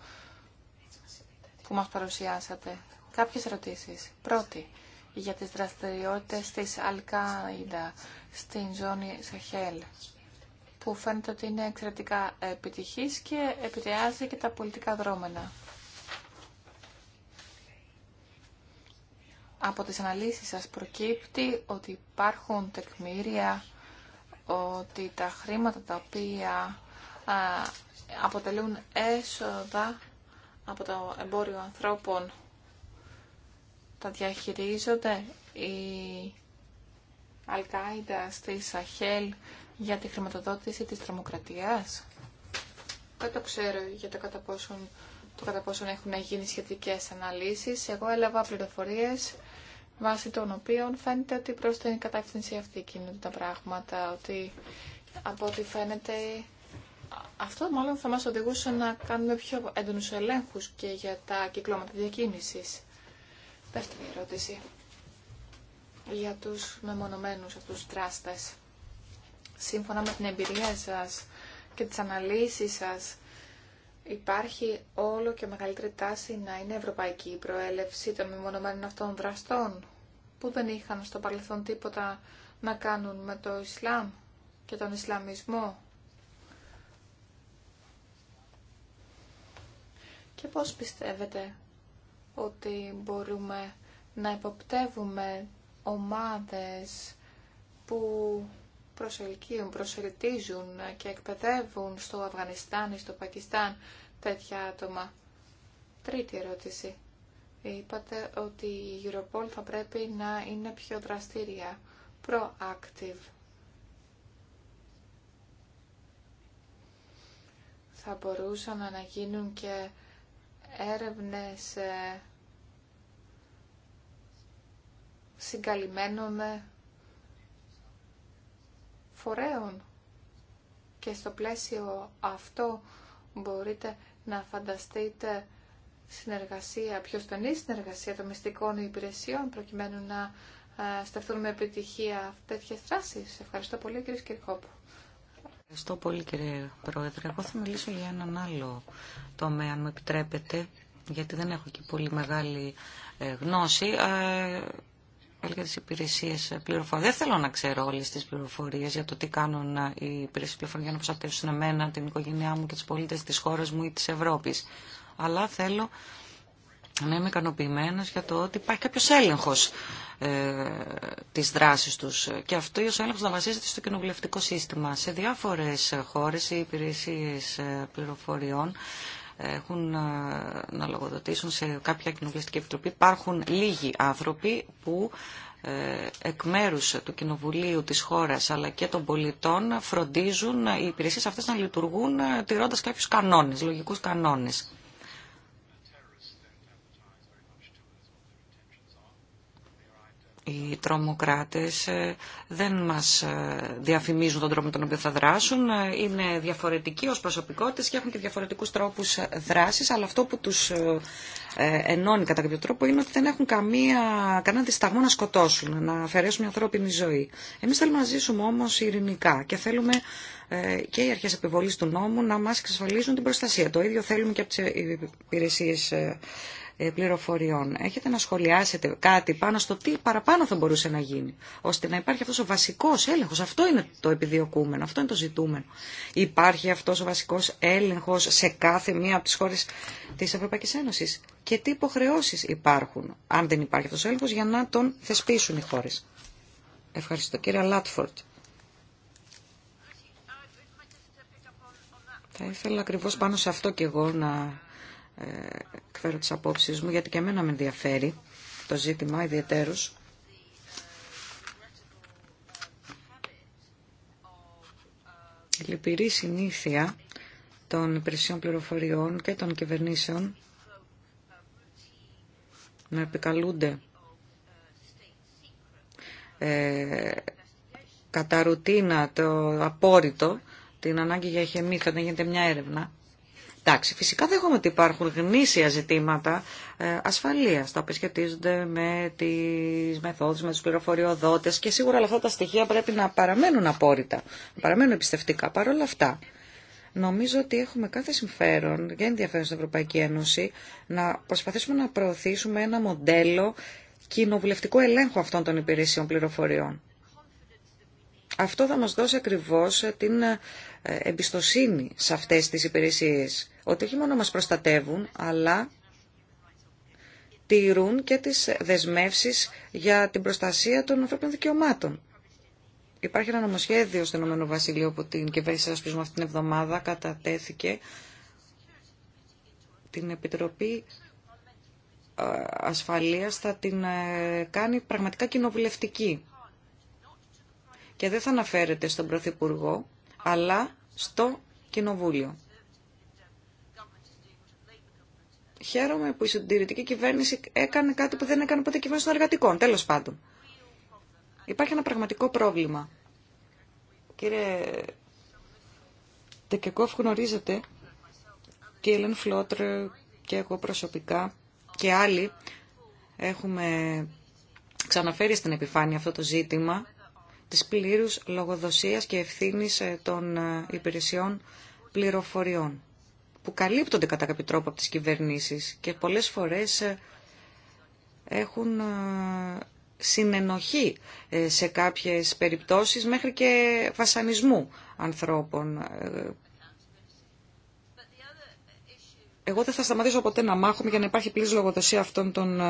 που μας παρουσιάσατε. Κάποιες ερωτήσεις. Πρώτη, για τις δραστηριότητες της Αλκάιντα στην ζώνη Σαχέλ που φαίνεται ότι είναι εξαιρετικά επιτυχής και επηρεάζει και τα πολιτικά δρόμενα. Από τις αναλύσεις σας προκύπτει ότι υπάρχουν τεκμήρια ότι τα χρήματα τα οποία αποτελούν έσοδα από το εμπόριο ανθρώπων τα διαχειρίζονται η Αλκάιντα στη Σαχέλ για τη χρηματοδότηση της τρομοκρατίας. Δεν το ξέρω για το κατά πόσον, το κατά πόσον έχουν γίνει σχετικές αναλύσεις. Εγώ έλαβα πληροφορίες βάσει των οποίων φαίνεται ότι προς την κατεύθυνση αυτή κινούνται τα πράγματα, ότι από ό,τι φαίνεται αυτό μάλλον θα μας οδηγούσε να κάνουμε πιο έντονους ελέγχους και για τα κυκλώματα διακίνησης. Δεύτερη ερώτηση για τους μεμονωμένους αυτούς δράστες σύμφωνα με την εμπειρία σας και τις αναλύσεις σας, υπάρχει όλο και μεγαλύτερη τάση να είναι ευρωπαϊκή η προέλευση των μεμονωμένων αυτών δραστών που δεν είχαν στο παρελθόν τίποτα να κάνουν με το Ισλάμ και τον Ισλαμισμό. Και πώς πιστεύετε ότι μπορούμε να υποπτεύουμε ομάδες που προσελκύουν, προσελτίζουν και εκπαιδεύουν στο Αφγανιστάν ή στο Πακιστάν τέτοια άτομα. Τρίτη ερώτηση. Είπατε ότι η Europol θα πρέπει να είναι πιο δραστήρια, proactive. Θα μπορούσαν να γίνουν και έρευνες ε, συγκαλυμμένων με φορέων. Και στο πλαίσιο αυτό μπορείτε να φανταστείτε συνεργασία, πιο στενή συνεργασία των μυστικών υπηρεσιών προκειμένου να ε, στεφτούν με επιτυχία τέτοιε δράσει. Ευχαριστώ πολύ κύριε Σκυρκόπου. Ευχαριστώ πολύ κύριε Πρόεδρε. Εγώ θα μιλήσω για έναν άλλο τομέα, αν μου επιτρέπετε, γιατί δεν έχω και πολύ μεγάλη ε, γνώση. Ε, τι Δεν θέλω να ξέρω όλε τι πληροφορίε για το τι κάνουν οι υπηρεσίε πληροφοριών για να προστατεύσουν εμένα, την οικογένειά μου και του πολίτε τη χώρα μου ή τη Ευρώπη. Αλλά θέλω να είμαι ικανοποιημένο για το ότι υπάρχει κάποιο έλεγχο ε, τη δράση του. Και αυτό ο έλεγχο να βασίζεται στο κοινοβουλευτικό σύστημα. Σε διάφορε χώρε οι υπηρεσίε ε, πληροφοριών έχουν ε, να λογοδοτήσουν σε κάποια κοινοβουλευτική επιτροπή. Υπάρχουν λίγοι άνθρωποι που ε, εκ μέρου του Κοινοβουλίου της χώρας αλλά και των πολιτών φροντίζουν οι υπηρεσίες αυτές να λειτουργούν ε, τηρώντας κάποιους κανόνες, λογικούς κανόνες. οι τρομοκράτες ε, δεν μας ε, διαφημίζουν τον τρόπο με τον οποίο θα δράσουν. Ε, είναι διαφορετικοί ως προσωπικότητες και έχουν και διαφορετικούς τρόπους δράσης, αλλά αυτό που τους ενώνει κατά κάποιο τρόπο είναι ότι δεν έχουν καμία, κανένα δισταγμό να σκοτώσουν, να αφαιρέσουν μια ανθρώπινη ζωή. Εμείς θέλουμε να ζήσουμε όμως ειρηνικά και θέλουμε και οι αρχές επιβολής του νόμου να μας εξασφαλίζουν την προστασία. Το ίδιο θέλουμε και από τις υπηρεσίες ε, πληροφοριών. Έχετε να σχολιάσετε κάτι πάνω στο τι παραπάνω θα μπορούσε να γίνει, ώστε να υπάρχει αυτός ο βασικός έλεγχος. Αυτό είναι το επιδιωκούμενο, αυτό είναι το ζητούμενο. Υπάρχει αυτός ο βασικός έλεγχος σε κάθε μία από τις χώρες της Ευρωπαϊκής Ένωσης. Και τι υποχρεώσεις υπάρχουν, αν δεν υπάρχει αυτός ο έλεγχος, για να τον θεσπίσουν οι χώρες. Ευχαριστώ κύριε Λάτφορτ. Θα ήθελα ακριβώς πάνω σε αυτό και εγώ να εκφέρω τις απόψεις μου, γιατί και εμένα με ενδιαφέρει το ζήτημα ιδιαιτέρως Η λυπηρή συνήθεια των υπηρεσιών πληροφοριών και των κυβερνήσεων να επικαλούνται ε, κατά ρουτίνα το απόρριτο, την ανάγκη για ηχεμή όταν γίνεται μια έρευνα, Εντάξει, φυσικά έχουμε ότι υπάρχουν γνήσια ζητήματα ε, ασφαλείας, τα οποία σχετίζονται με τις μεθόδους, με τους πληροφοριοδότες και σίγουρα όλα αυτά τα στοιχεία πρέπει να παραμένουν απόρριτα, να παραμένουν εμπιστευτικά. Παρ' όλα αυτά, νομίζω ότι έχουμε κάθε συμφέρον και ενδιαφέρον στην Ευρωπαϊκή Ένωση να προσπαθήσουμε να προωθήσουμε ένα μοντέλο κοινοβουλευτικού ελέγχου αυτών των υπηρεσιών πληροφοριών. Αυτό θα μας δώσει ακριβώς ε, την ε, εμπιστοσύνη σε αυτές τις υπηρεσίες, ότι όχι μόνο μας προστατεύουν, αλλά τηρούν και τις δεσμεύσεις για την προστασία των ανθρώπινων δικαιωμάτων. Υπάρχει ένα νομοσχέδιο στο Ηνωμένο Βασίλειο που την κυβέρνηση σας αυτήν την εβδομάδα κατατέθηκε την Επιτροπή ε, Ασφαλείας θα την κάνει πραγματικά κοινοβουλευτική και δεν θα αναφέρεται στον Πρωθυπουργό, αλλά στο Κοινοβούλιο. Χαίρομαι που η συντηρητική κυβέρνηση έκανε κάτι που δεν έκανε ποτέ η κυβέρνηση των εργατικών, τέλος πάντων. Υπάρχει ένα πραγματικό πρόβλημα. Κύριε Τεκεκόφ γνωρίζετε και η Ελέν Φλότρ και εγώ προσωπικά και άλλοι έχουμε ξαναφέρει στην επιφάνεια αυτό το ζήτημα της πλήρους λογοδοσίας και ευθύνης ε, των ε, υπηρεσιών πληροφοριών που καλύπτονται κατά κάποιο τρόπο από τις κυβερνήσεις και πολλές φορές ε, έχουν συνενοχή σε κάποιες περιπτώσεις μέχρι και βασανισμού ανθρώπων. Εγώ δεν θα σταματήσω ποτέ να μάχομαι για να υπάρχει πλήρης λογοδοσία αυτών των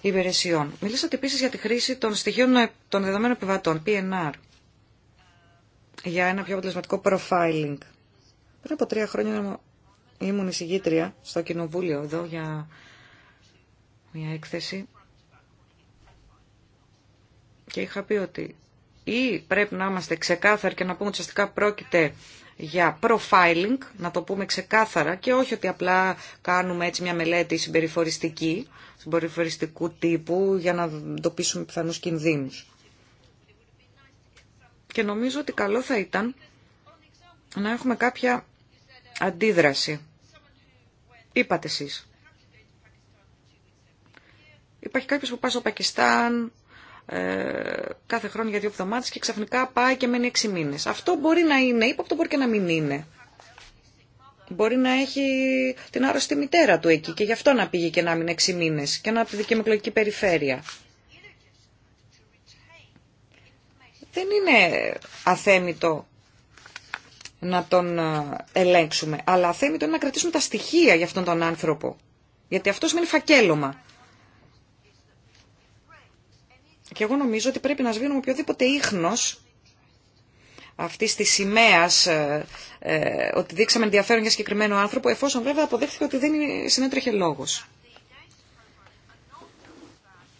υπηρεσιών. Μιλήσατε επίσης για τη χρήση των στοιχείων ε, των δεδομένων επιβατών, PNR, για ένα πιο αποτελεσματικό profiling. Πριν από τρία χρόνια ήμουν εισηγήτρια στο κοινοβούλιο εδώ για μια έκθεση και είχα πει ότι ή πρέπει να είμαστε ξεκάθαροι και να πούμε ότι ουσιαστικά πρόκειται για profiling, να το πούμε ξεκάθαρα, και όχι ότι απλά κάνουμε έτσι μια μελέτη συμπεριφοριστική, συμπεριφοριστικού τύπου, για να εντοπίσουμε πιθανούς κινδύνους. Και νομίζω ότι καλό θα ήταν να έχουμε κάποια αντίδραση. Είπατε εσείς. Υπάρχει κάποιος που πάει στο Πακιστάν ε, κάθε χρόνο για δύο εβδομάδε και ξαφνικά πάει και μένει έξι μήνες. Αυτό μπορεί να είναι ύποπτο, μπορεί και να μην είναι. Μπορεί να έχει την άρρωστη μητέρα του εκεί και γι' αυτό να πήγε και να μείνει έξι μήνες και να από τη εκλογική περιφέρεια. Δεν είναι αθέμητο να τον ε, ελέγξουμε, αλλά αθέμητο είναι να κρατήσουμε τα στοιχεία για αυτόν τον άνθρωπο. Γιατί αυτό σημαίνει φακέλωμα. Και εγώ νομίζω ότι πρέπει να σβήνουμε οποιοδήποτε ίχνος αυτή τη σημαία ε, ε, ότι δείξαμε ενδιαφέρον για συγκεκριμένο άνθρωπο, εφόσον βέβαια αποδέχθηκε ότι δεν συνέτρεχε λόγο.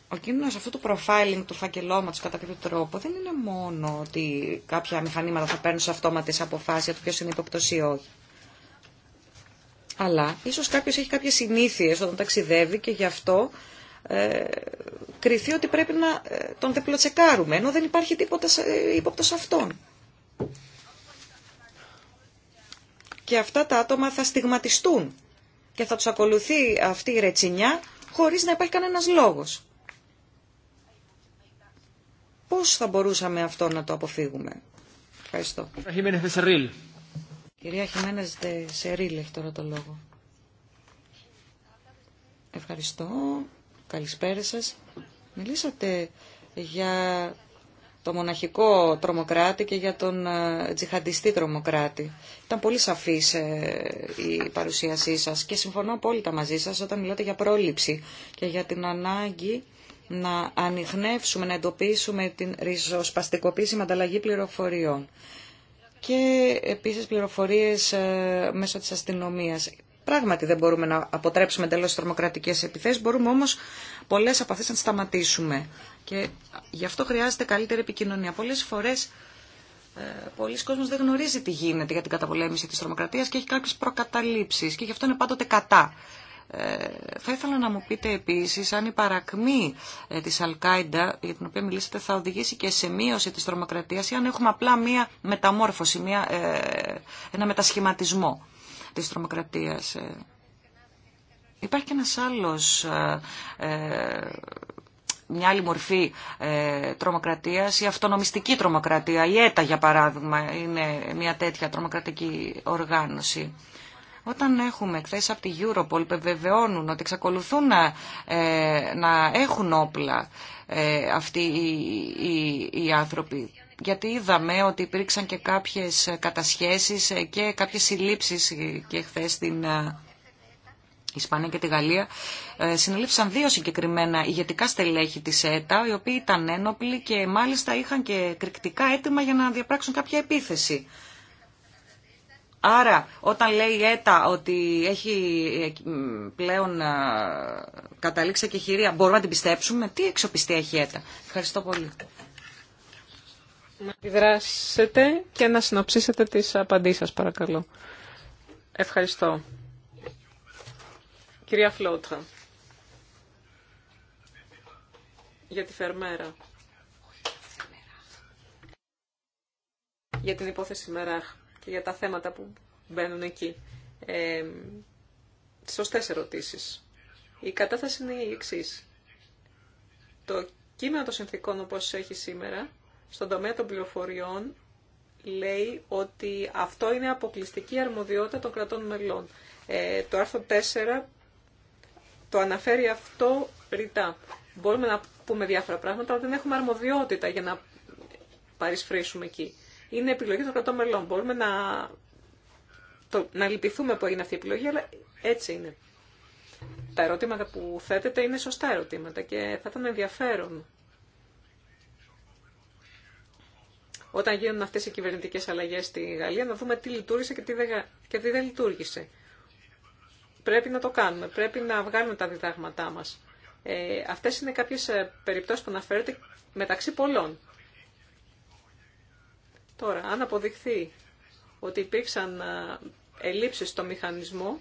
Ο κίνδυνο αυτού του profiling του φακελώματο κατά κάποιο τρόπο δεν είναι μόνο ότι κάποια μηχανήματα θα παίρνουν σε αυτόματε αποφάσει για το ποιο είναι υποπτό ή όχι. Αλλά ίσω κάποιο έχει κάποιε συνήθειε όταν ταξιδεύει και γι' αυτό ε, κριθεί ότι πρέπει να ε, τον διπλοτσεκάρουμε, ενώ δεν υπάρχει τίποτα ύποπτο σε αυτόν. Και αυτά τα άτομα θα στιγματιστούν και θα τους ακολουθεί αυτή η ρετσινιά χωρίς να υπάρχει κανένας λόγος. Πώς θα μπορούσαμε αυτό να το αποφύγουμε. Ευχαριστώ. Κυρία Χιμένες Σερίλ έχει τώρα το λόγο. Ευχαριστώ. Καλησπέρα σας. Μιλήσατε για το μοναχικό τρομοκράτη και για τον ε, τζιχαντιστή τρομοκράτη. Ήταν πολύ σαφής ε, η παρουσίασή σας και συμφωνώ απόλυτα μαζί σας όταν μιλάτε για πρόληψη και για την ανάγκη να ανοιχνεύσουμε, να εντοπίσουμε την ριζοσπαστικοποίηση με ανταλλαγή πληροφοριών και επίσης πληροφορίες ε, μέσω της αστυνομίας. Πράγματι δεν μπορούμε να αποτρέψουμε εντελώ τι τρομοκρατικέ επιθέσει, μπορούμε όμω πολλέ από αυτέ να σταματήσουμε. Και γι' αυτό χρειάζεται καλύτερη επικοινωνία. Πολλέ φορέ ε, πολλοί κόσμοι δεν γνωρίζει τι γίνεται για την καταπολέμηση τη τρομοκρατία και έχει κάποιε προκαταλήψει και γι' αυτό είναι πάντοτε κατά. Ε, θα ήθελα να μου πείτε επίσης αν η παρακμή ε, της Αλκάιντα για την οποία μιλήσατε θα οδηγήσει και σε μείωση της τρομοκρατίας ή αν έχουμε απλά μία μεταμόρφωση, μία, ένα μετασχηματισμό της τρομοκρατίας. Ε, υπάρχει και ένας άλλος, ε, ε, μια άλλη μορφή τρομοκρατίας, η αυτονομιστική τρομοκρατία, η ΕΤΑ για παράδειγμα είναι μια τέτοια τρομοκρατική οργάνωση. Όταν έχουμε εκθέσει από τη Europol που βεβαιώνουν ότι εξακολουθούν να, να έχουν όπλα αυτοί οι, οι, οι άνθρωποι γιατί είδαμε ότι υπήρξαν και κάποιες κατασχέσεις ε, και κάποιες συλλήψεις ε, και χθε στην ε, Ισπανία και τη Γαλλία Συνελήφθησαν δύο συγκεκριμένα ηγετικά στελέχη της ΕΤΑ, οι οποίοι ήταν ένοπλοι και μάλιστα είχαν και κρυκτικά έτοιμα για να διαπράξουν κάποια επίθεση. Άρα, όταν λέει η ΕΤΑ ότι έχει πλέον καταλήξει και χειρία, μπορούμε να την πιστέψουμε. Τι εξοπιστία έχει η ΕΤΑ. Ευχαριστώ πολύ να επιδράσετε και να συνοψίσετε τις απαντήσεις σας, παρακαλώ. Ευχαριστώ. Κυρία Φλότρα, για τη Φερμέρα. για την υπόθεση Μεράχ και για τα θέματα που μπαίνουν εκεί. Ε, σωστές ερωτήσεις. Η κατάσταση είναι η εξή. Το κείμενο των συνθήκων όπως έχει σήμερα στον τομέα των πληροφοριών λέει ότι αυτό είναι αποκλειστική αρμοδιότητα των κρατών μελών. Ε, το άρθρο 4 το αναφέρει αυτό ρητά. Μπορούμε να πούμε διάφορα πράγματα, αλλά δεν έχουμε αρμοδιότητα για να παρισφρήσουμε εκεί. Είναι επιλογή των κρατών μελών. Μπορούμε να, το, να λυπηθούμε που έγινε αυτή η επιλογή, αλλά έτσι είναι. Τα ερωτήματα που θέτεται είναι σωστά ερωτήματα και θα ήταν ενδιαφέρον όταν γίνουν αυτές οι κυβερνητικές αλλαγές στη Γαλλία, να δούμε τι λειτουργήσε και τι δεν, και τι δεν λειτουργήσε. Πρέπει να το κάνουμε, πρέπει να βγάλουμε τα διδάγματά μας. Ε, αυτές είναι κάποιες ε, περιπτώσεις που αναφέρονται μεταξύ πολλών. Τώρα, αν αποδειχθεί ότι υπήρξαν ε, ελλείψεις στο μηχανισμό,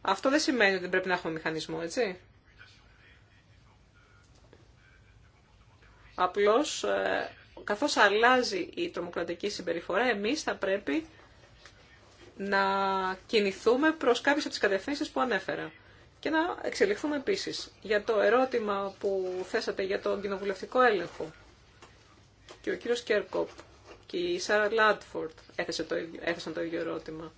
αυτό δεν σημαίνει ότι δεν πρέπει να έχουμε μηχανισμό, έτσι. Απλώς ε, καθώς αλλάζει η τρομοκρατική συμπεριφορά, εμείς θα πρέπει να κινηθούμε προς κάποιες από τις κατευθύνσεις που ανέφερα και να εξελιχθούμε επίσης για το ερώτημα που θέσατε για τον κοινοβουλευτικό έλεγχο. Και ο κύριος Κέρκοπ και η Σάρα Λάντφορντ το, έθεσαν το ίδιο ερώτημα.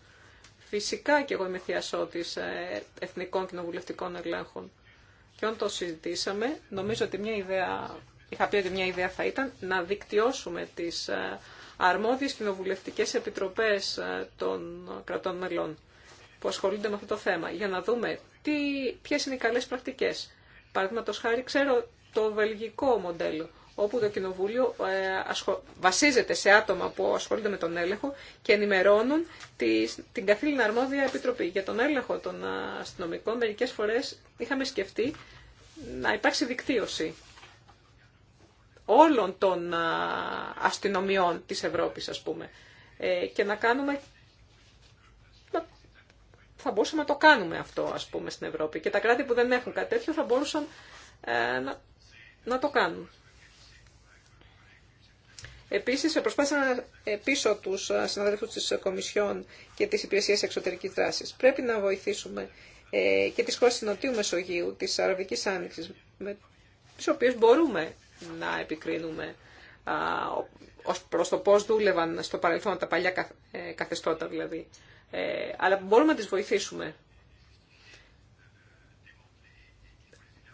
Φυσικά και εγώ είμαι θειασότης ε, εθνικών κοινοβουλευτικών ελέγχων. Και όταν το συζητήσαμε, νομίζω ότι μια ιδέα είχα πει ότι μια ιδέα θα ήταν να δικτυώσουμε τις ε, αρμόδιες κοινοβουλευτικές επιτροπές ε, των κρατών μελών που ασχολούνται με αυτό το θέμα, για να δούμε τι, ποιες είναι οι καλές πρακτικές. Παραδείγματο χάρη, ξέρω το βελγικό μοντέλο, όπου το κοινοβούλιο ε, βασίζεται σε άτομα που ασχολούνται με τον έλεγχο και ενημερώνουν την καθήλυνα αρμόδια επιτροπή. Για τον έλεγχο των αστυνομικών, μερικές φορές είχαμε σκεφτεί να υπάρξει δικτύωση όλων των αστυνομιών της Ευρώπης, ας πούμε. Ε, και να κάνουμε... Θα μπορούσαμε να το κάνουμε αυτό, ας πούμε, στην Ευρώπη. Και τα κράτη που δεν έχουν κάτι τέτοιο θα μπορούσαν ε, να, να το κάνουν. Επίσης, προσπάθησα πίσω πείσω τους ε, συναδέλφους της Κομισιόν και της Υπηρεσίας Εξωτερικής Δράσης. Πρέπει να βοηθήσουμε και τις χώρες της Νοτιού Μεσογείου, της Αραβικής Άνοιξης, με τις οποίες μπορούμε να επικρίνουμε ως προς το πώς δούλευαν στο παρελθόν τα παλιά ε, καθεστώτα δηλαδή. Ε, αλλά μπορούμε να τις βοηθήσουμε.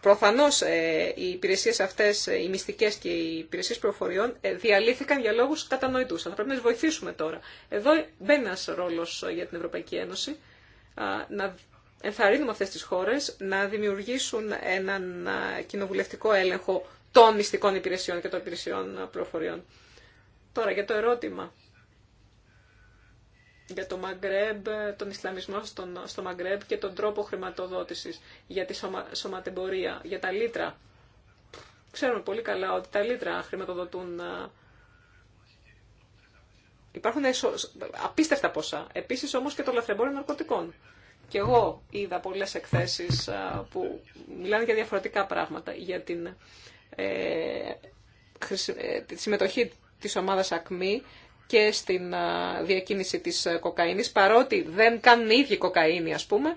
Προφανώς ε, οι υπηρεσίες αυτές, οι μυστικές και οι υπηρεσίες προφοριών διαλύθηκαν για λόγους κατανοητούς. Αλλά πρέπει να τις βοηθήσουμε τώρα. Εδώ μπαίνει ένας ρόλος για την Ευρωπαϊκή Ένωση να ενθαρρύνουμε αυτές τις χώρες να δημιουργήσουν έναν κοινοβουλευτικό έλεγχο των μυστικών υπηρεσιών και των υπηρεσιών ε, προφοριών. Τώρα για το ερώτημα για το Μαγκρέμπ, ε, τον Ισλαμισμό στον, στο Μαγκρέμπ και τον τρόπο χρηματοδότησης για τη σωμα, σωματεμπορία, για τα λίτρα. Ξέρουμε πολύ καλά ότι τα λίτρα χρηματοδοτούν... Ε, υπάρχουν απίστευτα ποσά. Επίσης όμως και το λαθρεμπόριο ναρκωτικών. Και εγώ είδα πολλές εκθέσεις που μιλάνε για διαφορετικά πράγματα, για την ε, ε, τη συμμετοχή της ομάδας ΑΚΜΗ και στην ε, διακίνηση της κοκαίνης, παρότι δεν κάνουν οι ίδιοι κοκαίνη, ας πούμε,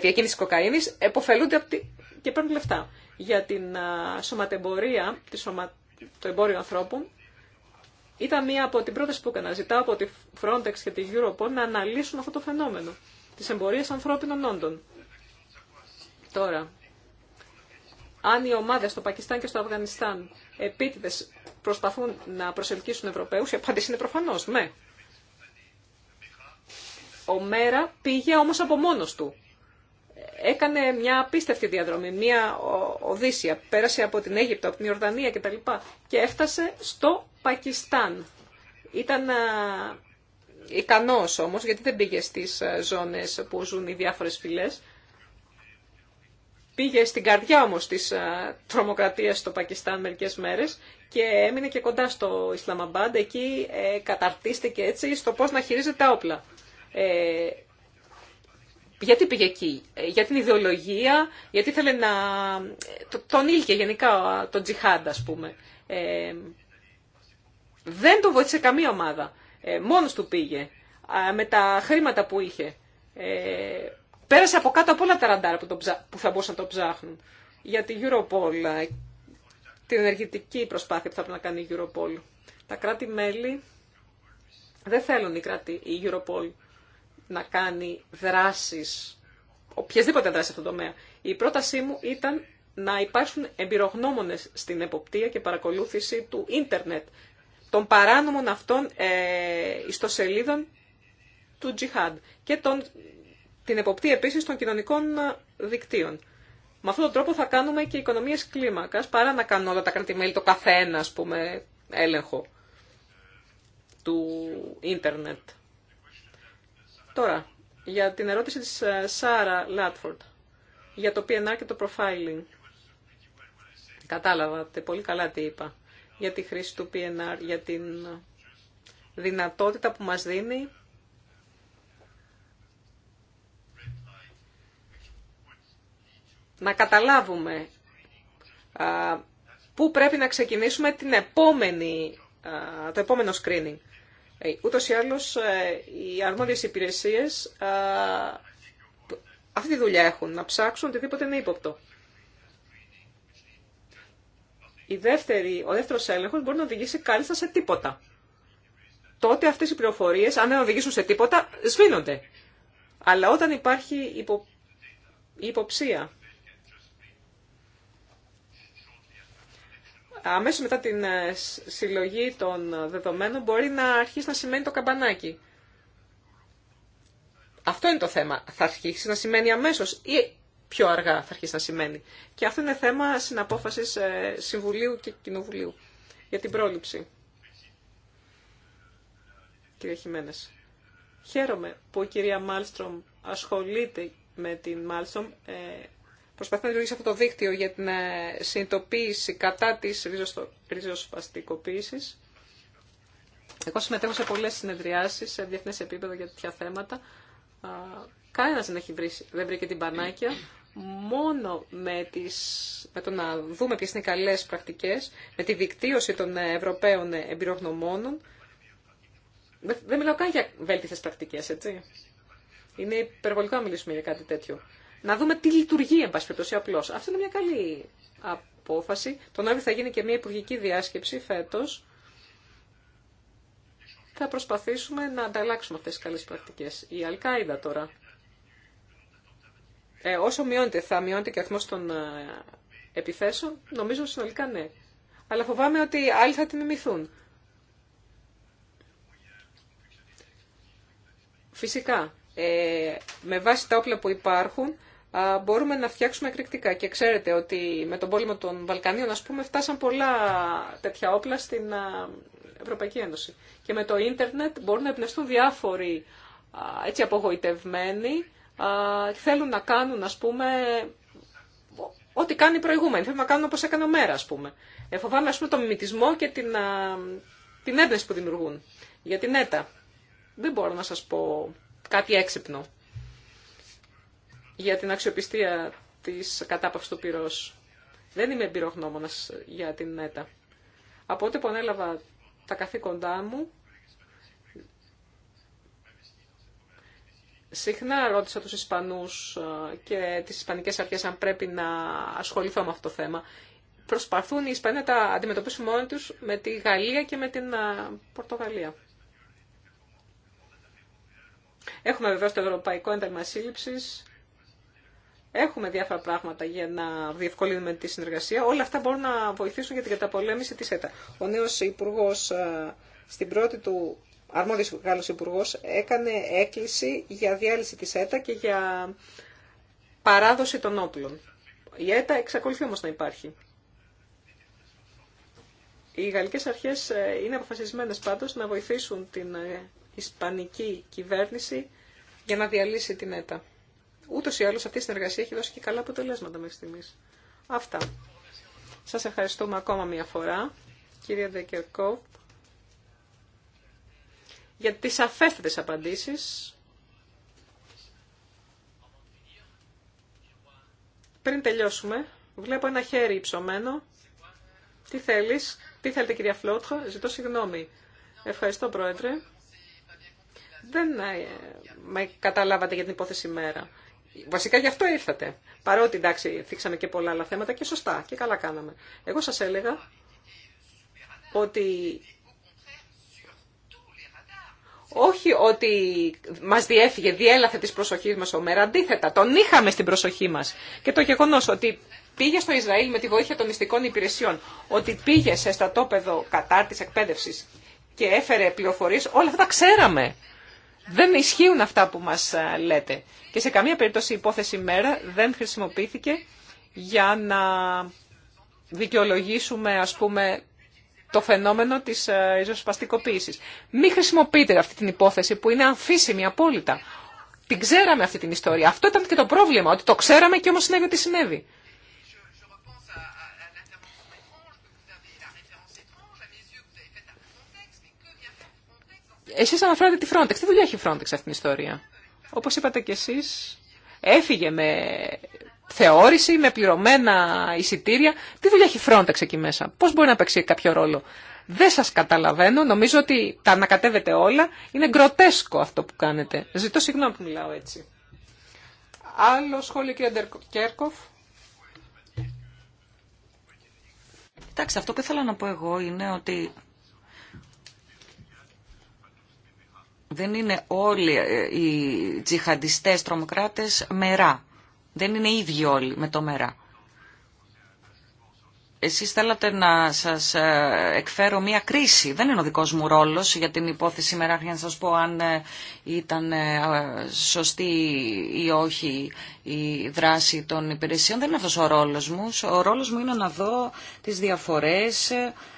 διακίνηση κοκαίνης, εποφελούνται και παίρνουν λεφτά. Για την σωματεμπορία, τη σωμα... το εμπόριο ανθρώπων, ήταν μία από την πρώτες που έκανα. Ζητάω από τη Frontex και τη Europol να αναλύσουν αυτό το φαινόμενο της εμπορίας ανθρώπινων όντων. Τώρα, αν οι ομάδε στο Πακιστάν και στο Αφγανιστάν επίτηδε προσπαθούν να προσελκύσουν Ευρωπαίου, η απάντηση είναι προφανώ ναι. Ο Μέρα πήγε όμω από μόνο του. Έκανε μια απίστευτη διαδρομή, μια Οδύσσια. Πέρασε από την Αίγυπτο, από την Ιορδανία κτλ. Και έφτασε στο Πακιστάν. Ήταν ικανός όμως, γιατί δεν πήγε στις ε, ζώνες που ζουν οι διάφορες φυλές. Πήγε στην καρδιά όμως της τρομοκρατίας στο Πακιστάν μερικές μέρες και έμεινε και κοντά στο Ισλαμαμπάντ. Εκεί ε, καταρτίστηκε έτσι στο πώς να χειρίζεται τα όπλα. Ε, γιατί πήγε εκεί, ε, για την ιδεολογία, γιατί ήθελε να... Τον ήλκε γενικά τον τζιχάντα, ας πούμε. Ε, δεν τον βοήθησε καμία ομάδα. Ε, μόνος του πήγε. με τα χρήματα που είχε πέρασε από κάτω από όλα τα ραντάρα που, που θα μπορούσαν να το ψάχνουν. Για την Europol, ε, την ενεργητική προσπάθεια που θα πρέπει να κάνει η Europol. Τα κράτη-μέλη δεν θέλουν η, κράτη, η Europol να κάνει δράσεις, οποιασδήποτε δράση σε αυτό το τομέα. Η πρότασή μου ήταν να υπάρξουν εμπειρογνώμονες στην εποπτεία και παρακολούθηση του ίντερνετ, των παράνομων αυτών ε, ιστοσελίδων του τζιχάντ και των την εποπτεία επίση των κοινωνικών ε, δικτύων. Με αυτόν τον τρόπο θα κάνουμε και οικονομίε κλίμακα. παρά να κάνουν όλα τα κράτη-μέλη, το καθένα, α πούμε, έλεγχο του ίντερνετ. Τώρα, για την ερώτηση της ε, Σάρα Λάτφορντ, για το PNR και το profiling. Κατάλαβατε πολύ καλά τι είπα για τη χρήση του PNR, για την ε, δυνατότητα που μας δίνει να καταλάβουμε πού πρέπει να ξεκινήσουμε την επόμενη, το επόμενο screening. Ε, ούτως ή άλλως ε, οι αρμόδιες υπηρεσίες αυτή τη δουλειά έχουν, να ψάξουν οτιδήποτε είναι ύποπτο. Η δεύτερη, ο δεύτερος έλεγχος μπορεί να οδηγήσει κάλλιστα σε τίποτα. Τότε αυτές οι πληροφορίες, αν δεν οδηγήσουν σε τίποτα, σβήνονται. Αλλά όταν υπάρχει υπο, υποψία αμέσως μετά την ε, συλλογή των δεδομένων μπορεί να αρχίσει να σημαίνει το καμπανάκι. Αυτό είναι το θέμα. Θα αρχίσει να σημαίνει αμέσως ή πιο αργά θα αρχίσει να σημαίνει. Και αυτό είναι θέμα συναπόφασης ε, Συμβουλίου και Κοινοβουλίου για την πρόληψη. Κύριε Χιμένες, χαίρομαι που η κυρία Μάλστρομ ασχολείται με την Μάλστρομ ε, προσπαθεί να δημιουργήσει αυτό το δίκτυο για την ε, συνειδητοποίηση κατά της ριζοσπαστικοποίηση. Εγώ συμμετέχω σε πολλέ συνεδριάσει σε διεθνέ επίπεδο για τέτοια θέματα. Κανένα δεν, έχει βρει, δεν βρήκε την πανάκια. Μόνο με, τις, με το να δούμε ποιε είναι οι καλέ πρακτικέ, με τη δικτύωση των Ευρωπαίων εμπειρογνωμόνων, δεν μιλάω καν για βέλτιστε πρακτικέ, έτσι. Είναι υπερβολικό να μιλήσουμε για κάτι τέτοιο να δούμε τι λειτουργεί, εν πάση περιπτώσει, απλώ. Αυτή είναι μια καλή απόφαση. Τον Νόβι θα γίνει και μια υπουργική διάσκεψη φέτο. Θα προσπαθήσουμε να ανταλλάξουμε αυτέ τι καλέ πρακτικέ. Η Αλκάιδα τώρα. Ε, όσο μειώνεται, θα μειώνεται και ο αριθμό των ε, επιθέσεων. Νομίζω συνολικά ναι. Αλλά φοβάμαι ότι άλλοι θα τη μιμηθούν. Φυσικά, ε, με βάση τα όπλα που υπάρχουν, μπορούμε να φτιάξουμε εκρηκτικά. Και ξέρετε ότι με τον πόλεμο των Βαλκανίων, ας πούμε, φτάσαν πολλά τέτοια όπλα στην Ευρωπαϊκή Ένωση. Και με το ίντερνετ μπορούν να εμπνευστούν διάφοροι έτσι απογοητευμένοι, θέλουν να κάνουν, ας πούμε, ό,τι κάνει προηγούμενοι. προηγούμενοι. Θέλουν να κάνουν όπως έκανε ο Μέρα, ας πούμε. Ε, φοβάμαι, ας πούμε, τον μιμητισμό και την, την έμπνευση που δημιουργούν. Για την ναι, ΕΤΑ. Δεν μπορώ να σας πω κάτι έξυπνο για την αξιοπιστία της κατάπαυσης του πυρός. Δεν είμαι εμπειρογνώμονας για την ΝΕΤΑ. Από ό,τι που ανέλαβα τα καθήκοντά μου, συχνά ρώτησα τους Ισπανούς ε, και τις Ισπανικές αρχές αν πρέπει να ασχοληθώ με αυτό το θέμα. Προσπαθούν οι Ισπανοί να τα αντιμετωπίσουν μόνοι τους με τη Γαλλία και με την ε, Πορτογαλία. Έχουμε βεβαίω το Ευρωπαϊκό Ένταλμα Σύλληψης, Έχουμε διάφορα πράγματα για να διευκολύνουμε τη συνεργασία. Όλα αυτά μπορούν να βοηθήσουν για την καταπολέμηση της ΕΤΑ. Ο νέος Υπουργό ε, στην πρώτη του αρμόδιος Γάλλος Υπουργό, έκανε έκκληση για διάλυση της ΕΤΑ και για παράδοση των όπλων. Η ΕΤΑ εξακολουθεί όμως να υπάρχει. Οι γαλλικές αρχές ε, είναι αποφασισμένε πάντω να βοηθήσουν την ε, ισπανική κυβέρνηση για να διαλύσει την ΕΤΑ. Ούτως ή άλλως αυτή η συνεργασία έχει δώσει και καλά αποτελέσματα μέχρι στιγμής. Αυτά. Σας ευχαριστούμε ακόμα μια φορά, κυρία Δεκερκό για τις αφέστατες απαντήσεις. Πριν τελειώσουμε, βλέπω ένα χέρι υψωμένο. Τι θέλεις, τι θέλετε κυρία Φλότχο, ζητώ συγγνώμη. Ευχαριστώ πρόεδρε. Δεν ε, με καταλάβατε για την υπόθεση μέρα. Βασικά γι' αυτό ήρθατε. Παρότι εντάξει, θίξαμε και πολλά άλλα θέματα και σωστά και καλά κάναμε. Εγώ σας έλεγα ότι όχι ότι μας διέφυγε, διέλαθε της προσοχής μας ο Μέρα, αντίθετα, τον είχαμε στην προσοχή μας. Και το γεγονός ότι πήγε στο Ισραήλ με τη βοήθεια των μυστικών υπηρεσιών, ότι πήγε σε στρατόπεδο τη εκπαίδευση και έφερε πληροφορίε, όλα αυτά τα ξέραμε. Δεν ισχύουν αυτά που μας ε, λέτε. Και σε καμία περίπτωση η υπόθεση μέρα δεν χρησιμοποιήθηκε για να δικαιολογήσουμε, ας πούμε, το φαινόμενο της ε, ριζοσπαστικοποίησης. Μην χρησιμοποιείτε αυτή την υπόθεση που είναι αμφίσιμη απόλυτα. Την ξέραμε αυτή την ιστορία. Αυτό ήταν και το πρόβλημα, ότι το ξέραμε και όμως συνέβη ότι συνέβη. Εσείς αναφέρατε τη Frontex. Τι δουλειά έχει η Frontex αυτήν την ιστορία. Όπως είπατε κι εσείς, έφυγε με θεώρηση, με πληρωμένα εισιτήρια. Τι δουλειά έχει η Frontex εκεί μέσα. Πώς μπορεί να παίξει κάποιο ρόλο. Δεν σας καταλαβαίνω. Νομίζω ότι τα ανακατεύετε όλα. Είναι γκροτέσκο αυτό που κάνετε. Ζητώ συγγνώμη που μιλάω έτσι. Άλλο σχόλιο κύριε Κέρκοφ. Κοιτάξτε, αυτό που ήθελα να πω εγώ είναι ότι Δεν είναι όλοι ε, οι τζιχαντιστές τρομοκράτες μερά. Δεν είναι ίδιοι όλοι με το μερά. Εσείς θέλατε να σας ε, εκφέρω μία κρίση. Δεν είναι ο δικός μου ρόλος για την υπόθεση μεράχνια να σας πω αν ε, ήταν σωστή ή όχι η δράση των υπηρεσιών. Δεν είναι αυτός ο ρόλος μου. Ο ρόλος μου είναι να δω τις διαφορές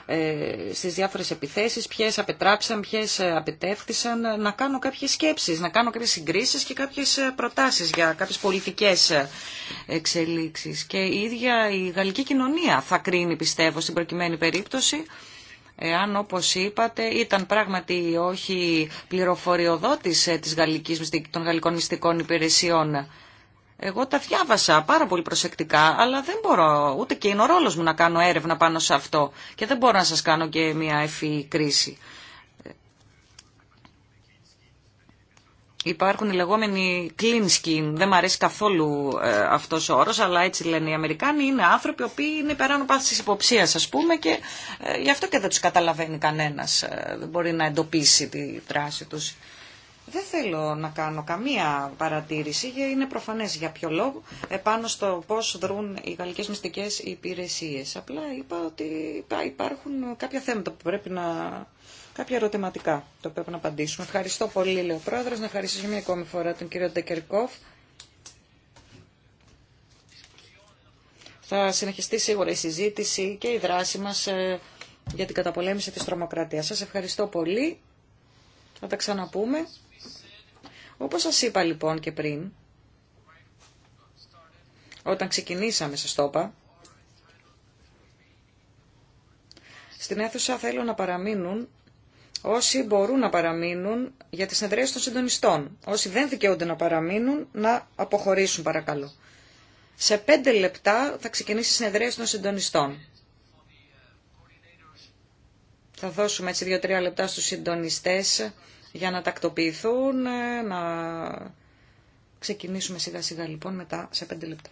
ε, στις διάφορες επιθέσεις, ποιες απετράψαν, ποιες ε, απετεύχθησαν, ε, να κάνω κάποιες σκέψεις, να κάνω κάποιες συγκρίσεις και κάποιες προτάσεις για κάποιες πολιτικές εξελίξεις. Και η ίδια η γαλλική κοινωνία θα κρίνει, πιστεύω, στην προκειμένη περίπτωση, εάν όπως είπατε ήταν πράγματι όχι πληροφοριοδότης της των γαλλικών μυστικών υπηρεσιών εγώ τα διάβασα πάρα πολύ προσεκτικά, αλλά δεν μπορώ, ούτε και είναι ο ρόλος μου να κάνω έρευνα πάνω σε αυτό και δεν μπορώ να σας κάνω και μια ευφύ κρίση. Υπάρχουν οι λεγόμενοι clean skin. Δεν μου αρέσει καθόλου ε, αυτός ο όρος, αλλά έτσι λένε οι Αμερικάνοι. Είναι άνθρωποι οποίοι είναι υπεράνω πάθησης υποψίας, ας πούμε, και ε, γι' αυτό και δεν τους καταλαβαίνει κανένας. Ε, δεν μπορεί να εντοπίσει τη δράση τους. Δεν θέλω να κάνω καμία παρατήρηση, γιατί είναι προφανές για ποιο λόγο, επάνω στο πώς δρούν οι γαλλικές μυστικές υπηρεσίες. Απλά είπα ότι υπάρχουν κάποια θέματα που πρέπει να... Κάποια ερωτηματικά το πρέπει να απαντήσουμε. Ευχαριστώ πολύ, λέει ο Πρόεδρος. Να ευχαριστήσω μια ακόμη φορά τον κύριο Ντεκερκόφ. Θα συνεχιστεί σίγουρα η συζήτηση και η δράση μας ε, για την καταπολέμηση της τρομοκρατίας. Σας ευχαριστώ πολύ. Θα τα ξαναπούμε. Όπως σας είπα λοιπόν και πριν, όταν ξεκινήσαμε, σε ΣΤΟΠΑ, στην αίθουσα θέλω να παραμείνουν όσοι μπορούν να παραμείνουν για τις συνεδρίες των συντονιστών. Όσοι δεν δικαιούνται να παραμείνουν, να αποχωρήσουν παρακαλώ. Σε πέντε λεπτά θα ξεκινήσει η συνεδρία των συντονιστών. Θα δώσουμε έτσι δύο-τρία λεπτά στους συντονιστές για να τακτοποιηθούν, ε, να ξεκινήσουμε σιγά σιγά λοιπόν μετά σε πέντε λεπτά.